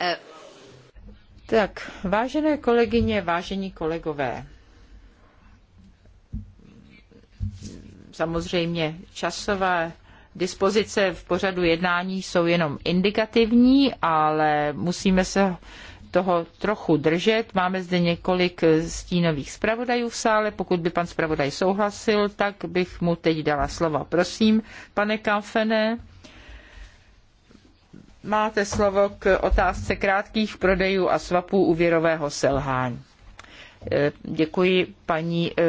eh. Tak, vážené kolegyně, vážení kolegové, samozřejmě časové dispozice v pořadu jednání jsou jenom indikativní, ale musíme se toho trochu držet. Máme zde několik stínových zpravodajů v sále. Pokud by pan zpravodaj souhlasil, tak bych mu teď dala slovo. Prosím, pane Kamfene. Máte slovo k otázce krátkých prodejů a svapů úvěrového selhání. E, děkuji, paní e,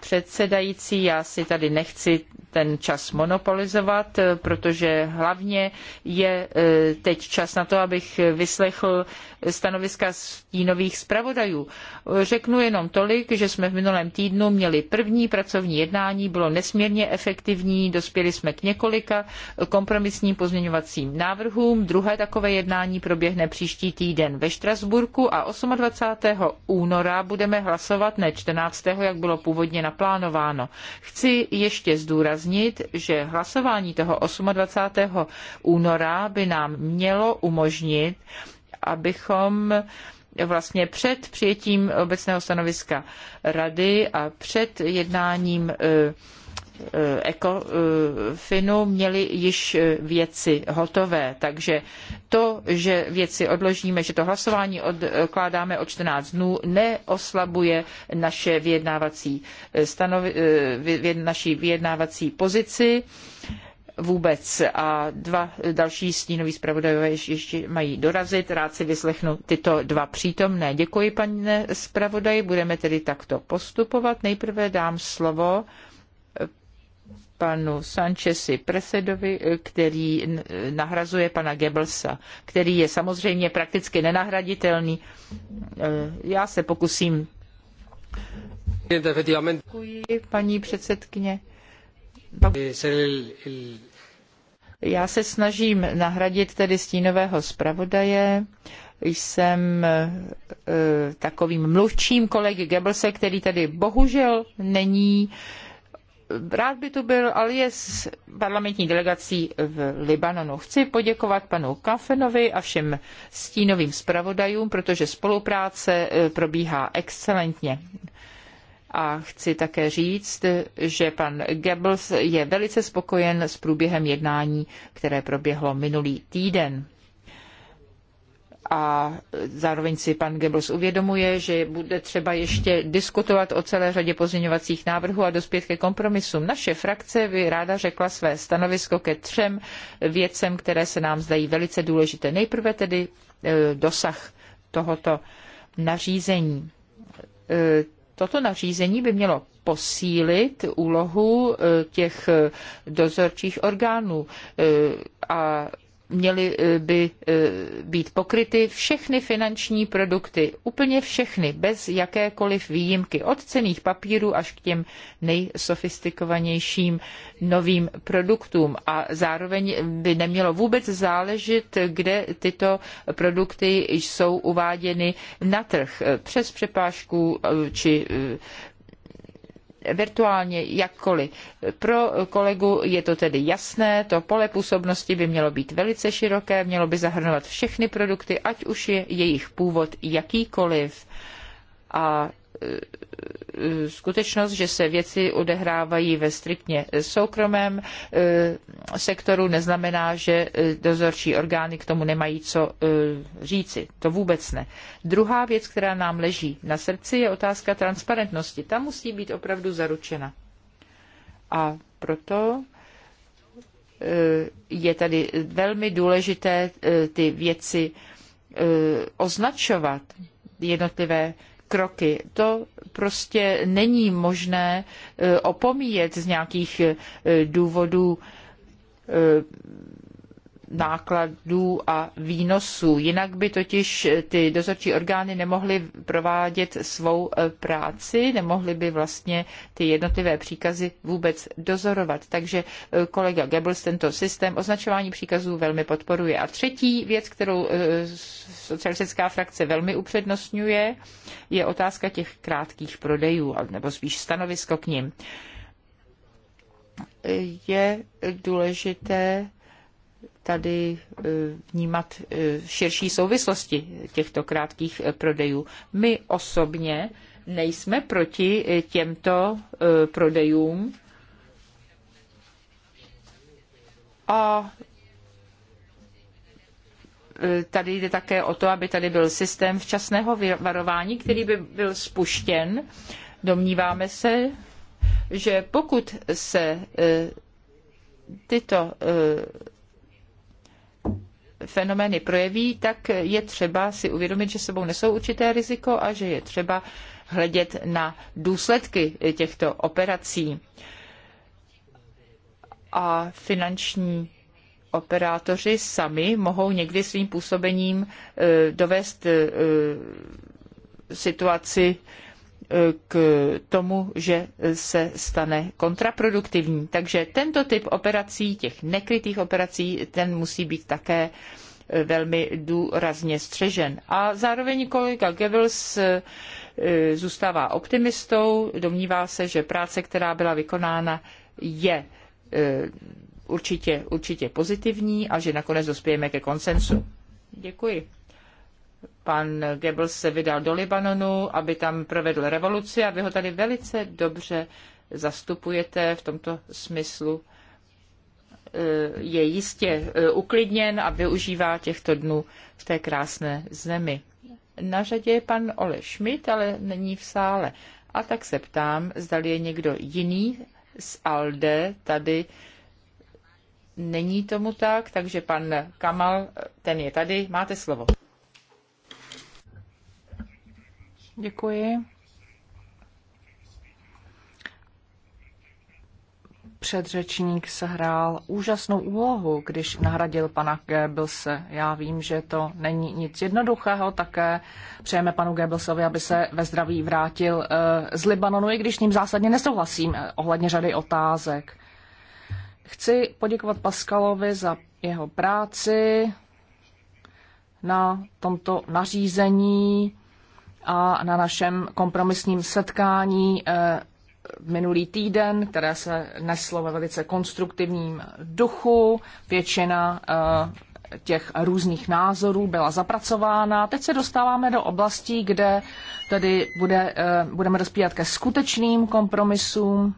předsedající. Já si tady nechci ten čas monopolizovat, e, protože hlavně je teď čas na to, abych vyslechl stanoviska stínových zpravodajů. Řeknu jenom tolik, že jsme v minulém týdnu měli první pracovní jednání, bylo nesmírně efektivní, dospěli jsme k několika kompromisním pozměňovacím návrhům. Druhé takové jednání proběhne příští týden ve Štrasburku a 28. února budeme hlasovat ne 14. jak bylo původně naplánováno. Chci ještě zdůraznit, že hlasování toho 28. února by nám mělo umožnit abychom vlastně před přijetím obecného stanoviska rady a před jednáním eh, eh, ECOFINu měli již eh, věci hotové. Takže to, že věci odložíme, že to hlasování odkládáme o 14 dnů, neoslabuje naše vyjednávací stanovi, naší vyjednávací pozici vůbec. A dva další stínoví zpravodajové ještě mají dorazit. Rád si vyslechnu tyto dva přítomné. Děkuji, paní zpravodaji. Budeme tedy takto postupovat. Nejprve dám slovo panu Sanchezi Presedovi, který nahrazuje pana Goebbelsa, který je samozřejmě prakticky nenahraditelný. Eh, já se pokusím. Děkuji, paní předsedkyně. Já se snažím nahradit tedy stínového zpravodaje. Jsem e, takovým mluvčím kolegy Gebelse, který tady bohužel není. Rád by tu byl, ale je s parlamentní delegací v Libanonu. Chci poděkovat panu Kafenovi a všem stínovým zpravodajům, protože spolupráce e, probíhá excelentně. A chci také říct, že pan Goebbels je velice spokojen s průběhem jednání, které proběhlo minulý týden a zároveň si pan Goebbels uvědomuje, že bude třeba ještě diskutovat o celé řadě pozměňovacích návrhů a dospět ke kompromisům. Naše frakce by ráda řekla své stanovisko ke třem věcem, které se nám zdají velice důležité. Nejprve tedy eh, dosah tohoto nařízení eh, Toto nařízení by mělo posílit úlohu e, těch dozorčích orgánů e, a měly eh, by eh, být pokryty všechny finanční produkty, úplně všechny, bez jakékoliv výjimky, od cených papírů až k těm nejsofistikovanějším novým produktům. A zároveň by nemělo vůbec záležet, kde tyto produkty jsou uváděny na trh eh, přes přepážku či virtuálně jakkoliv. Pro kolegu je to tedy jasné, to pole působnosti by mělo být velice široké, mělo by zahrnovat všechny produkty, ať už je jejich původ jakýkoliv. A skutečnost, že se věci odehrávají ve striktně soukromém eh, sektoru, neznamená, že eh, dozorčí orgány k tomu nemají co eh, říci. To vůbec ne. Druhá věc, která nám leží na srdci, je otázka transparentnosti. Ta musí být opravdu zaručena. A proto je tady velmi důležité ty věci označovat jednotlivé kroky. To prostě není možné eh, opomíjet z nějakých eh, důvodů eh, nákladů a výnosů. Jinak by totiž ty dozorčí orgány nemohly provádět svou eh, práci, nemohly by vlastně ty jednotlivé příkazy vůbec dozorovat. Takže eh, kolega Goebbels tento systém označování příkazů velmi podporuje. A třetí věc, kterou eh, socialistická frakce velmi upřednostňuje, je otázka těch krátkých prodejů, nebo spíš stanovisko k nim. Je důležité, tady e, vnímat e, širší souvislosti těchto krátkých e, prodejů. My osobně nejsme proti těmto prodejům a tady jde také o to, aby tady byl systém včasného varování, který by byl spuštěn. Domníváme se, že pokud se tyto fenomény projeví, tak je třeba si uvědomit, že sebou nesou určité riziko a že je třeba hledět na důsledky těchto operací. A finanční operátoři sami mohou někdy svým působením eh, dovést eh, situaci k tomu, že se stane kontraproduktivní. Takže tento typ operací, těch nekrytých operací, ten musí být také e, velmi důrazně střežen. A zároveň kolega Goebbels e, zůstává optimistou, domnívá se, že práce, která byla vykonána, je e, určitě, určitě pozitivní a že nakonec dospějeme ke konsensu. Děkuji. Pan Goebbels se vydal do Libanonu, aby tam provedl revoluci a vy ho tady velice dobře zastupujete v tomto smyslu. E, je jistě e, uklidněn a využívá těchto dnů v té krásné zemi. Na řadě je pan Ole Schmidt, ale není v sále. A tak se ptám, zda je někdo jiný z ALDE tady. Není tomu tak, takže pan Kamal, ten je tady, máte slovo. Děkuji. Předřečník sehrál úžasnou úlohu, když nahradil pana Goebbelse. Já vím, že to není nic jednoduchého, také přejeme panu Goebbelsovi, aby se ve zdraví vrátil eh, z Libanonu, i když s ním zásadně nesouhlasím eh, ohledně řady otázek. Chci poděkovat Paskalovi za jeho práci na tomto nařízení a na našem kompromisním setkání eh, minulý týden, které se neslo ve velice konstruktivním duchu. Většina eh, těch různých názorů byla zapracována. Teď se dostáváme do oblastí, kde tedy bude, eh, budeme dospívat ke skutečným kompromisům,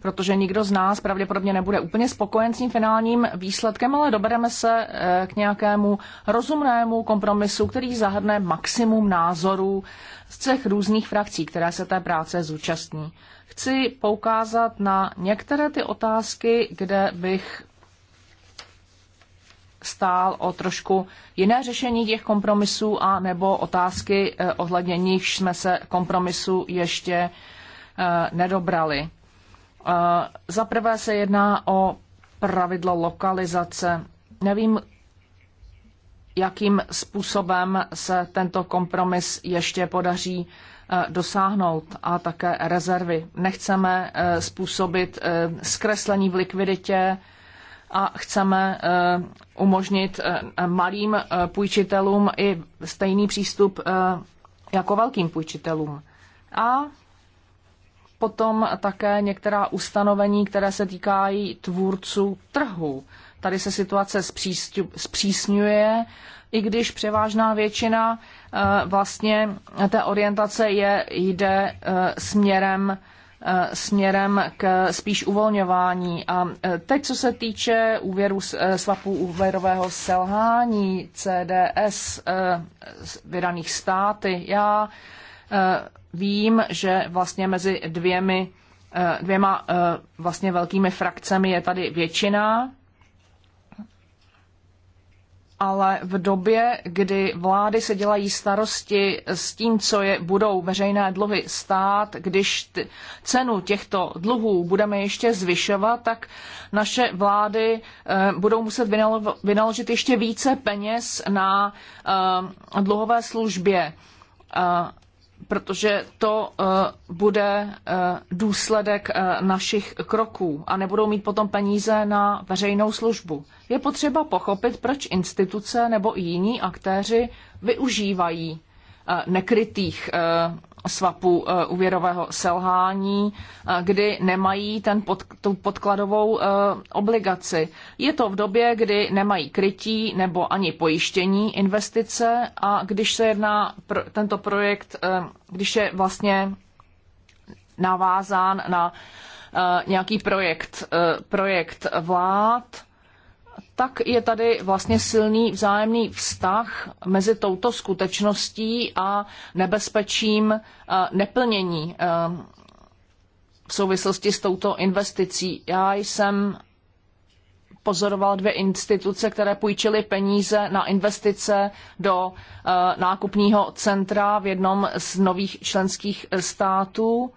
protože nikdo z nás pravděpodobně nebude úplně spokojen s tím finálním výsledkem, ale dobereme se eh, k nějakému rozumnému kompromisu, který zahrne maximum názorů z těch různých frakcí, které se té práce zúčastní. Chci poukázat na některé ty otázky, kde bych stál o trošku jiné řešení těch kompromisů a nebo otázky, eh, ohledně nichž jsme se kompromisu ještě eh, nedobrali. Za prvé se jedná o pravidlo lokalizace. Nevím, jakým způsobem se tento kompromis ještě podaří e, dosáhnout a také rezervy. Nechceme e, způsobit e, zkreslení v likviditě a chceme umožnit malým půjčitelům i stejný přístup jako velkým půjčitelům. A potom také některá ustanovení, které se týkají tvůrců trhu. Tady se situace zpřísňuje, i když převážná většina eh, vlastně té orientace je, jde eh, směrem eh, směrem k spíš uvolňování. A teď, co se týče úvěru svapů úvěrového selhání CDS vydaných státy, já vím, že vlastně mezi dvěmi, eh, dvěma eh, vlastně velkými frakcemi je tady většina, ale v době, kdy vlády se dělají starosti s tím, co je, budou veřejné dluhy stát, když t- cenu těchto dluhů budeme ještě zvyšovat, tak naše vlády e, budou muset vynalo- vynaložit ještě více peněz na e, dluhové službě. E, protože to eh, bude eh, důsledek eh, našich kroků a nebudou mít potom peníze na veřejnou službu. Je potřeba pochopit, proč instituce nebo i jiní aktéři využívají nekrytých svapu eh, úvěrového selhání, eh, kdy nemají ten pod, tu podkladovou eh, obligaci. Je to v době, kdy nemají krytí nebo ani pojištění investice a když se jedná pro tento projekt, když je vlastně navázán na nějaký projekt, projekt vlád, tak je tady vlastně silný vzájemný vztah mezi touto skutečností a nebezpečím eh, neplnění eh, v souvislosti s touto investicí. Já jsem pozoroval dvě instituce, které půjčily peníze na investice do eh, nákupního centra v jednom z nových členských států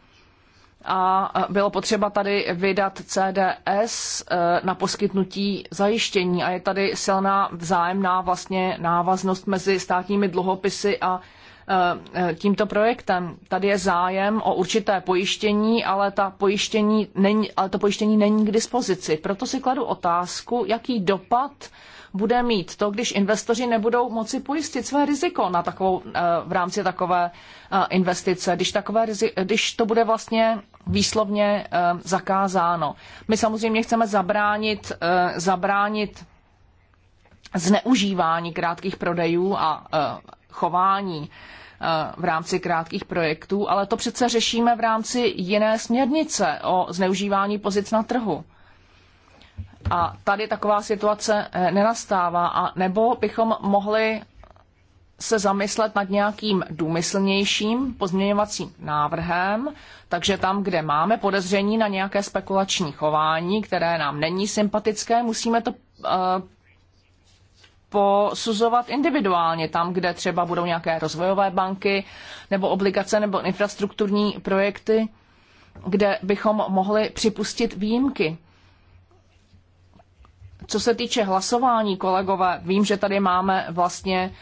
a bylo potřeba tady vydat CDS e, na poskytnutí zajištění a je tady silná vzájemná vlastně návaznost mezi státními dluhopisy a e, e, tímto projektem. Tady je zájem o určité pojištění, ale, ta pojištění není, ale to pojištění není k dispozici. Proto si kladu otázku, jaký dopad bude mít to, když investoři nebudou moci pojistit své riziko na takovou, eh, v rámci takové eh, investice, když, takové, když to bude vlastně výslovně eh, zakázáno. My samozřejmě chceme zabránit, zabránit zneužívání krátkých prodejů a chování v rámci krátkých projektů, ale to přece řešíme v rámci jiné směrnice o zneužívání pozic na trhu. A tady taková situace eh, nenastává. A nebo bychom mohli se zamyslet nad nějakým důmyslnějším pozměňovacím návrhem, takže tam, kde máme podezření na nějaké spekulační chování, které nám není sympatické, musíme to uh, posuzovat individuálně, tam, kde třeba budou nějaké rozvojové banky nebo obligace nebo infrastrukturní projekty, kde bychom mohli připustit výjimky co se týče hlasování, kolegové, vím, že tady máme vlastně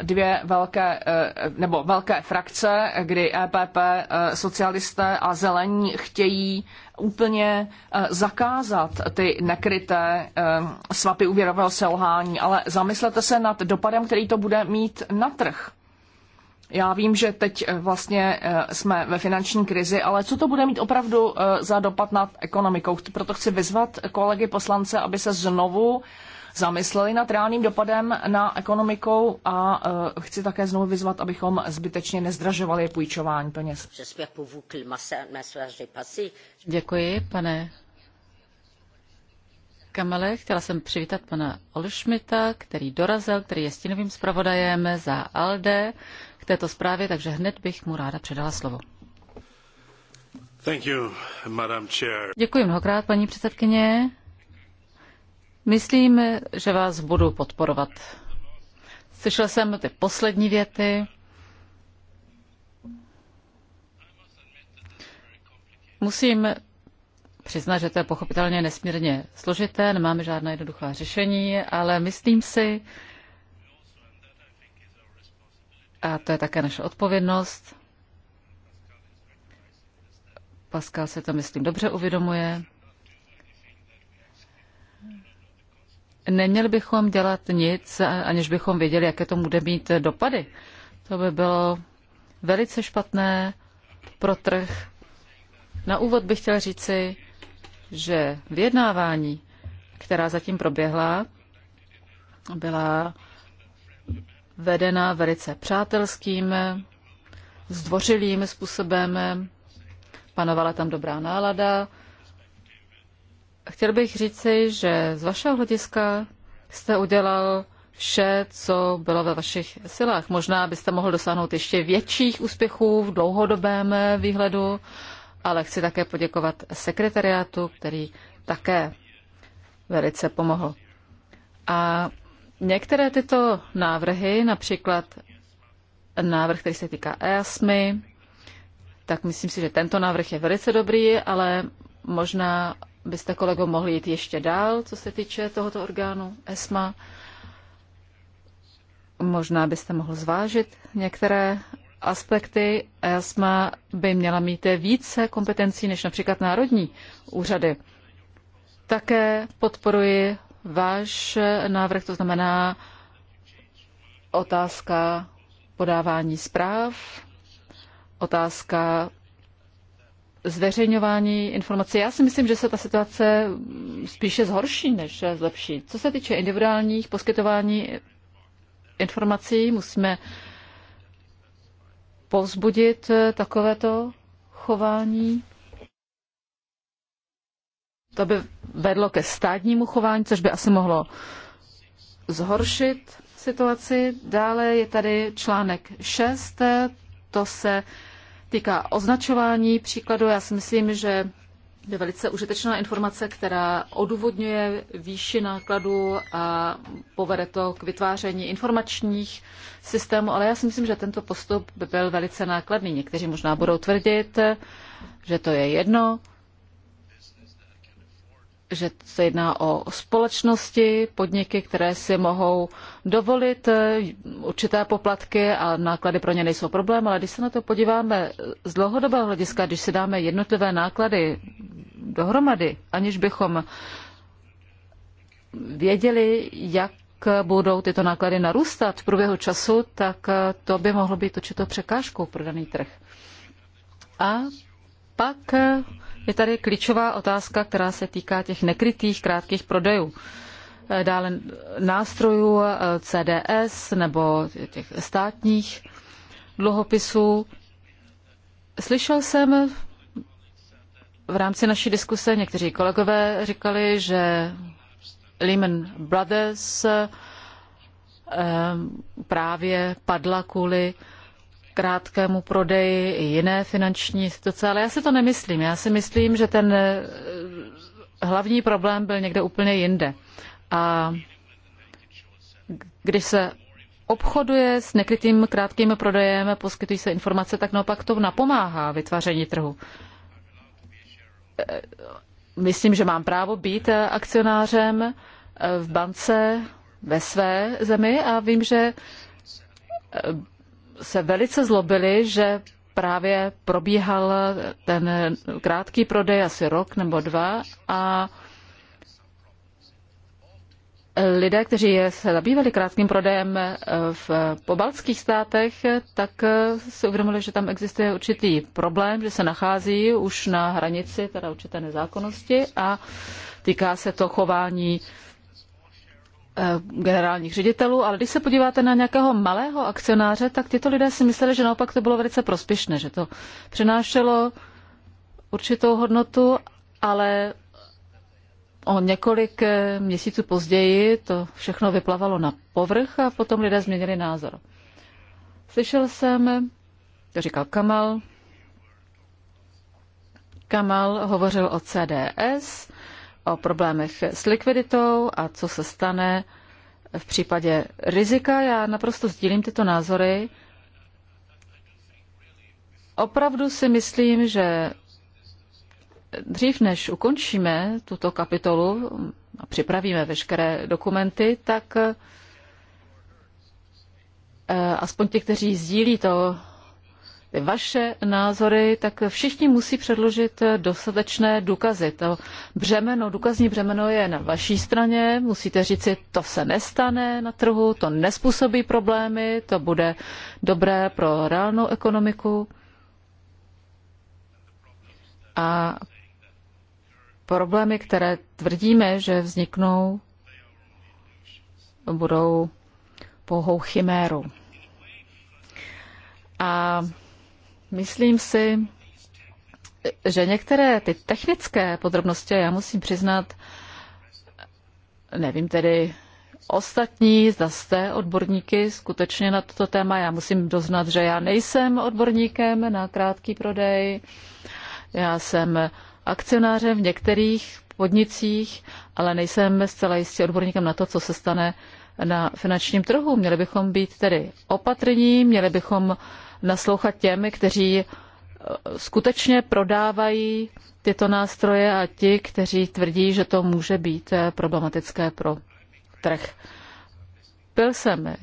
eh, dvě velké, eh, nebo velké frakce, kdy EPP, eh, socialisté a zelení chtějí úplně zakázat ty nekryté svapy úvěrového selhání, ale zamyslete se nad dopadem, který to bude mít na trh. Já vím, že teď eh, vlastně eh, jsme ve finanční krizi, ale co to bude mít opravdu eh, za dopad nad ekonomikou? Proto chci vyzvat kolegy poslance, aby se znovu zamysleli nad reálným dopadem na ekonomikou a chci také znovu vyzvat, abychom zbytečně nezdražovali půjčování peněz. Děkuji, pane Kamele. Chtěla jsem přivítat pana Olšmita, který dorazil, který je stínovým zpravodajem za ALDE této zprávě, takže hned bych mu ráda předala slovo. Thank you, Madam Chair. Děkuji mnohokrát, paní předsedkyně. Myslím, že vás budu podporovat. Slyšel jsem ty poslední věty. Musím přiznat, že to je pochopitelně nesmírně složité, nemáme žádná jednoduchá řešení, ale myslím si, a to je také naše odpovědnost. Pascal se to, myslím, dobře uvědomuje. Neměli bychom dělat nic, aniž bychom věděli, jaké to bude mít dopady. To by bylo velice špatné pro trh. Na úvod bych chtěla říci, že vyjednávání, která zatím proběhla, byla vedena velice přátelským, zdvořilým způsobem. Panovala tam dobrá nálada. Chtěl bych říci, že z vašeho hlediska jste udělal vše, co bylo ve vašich silách. Možná byste mohl dosáhnout ještě větších úspěchů v dlouhodobém výhledu, ale chci také poděkovat sekretariátu, který také velice pomohl. A Některé tyto návrhy, například návrh, který se týká EASMy, tak myslím si, že tento návrh je velice dobrý, ale možná byste, kolego, mohli jít ještě dál, co se týče tohoto orgánu ESMA. Možná byste mohl zvážit některé aspekty. ESMA by měla mít více kompetencí než například národní úřady. Také podporuji váš návrh, to znamená otázka podávání zpráv, otázka zveřejňování informací. Já si myslím, že se ta situace spíše zhorší, než zlepší. Co se týče individuálních poskytování informací, musíme povzbudit takovéto chování. To by vedlo ke stádnímu chování, což by asi mohlo zhoršit situaci. Dále je tady článek 6, to se týká označování příkladu. Já si myslím, že je velice užitečná informace, která odůvodňuje výši nákladu a povede to k vytváření informačních systémů, ale já si myslím, že tento postup by byl velice nákladný. Někteří možná budou tvrdit, že to je jedno, že se jedná o společnosti, podniky, které si mohou dovolit eh, určité poplatky a náklady pro ně nejsou problém, ale když se na to podíváme z dlouhodobého hlediska, když si dáme jednotlivé náklady dohromady, aniž bychom věděli, jak budou tyto náklady narůstat v průběhu času, tak eh, to by mohlo být určitou překážkou pro daný trh. A pak eh, je tady klíčová otázka, která se týká těch nekrytých krátkých prodejů. Eh, dále nástrojů eh, CDS nebo těch státních dluhopisů. Slyšel jsem v rámci naší diskuse někteří kolegové říkali, že Lehman Brothers eh, právě padla kvůli krátkému prodeji i jiné finanční instituce, ale já si to nemyslím. Já si myslím, že ten eh, hlavní problém byl někde úplně jinde. A když se obchoduje s nekrytým krátkým prodejem, poskytují se informace, tak naopak to napomáhá vytváření trhu. Eh, myslím, že mám právo být eh, akcionářem v bance ve své zemi a vím, že se velice zlobili, že právě probíhal ten krátký prodej, asi rok nebo dva, a lidé, kteří se zabývali krátkým prodejem v pobaltských státech, tak si uvědomili, že tam existuje určitý problém, že se nachází už na hranici teda určité nezákonnosti a týká se to chování Eh, generálních ředitelů, ale když se podíváte na nějakého malého akcionáře, tak tyto lidé si mysleli, že naopak to bylo velice prospěšné, že to přinášelo určitou hodnotu, ale o několik eh, měsíců později to všechno vyplavalo na povrch a potom lidé změnili názor. Slyšel jsem, to říkal Kamal, Kamal hovořil o CDS, o problémech s likviditou a co se stane v případě rizika. Já naprosto sdílím tyto názory. Opravdu si myslím, že dřív než ukončíme tuto kapitolu a připravíme veškeré dokumenty, tak eh, aspoň ti, kteří sdílí to vaše názory, tak všichni musí předložit dostatečné důkazy. To břemeno, důkazní břemeno je na vaší straně, musíte říci, to se nestane na trhu, to nespůsobí problémy, to bude dobré pro reálnou ekonomiku. A problémy, které tvrdíme, že vzniknou, budou pouhou chimérou. A Myslím si, že některé ty technické podrobnosti, já musím přiznat, nevím tedy ostatní, zda jste odborníky skutečně na toto téma. Já musím doznat, že já nejsem odborníkem na krátký prodej. Já jsem akcionářem v některých podnicích, ale nejsem zcela jistě odborníkem na to, co se stane na finančním trhu. Měli bychom být tedy opatrní, měli bychom naslouchat těm, kteří eh, skutečně prodávají tyto nástroje a ti, kteří tvrdí, že to může být eh, problematické pro trh. Byl jsem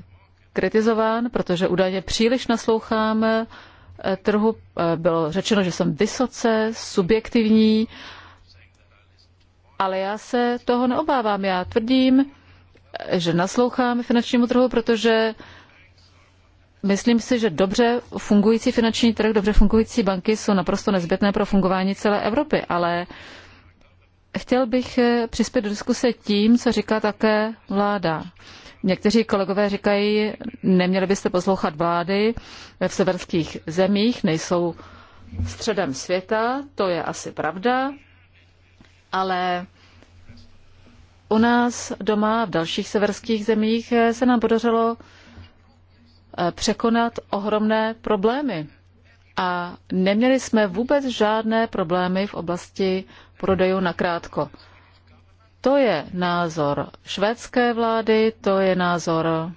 kritizován, protože údajně příliš naslouchám eh, trhu. Bylo řečeno, že jsem vysoce subjektivní, ale já se toho neobávám. Já tvrdím, že naslouchám finančnímu trhu, protože Myslím si, že dobře fungující finanční trh, dobře fungující banky jsou naprosto nezbytné pro fungování celé Evropy, ale chtěl bych eh, přispět do diskuse tím, co říká také vláda. Někteří kolegové říkají, neměli byste poslouchat vlády v severských zemích, nejsou středem světa, to je asi pravda, ale u nás doma, v dalších severských zemích eh, se nám podařilo Eh, překonat ohromné problémy. A neměli jsme vůbec žádné problémy v oblasti prodejů na krátko. To je názor švédské vlády, to je názor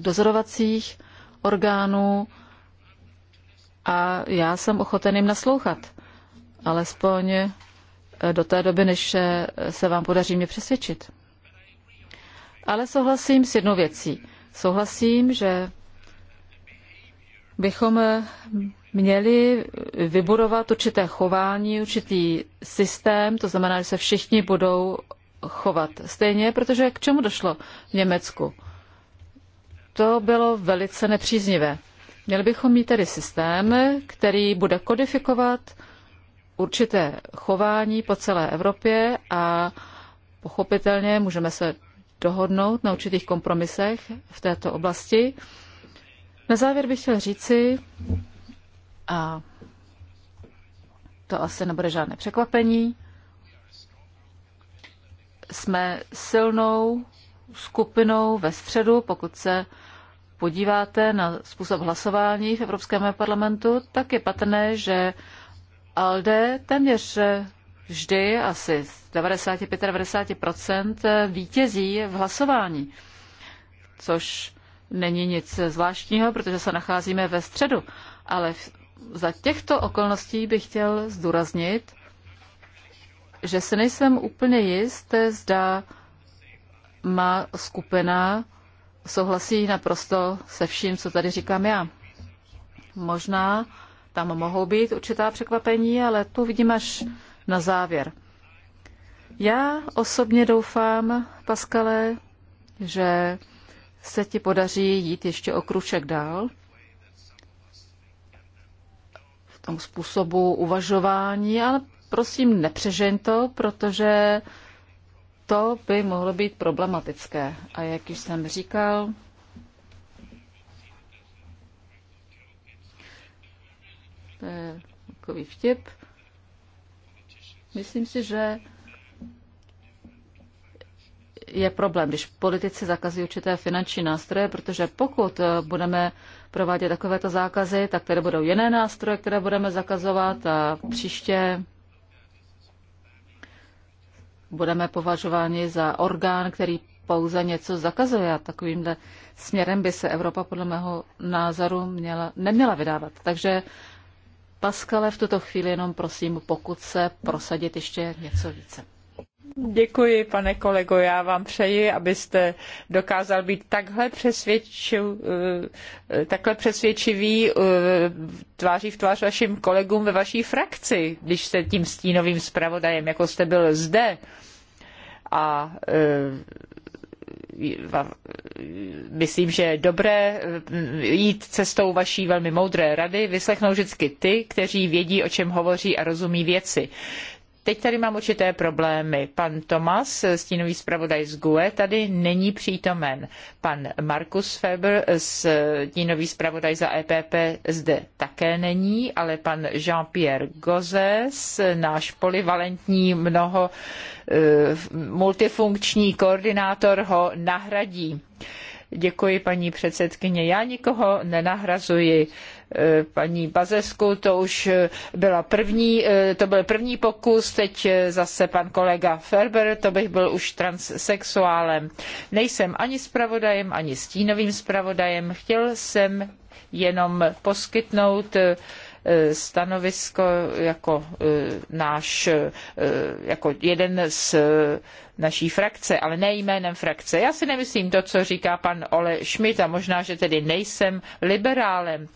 dozorovacích orgánů a já jsem ochoten jim naslouchat. Alespoň eh, do té doby, než eh, se vám podaří mě přesvědčit. Ale souhlasím s jednou věcí. Souhlasím, že bychom měli vybudovat určité chování, určitý systém, to znamená, že se všichni budou chovat stejně, protože k čemu došlo v Německu? To bylo velice nepříznivé. Měli bychom mít tedy systém, který bude kodifikovat určité chování po celé Evropě a pochopitelně můžeme se dohodnout na určitých kompromisech v této oblasti. Na závěr bych chtěl říci, a to asi nebude žádné překvapení, jsme silnou skupinou ve středu, pokud se podíváte na způsob hlasování v Evropském parlamentu, tak je patrné, že ALDE téměř vždy asi z 95-90% vítězí v hlasování, což není nic zvláštního, protože se nacházíme ve středu. Ale za těchto okolností bych chtěl zdůraznit, že se nejsem úplně jist, zda má skupina souhlasí naprosto se vším, co tady říkám já. Možná tam mohou být určitá překvapení, ale tu vidím až na závěr. Já osobně doufám, Paskale, že se ti podaří jít ještě o kruček dál v tom způsobu uvažování, ale prosím nepřežeň to, protože to by mohlo být problematické. A jak již jsem říkal, to je takový vtip. Myslím si, že je problém, když politici zakazují určité finanční nástroje, protože pokud eh, budeme provádět takovéto zákazy, tak tady budou jiné nástroje, které budeme zakazovat a příště budeme považováni za orgán, který pouze něco zakazuje a takovýmhle směrem by se Evropa podle mého názoru měla, neměla vydávat. Takže Paskale, v tuto chvíli jenom prosím, pokud se prosadit ještě něco více. Děkuji, pane kolego. Já vám přeji, abyste dokázal být takhle, přesvědčiv, eh, takhle přesvědčivý eh, tváří v tvář vašim kolegům ve vaší frakci, když jste tím stínovým zpravodajem, jako jste byl zde. A eh, myslím, že je dobré mm, jít cestou vaší velmi moudré rady, vyslechnout vždycky ty, kteří vědí, o čem hovoří a rozumí věci. Teď tady mám určité problémy. Pan Tomas, stínový zpravodaj z GUE, tady není přítomen. Pan Markus Feber, stínový zpravodaj za EPP, zde také není, ale pan Jean-Pierre Gozes, náš polivalentní mnoho eh, multifunkční koordinátor, ho nahradí. Děkuji, paní předsedkyně. Já nikoho nenahrazuji Eh, paní Bazesku, to už eh, byla první, eh, to byl první pokus, teď zase pan kolega Ferber, to bych byl už transsexuálem. Nejsem ani zpravodajem, ani stínovým zpravodajem, chtěl jsem jenom poskytnout stanovisko jako náš, jako jeden z naší frakce, ale ne jménem frakce. Já si nemyslím to, co říká pan Ole Schmidt a možná, že tedy nejsem liberálem.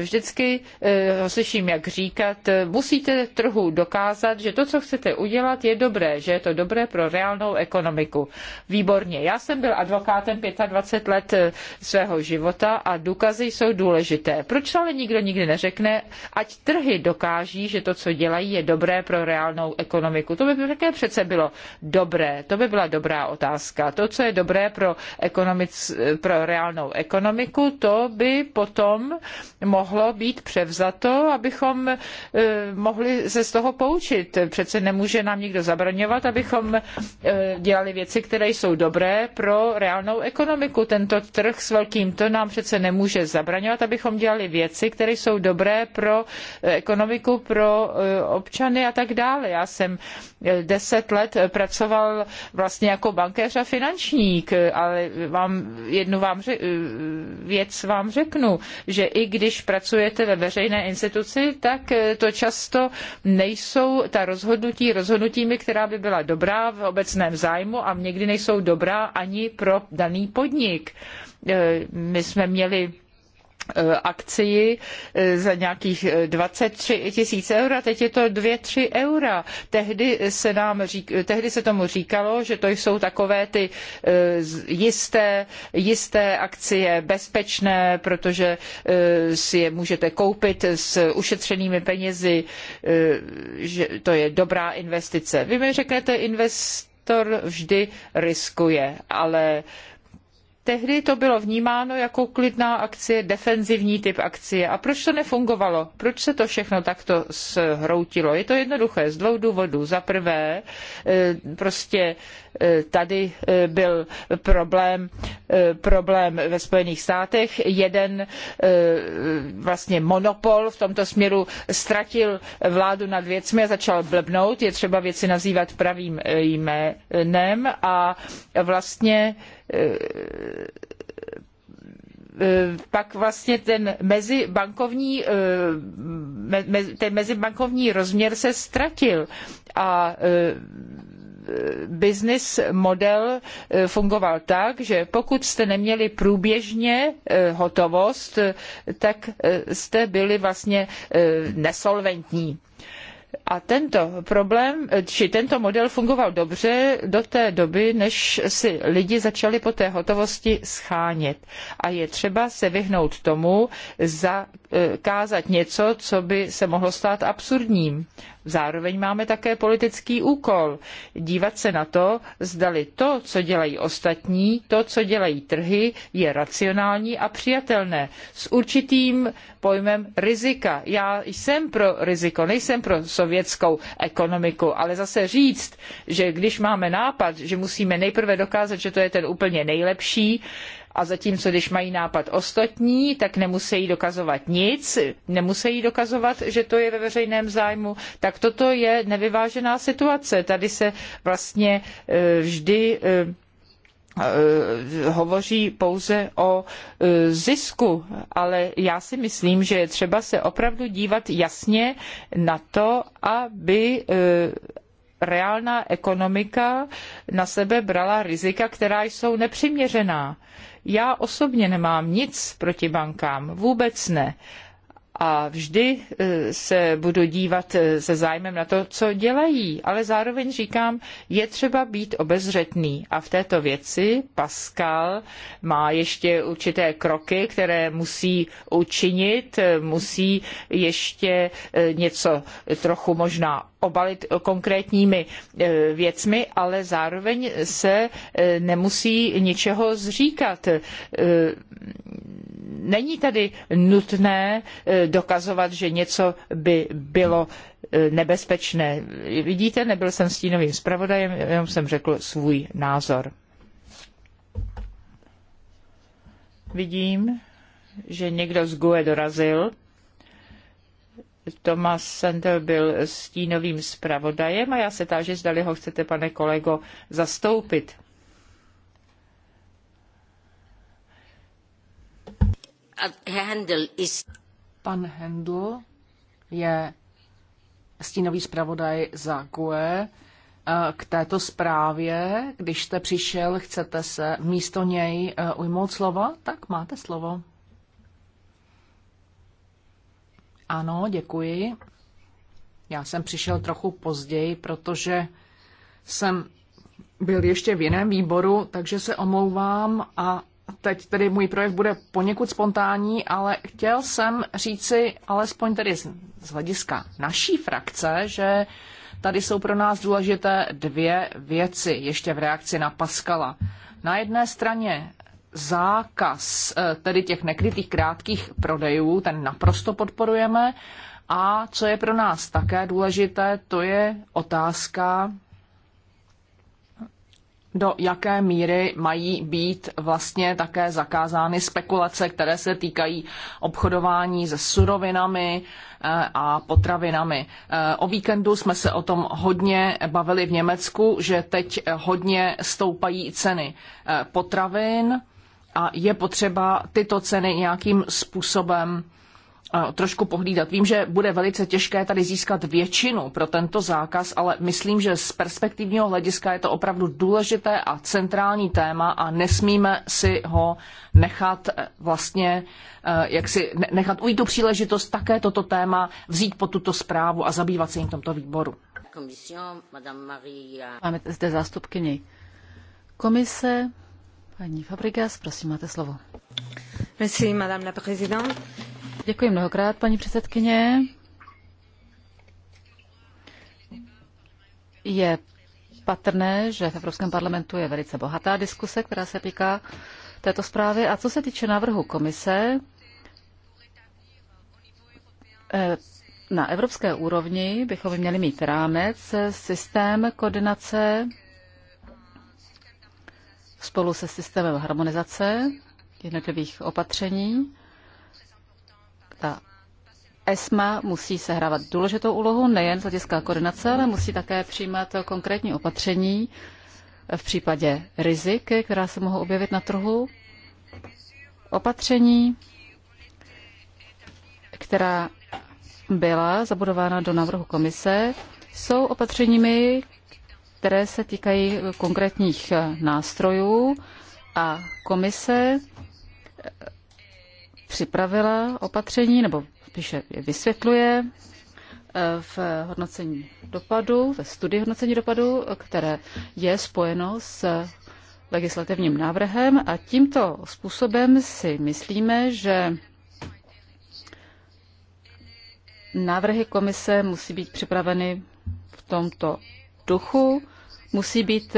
Vždycky eh, ho slyším, jak říkat, eh, musíte trhu dokázat, že to, co chcete udělat, je dobré, že je to dobré pro reálnou ekonomiku. Výborně. Já jsem byl advokátem 25 let eh, svého života a důkazy jsou důležité. Proč ale nikdo nikdy neřekne, ať trhy dokáží, že to, co dělají, je dobré pro reálnou ekonomiku. To by také přece bylo dobré? To by byla dobrá otázka. To, co je dobré pro, ekonomic, pro reálnou ekonomiku, to by potom mohlo být převzato, abychom eh, mohli se z toho poučit. Přece nemůže nám nikdo zabraňovat, abychom eh, dělali věci, které jsou dobré pro reálnou ekonomiku. Tento trh s velkým to nám přece nemůže zabraňovat, abychom dělali věci, které jsou dobré pro eh, ekonomiku, pro občany a tak dále. Já jsem deset let pracovala pracoval vlastně jako bankéř a finančník, ale vám, jednu vám ře- věc vám řeknu, že i když pracujete ve veřejné instituci, tak to často nejsou ta rozhodnutí rozhodnutími, která by byla dobrá v obecném zájmu a někdy nejsou dobrá ani pro daný podnik. My jsme měli Eh, akcii eh, za nějakých 23 eh, tisíc eur a teď je to 2-3 eura. Tehdy se, nám řík, tehdy se tomu říkalo, že to jsou takové ty jisté, jisté akcie, bezpečné, protože si je můžete koupit s ušetřenými penězi, že to je dobrá investice. Vy mi řeknete investor vždy riskuje, ale Tehdy to bylo vnímáno jako klidná akcie, defenzivní typ akcie. A proč to nefungovalo? Proč se to všechno takto zhroutilo? Je to jednoduché z dvou důvodů. Za prvé, eh, prostě tady eh, byl problém, eh, problém ve Spojených státech. Jeden eh, vlastně monopol v tomto směru ztratil vládu nad věcmi a začal blbnout. Je třeba věci nazývat pravým jménem a vlastně pak vlastně ten mezibankovní, ten mezibankovní rozměr se ztratil a business model eh, fungoval tak, že pokud jste neměli průběžně eh, hotovost, eh, tak jste byli vlastně nesolventní. A tento problém, či tento model fungoval dobře do té doby, než si lidi začali po té hotovosti schánět. A je třeba se vyhnout tomu za E, kázat něco, co by se mohlo stát absurdním. Zároveň máme také politický úkol dívat se na to, zdali to, co dělají ostatní, to, co dělají trhy, je racionální a přijatelné. S určitým pojmem rizika. Já jsem pro riziko, nejsem pro sovětskou ekonomiku, ale zase říct, že když máme nápad, že musíme nejprve dokázat, že to je ten úplně nejlepší, a zatímco, když mají nápad ostatní, tak nemusí dokazovat nic, nemusí dokazovat, že to je ve veřejném zájmu. Tak toto je nevyvážená situace. Tady se vlastně e, vždy e, e, hovoří pouze o zisku, ale já si myslím, že je třeba se opravdu dívat jasně na to, aby reálná ekonomika na sebe brala rizika, která jsou nepřiměřená. Já osobně nemám nic proti bankám, vůbec ne, a vždy eh, se budu dívat eh, se zájmem na to, co dělají, ale zároveň říkám, je třeba být obezřetný a v této věci Pascal má ještě určité kroky, které musí učinit, eh, musí ještě něco trochu možná obalit konkrétními věcmi, ale zároveň se nemusí ničeho zříkat není tady nutné eh, dokazovat, že něco by bylo eh, nebezpečné. Vidíte, nebyl jsem stínovým zpravodajem, jenom jsem řekl svůj názor. Vidím, že někdo z GUE dorazil. Thomas Sender byl stínovým zpravodajem a já se táži, zdali ho chcete, pane kolego, zastoupit. Pan Handel je stínový zpravodaj za GUE. Eh, k této zprávě, když jste přišel, chcete se místo něj eh, ujmout slova, tak máte slovo. Ano, děkuji. Já jsem přišel trochu později, protože jsem byl ještě v jiném výboru, takže se omlouvám a teď tedy můj projev bude poněkud spontánní, ale chtěl jsem říci, alespoň tedy z, z hlediska naší frakce, že tady jsou pro nás důležité dvě věci, ještě v reakci na Paskala. Na jedné straně zákaz eh, tedy těch nekrytých krátkých prodejů, ten naprosto podporujeme. A co je pro nás také důležité, to je otázka do jaké míry mají být vlastně také zakázány spekulace, které se týkají obchodování se surovinami eh, a potravinami. Eh, o víkendu jsme se o tom hodně bavili v Německu, že teď hodně stoupají ceny eh, potravin a je potřeba tyto ceny nějakým způsobem trošku pohlídat. Vím, že bude velice těžké tady získat většinu pro tento zákaz, ale myslím, že z perspektivního hlediska je to opravdu důležité a centrální téma a nesmíme si ho nechat eh, vlastně, eh, jak si nechat ujít tu příležitost také toto téma vzít pod tuto zprávu a zabývat se jim tomto výboru. Máme zde zástupkyni komise, paní Fabrikas, prosím, máte slovo. Merci, madame la présidente. Děkuji mnohokrát, paní předsedkyně. Je patrné, že v Evropském parlamentu je velice bohatá diskuse, která se týká této zprávy. A co se týče návrhu komise, eh, na evropské úrovni bychom měli mít rámec, systém koordinace spolu se systémem harmonizace jednotlivých opatření ta ESMA musí sehrávat důležitou úlohu nejen z hlediska koordinace, ale musí také přijímat konkrétní opatření v případě rizik, která se mohou objevit na trhu. Opatření, která byla zabudována do návrhu komise, jsou opatřeními, které se týkají konkrétních nástrojů a komise připravila opatření, nebo spíše vysvětluje eh, v hodnocení dopadu, ve studii hodnocení dopadu, které je spojeno s legislativním návrhem a tímto způsobem si myslíme, že návrhy komise musí být připraveny v tomto duchu, musí být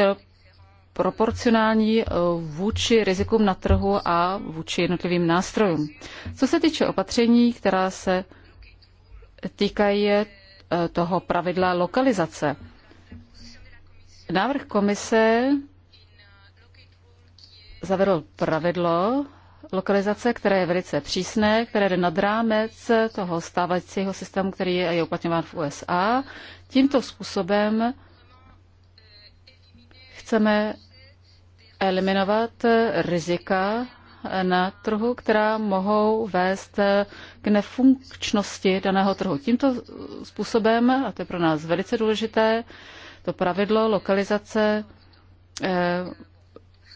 proporcionální eh, vůči rizikům na trhu a vůči jednotlivým nástrojům. Co se týče opatření, která se týkají eh, toho pravidla lokalizace, návrh komise zavedl pravidlo lokalizace, které je velice přísné, které jde nad rámec toho stávajícího systému, který je, je uplatňován v USA. Tímto způsobem chceme eliminovat rizika na trhu, která mohou vést k nefunkčnosti daného trhu. Tímto způsobem, a to je pro nás velice důležité, to pravidlo lokalizace eh,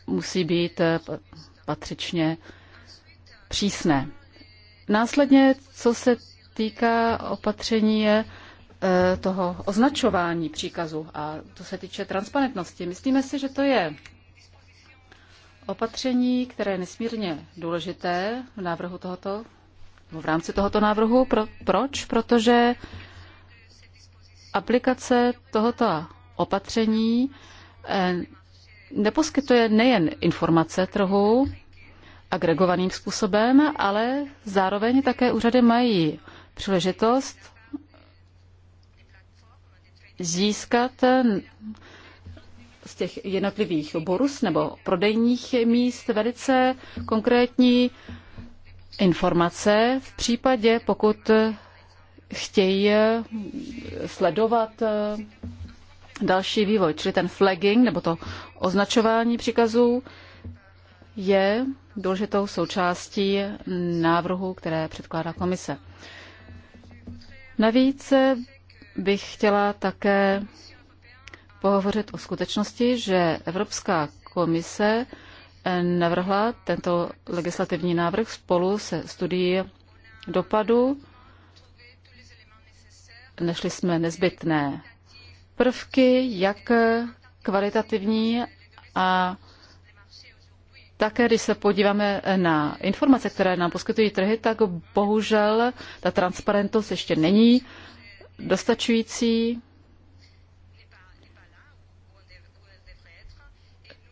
musí být eh, patřičně přísné. Následně, co se týká opatření eh, toho označování příkazu a to se týče transparentnosti, myslíme si, že to je opatření, které je nesmírně důležité v návrhu tohoto, v rámci tohoto návrhu. Pro, proč? Protože aplikace tohoto opatření eh, neposkytuje nejen informace trhu agregovaným způsobem, ale zároveň také úřady mají příležitost získat z těch jednotlivých borus nebo prodejních míst velice konkrétní informace v případě, pokud chtějí sledovat eh, další vývoj, čili ten flagging nebo to označování příkazů je důležitou součástí návrhu, které předkládá komise. Navíc bych chtěla také pohovořit o skutečnosti, že Evropská komise eh, navrhla tento legislativní návrh spolu se studií dopadu. Našli jsme nezbytné prvky, jak kvalitativní a také, když se podíváme na informace, které nám poskytují trhy, tak bohužel ta transparentnost ještě není dostačující.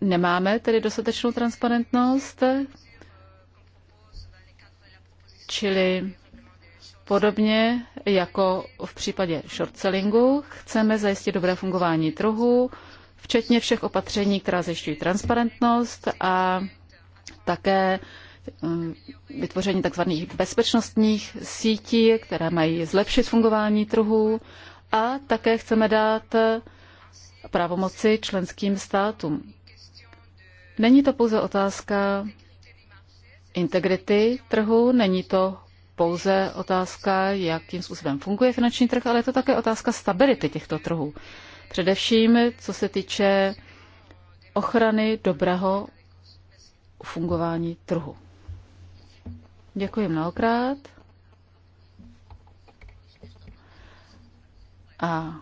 Nemáme tedy dostatečnou transparentnost, čili podobně jako v případě short sellingu chceme zajistit dobré fungování trhu, včetně všech opatření, která zajišťují transparentnost a také eh, vytvoření tzv. bezpečnostních sítí, které mají zlepšit fungování trhu a také chceme dát eh, pravomoci členským státům. Není to pouze otázka integrity trhu, není to pouze otázka, jakým způsobem funguje finanční trh, ale je to také otázka stability těchto trhů. Především, co se týče ochrany dobrého fungování trhu. Děkuji mnohokrát. A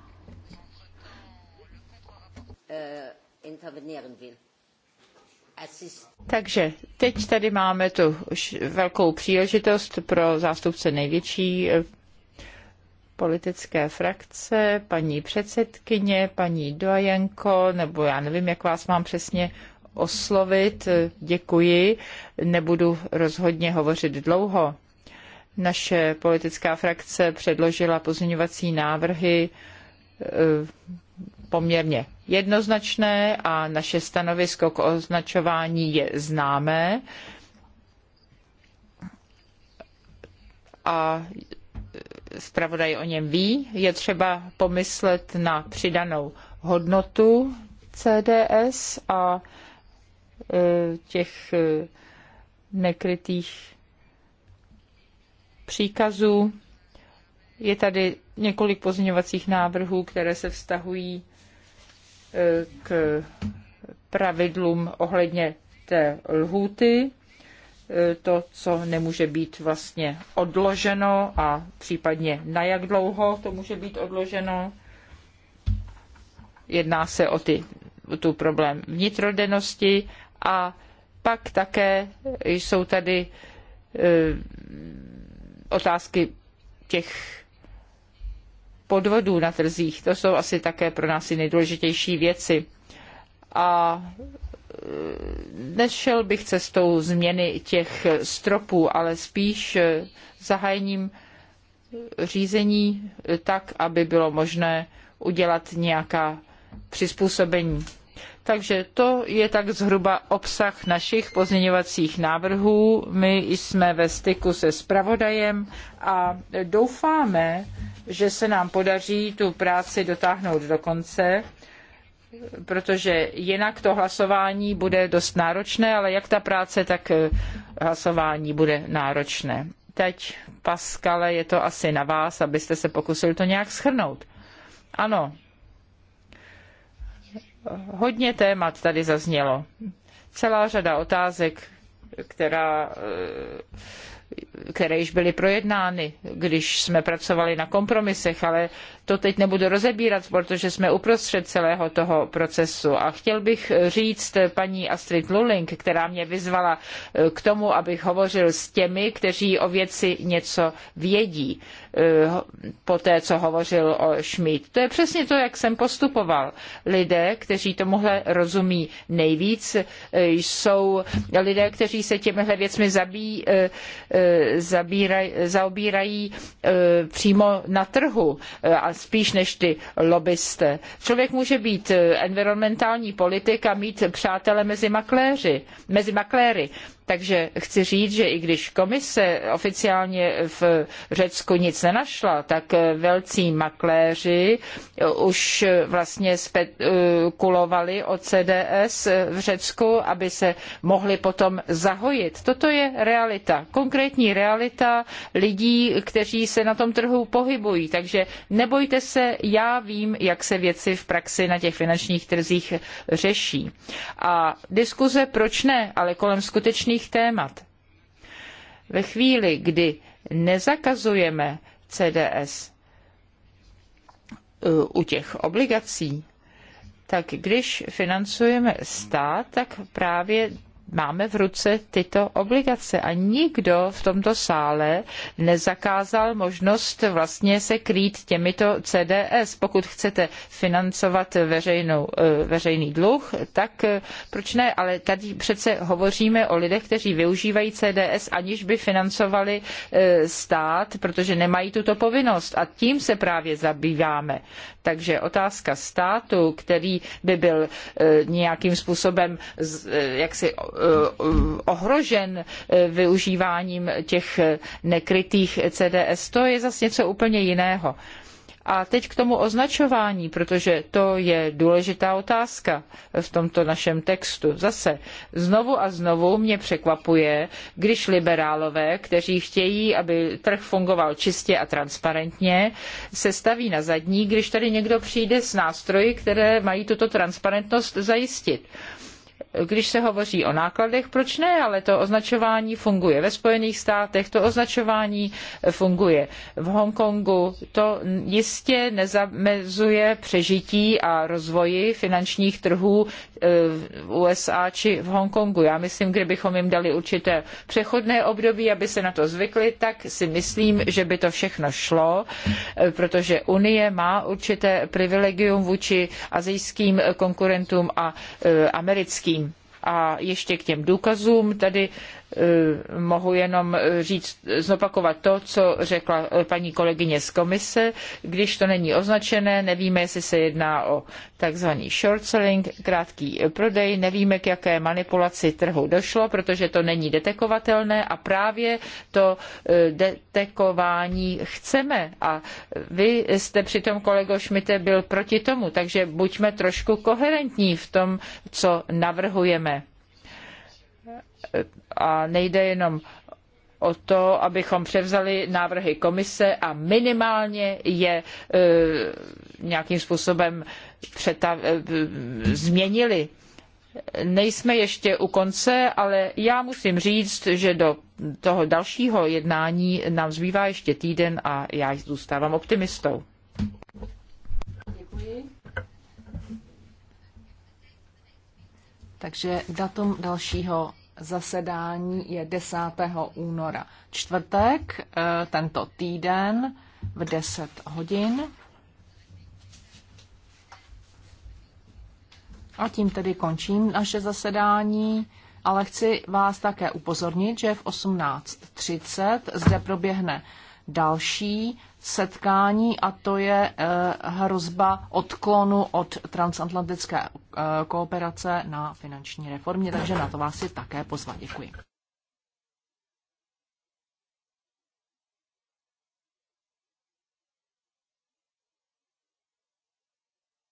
eh, intervenieren takže teď tady máme tu velkou příležitost pro zástupce největší eh, politické frakce, paní předsedkyně, paní Dojenko, nebo já nevím, jak vás mám přesně oslovit. Eh, děkuji. Nebudu rozhodně hovořit dlouho. Naše politická frakce předložila pozměňovací návrhy eh, poměrně jednoznačné a naše stanovisko k označování je známé. A zpravodaj o něm ví, je třeba pomyslet na přidanou hodnotu CDS a e, těch e, nekrytých příkazů. Je tady několik pozměňovacích návrhů, které se vztahují E, k pravidlům ohledně té lhůty, e, to, co nemůže být vlastně odloženo a případně na jak dlouho to může být odloženo. Jedná se o, ty, o tu problém vnitrodennosti a pak také jsou tady e, otázky těch podvodů na trzích. To jsou asi také pro nás i nejdůležitější věci. A e, nešel bych cestou změny těch stropů, ale spíš e, zahájením e, řízení tak, aby bylo možné udělat nějaká přizpůsobení. Takže to je tak zhruba obsah našich pozměňovacích návrhů. My jsme ve styku se spravodajem a doufáme, že se nám podaří tu práci dotáhnout do konce, protože jinak to hlasování bude dost náročné, ale jak ta práce, tak eh, hlasování bude náročné. Teď, Paskale, je to asi na vás, abyste se pokusili to nějak schrnout. Ano, hodně témat tady zaznělo. Celá řada otázek, která eh, které již byly projednány, když jsme pracovali na kompromisech, ale to teď nebudu rozebírat, protože jsme uprostřed celého toho procesu. A chtěl bych říct paní Astrid Luling, která mě vyzvala eh, k tomu, abych hovořil s těmi, kteří o věci něco vědí. Eh, po té, co hovořil o Schmidt. To je přesně to, jak jsem postupoval. Lidé, kteří tomuhle rozumí nejvíc, eh, jsou lidé, kteří se těmihle věcmi zabí, eh, zaobírají přímo na trhu a spíš než ty lobbysté. Člověk může být environmentální politik a mít přátele mezi makléři, mezi makléry. Takže chci říct, že i když komise oficiálně v Řecku nic nenašla, tak eh, velcí makléři eh, už eh, vlastně spekulovali o CDS v Řecku, aby se mohli potom zahojit. Toto je realita, konkrétní realita lidí, kteří se na tom trhu pohybují. Takže nebojte se, já vím, jak se věci v praxi na těch finančních trzích řeší. A diskuze proč ne, ale kolem skutečných citlivých témat. Ve chvíli, kdy nezakazujeme CDS eh, u těch obligací, tak když financujeme stát, tak právě máme v ruce tyto obligace a nikdo v tomto sále nezakázal možnost vlastně se krýt těmito CDS. Pokud chcete financovat veřejnou, eh, veřejný dluh, tak eh, proč ne? Ale tady přece hovoříme o lidech, kteří využívají CDS, aniž by financovali eh, stát, protože nemají tuto povinnost. A tím se právě zabýváme. Takže otázka státu, který by byl nějakým způsobem jaksi Eh, ohrožen eh, využíváním těch nekrytých CDS. To je zase něco úplně jiného. A teď k tomu označování, protože to je důležitá otázka v tomto našem textu. Zase znovu a znovu mě překvapuje, když liberálové, kteří chtějí, aby trh fungoval čistě a transparentně, se staví na zadní, když tady někdo přijde s nástroji, které mají tuto transparentnost zajistit když se hovoří o nákladech, proč ne, ale to označování funguje ve Spojených státech, to označování funguje v Hongkongu. To jistě nezamezuje přežití a rozvoji finančních trhů eh, v USA či v Hongkongu. Já myslím, kdybychom jim dali určité přechodné období, aby se na to zvykli, tak si myslím, že by to všechno šlo, eh, protože Unie má určité privilegium vůči azijským konkurentům a eh, americkým a ještě k těm důkazům. tedy. Eh, mohu jenom eh, říct, zopakovat to, co řekla eh, paní kolegyně z komise. Když to není označené, nevíme, jestli se jedná o takzvaný short selling, krátký prodej, nevíme, k jaké manipulaci trhu došlo, protože to není detekovatelné a právě to detekování chceme. A vy jste přitom, kolego Šmite, byl proti tomu, takže buďme trošku koherentní v tom, co navrhujeme a nejde jenom o to, abychom převzali návrhy komise a minimálně je e, nějakým způsobem přeta- e, změnili. Nejsme ještě u konce, ale já musím říct, že do toho dalšího jednání nám zbývá ještě týden a já zůstávám optimistou. Děkuji. Takže datum dalšího zasedání je 10. února. Čtvrtek, eh, tento týden v 10 hodin. A tím tedy končím naše zasedání, ale chci vás také upozornit, že v 18.30 zde proběhne další setkání a to je eh, hrozba odklonu od transatlantické eh, kooperace na finanční reformě, takže na to vás si také pozvat. Děkuji.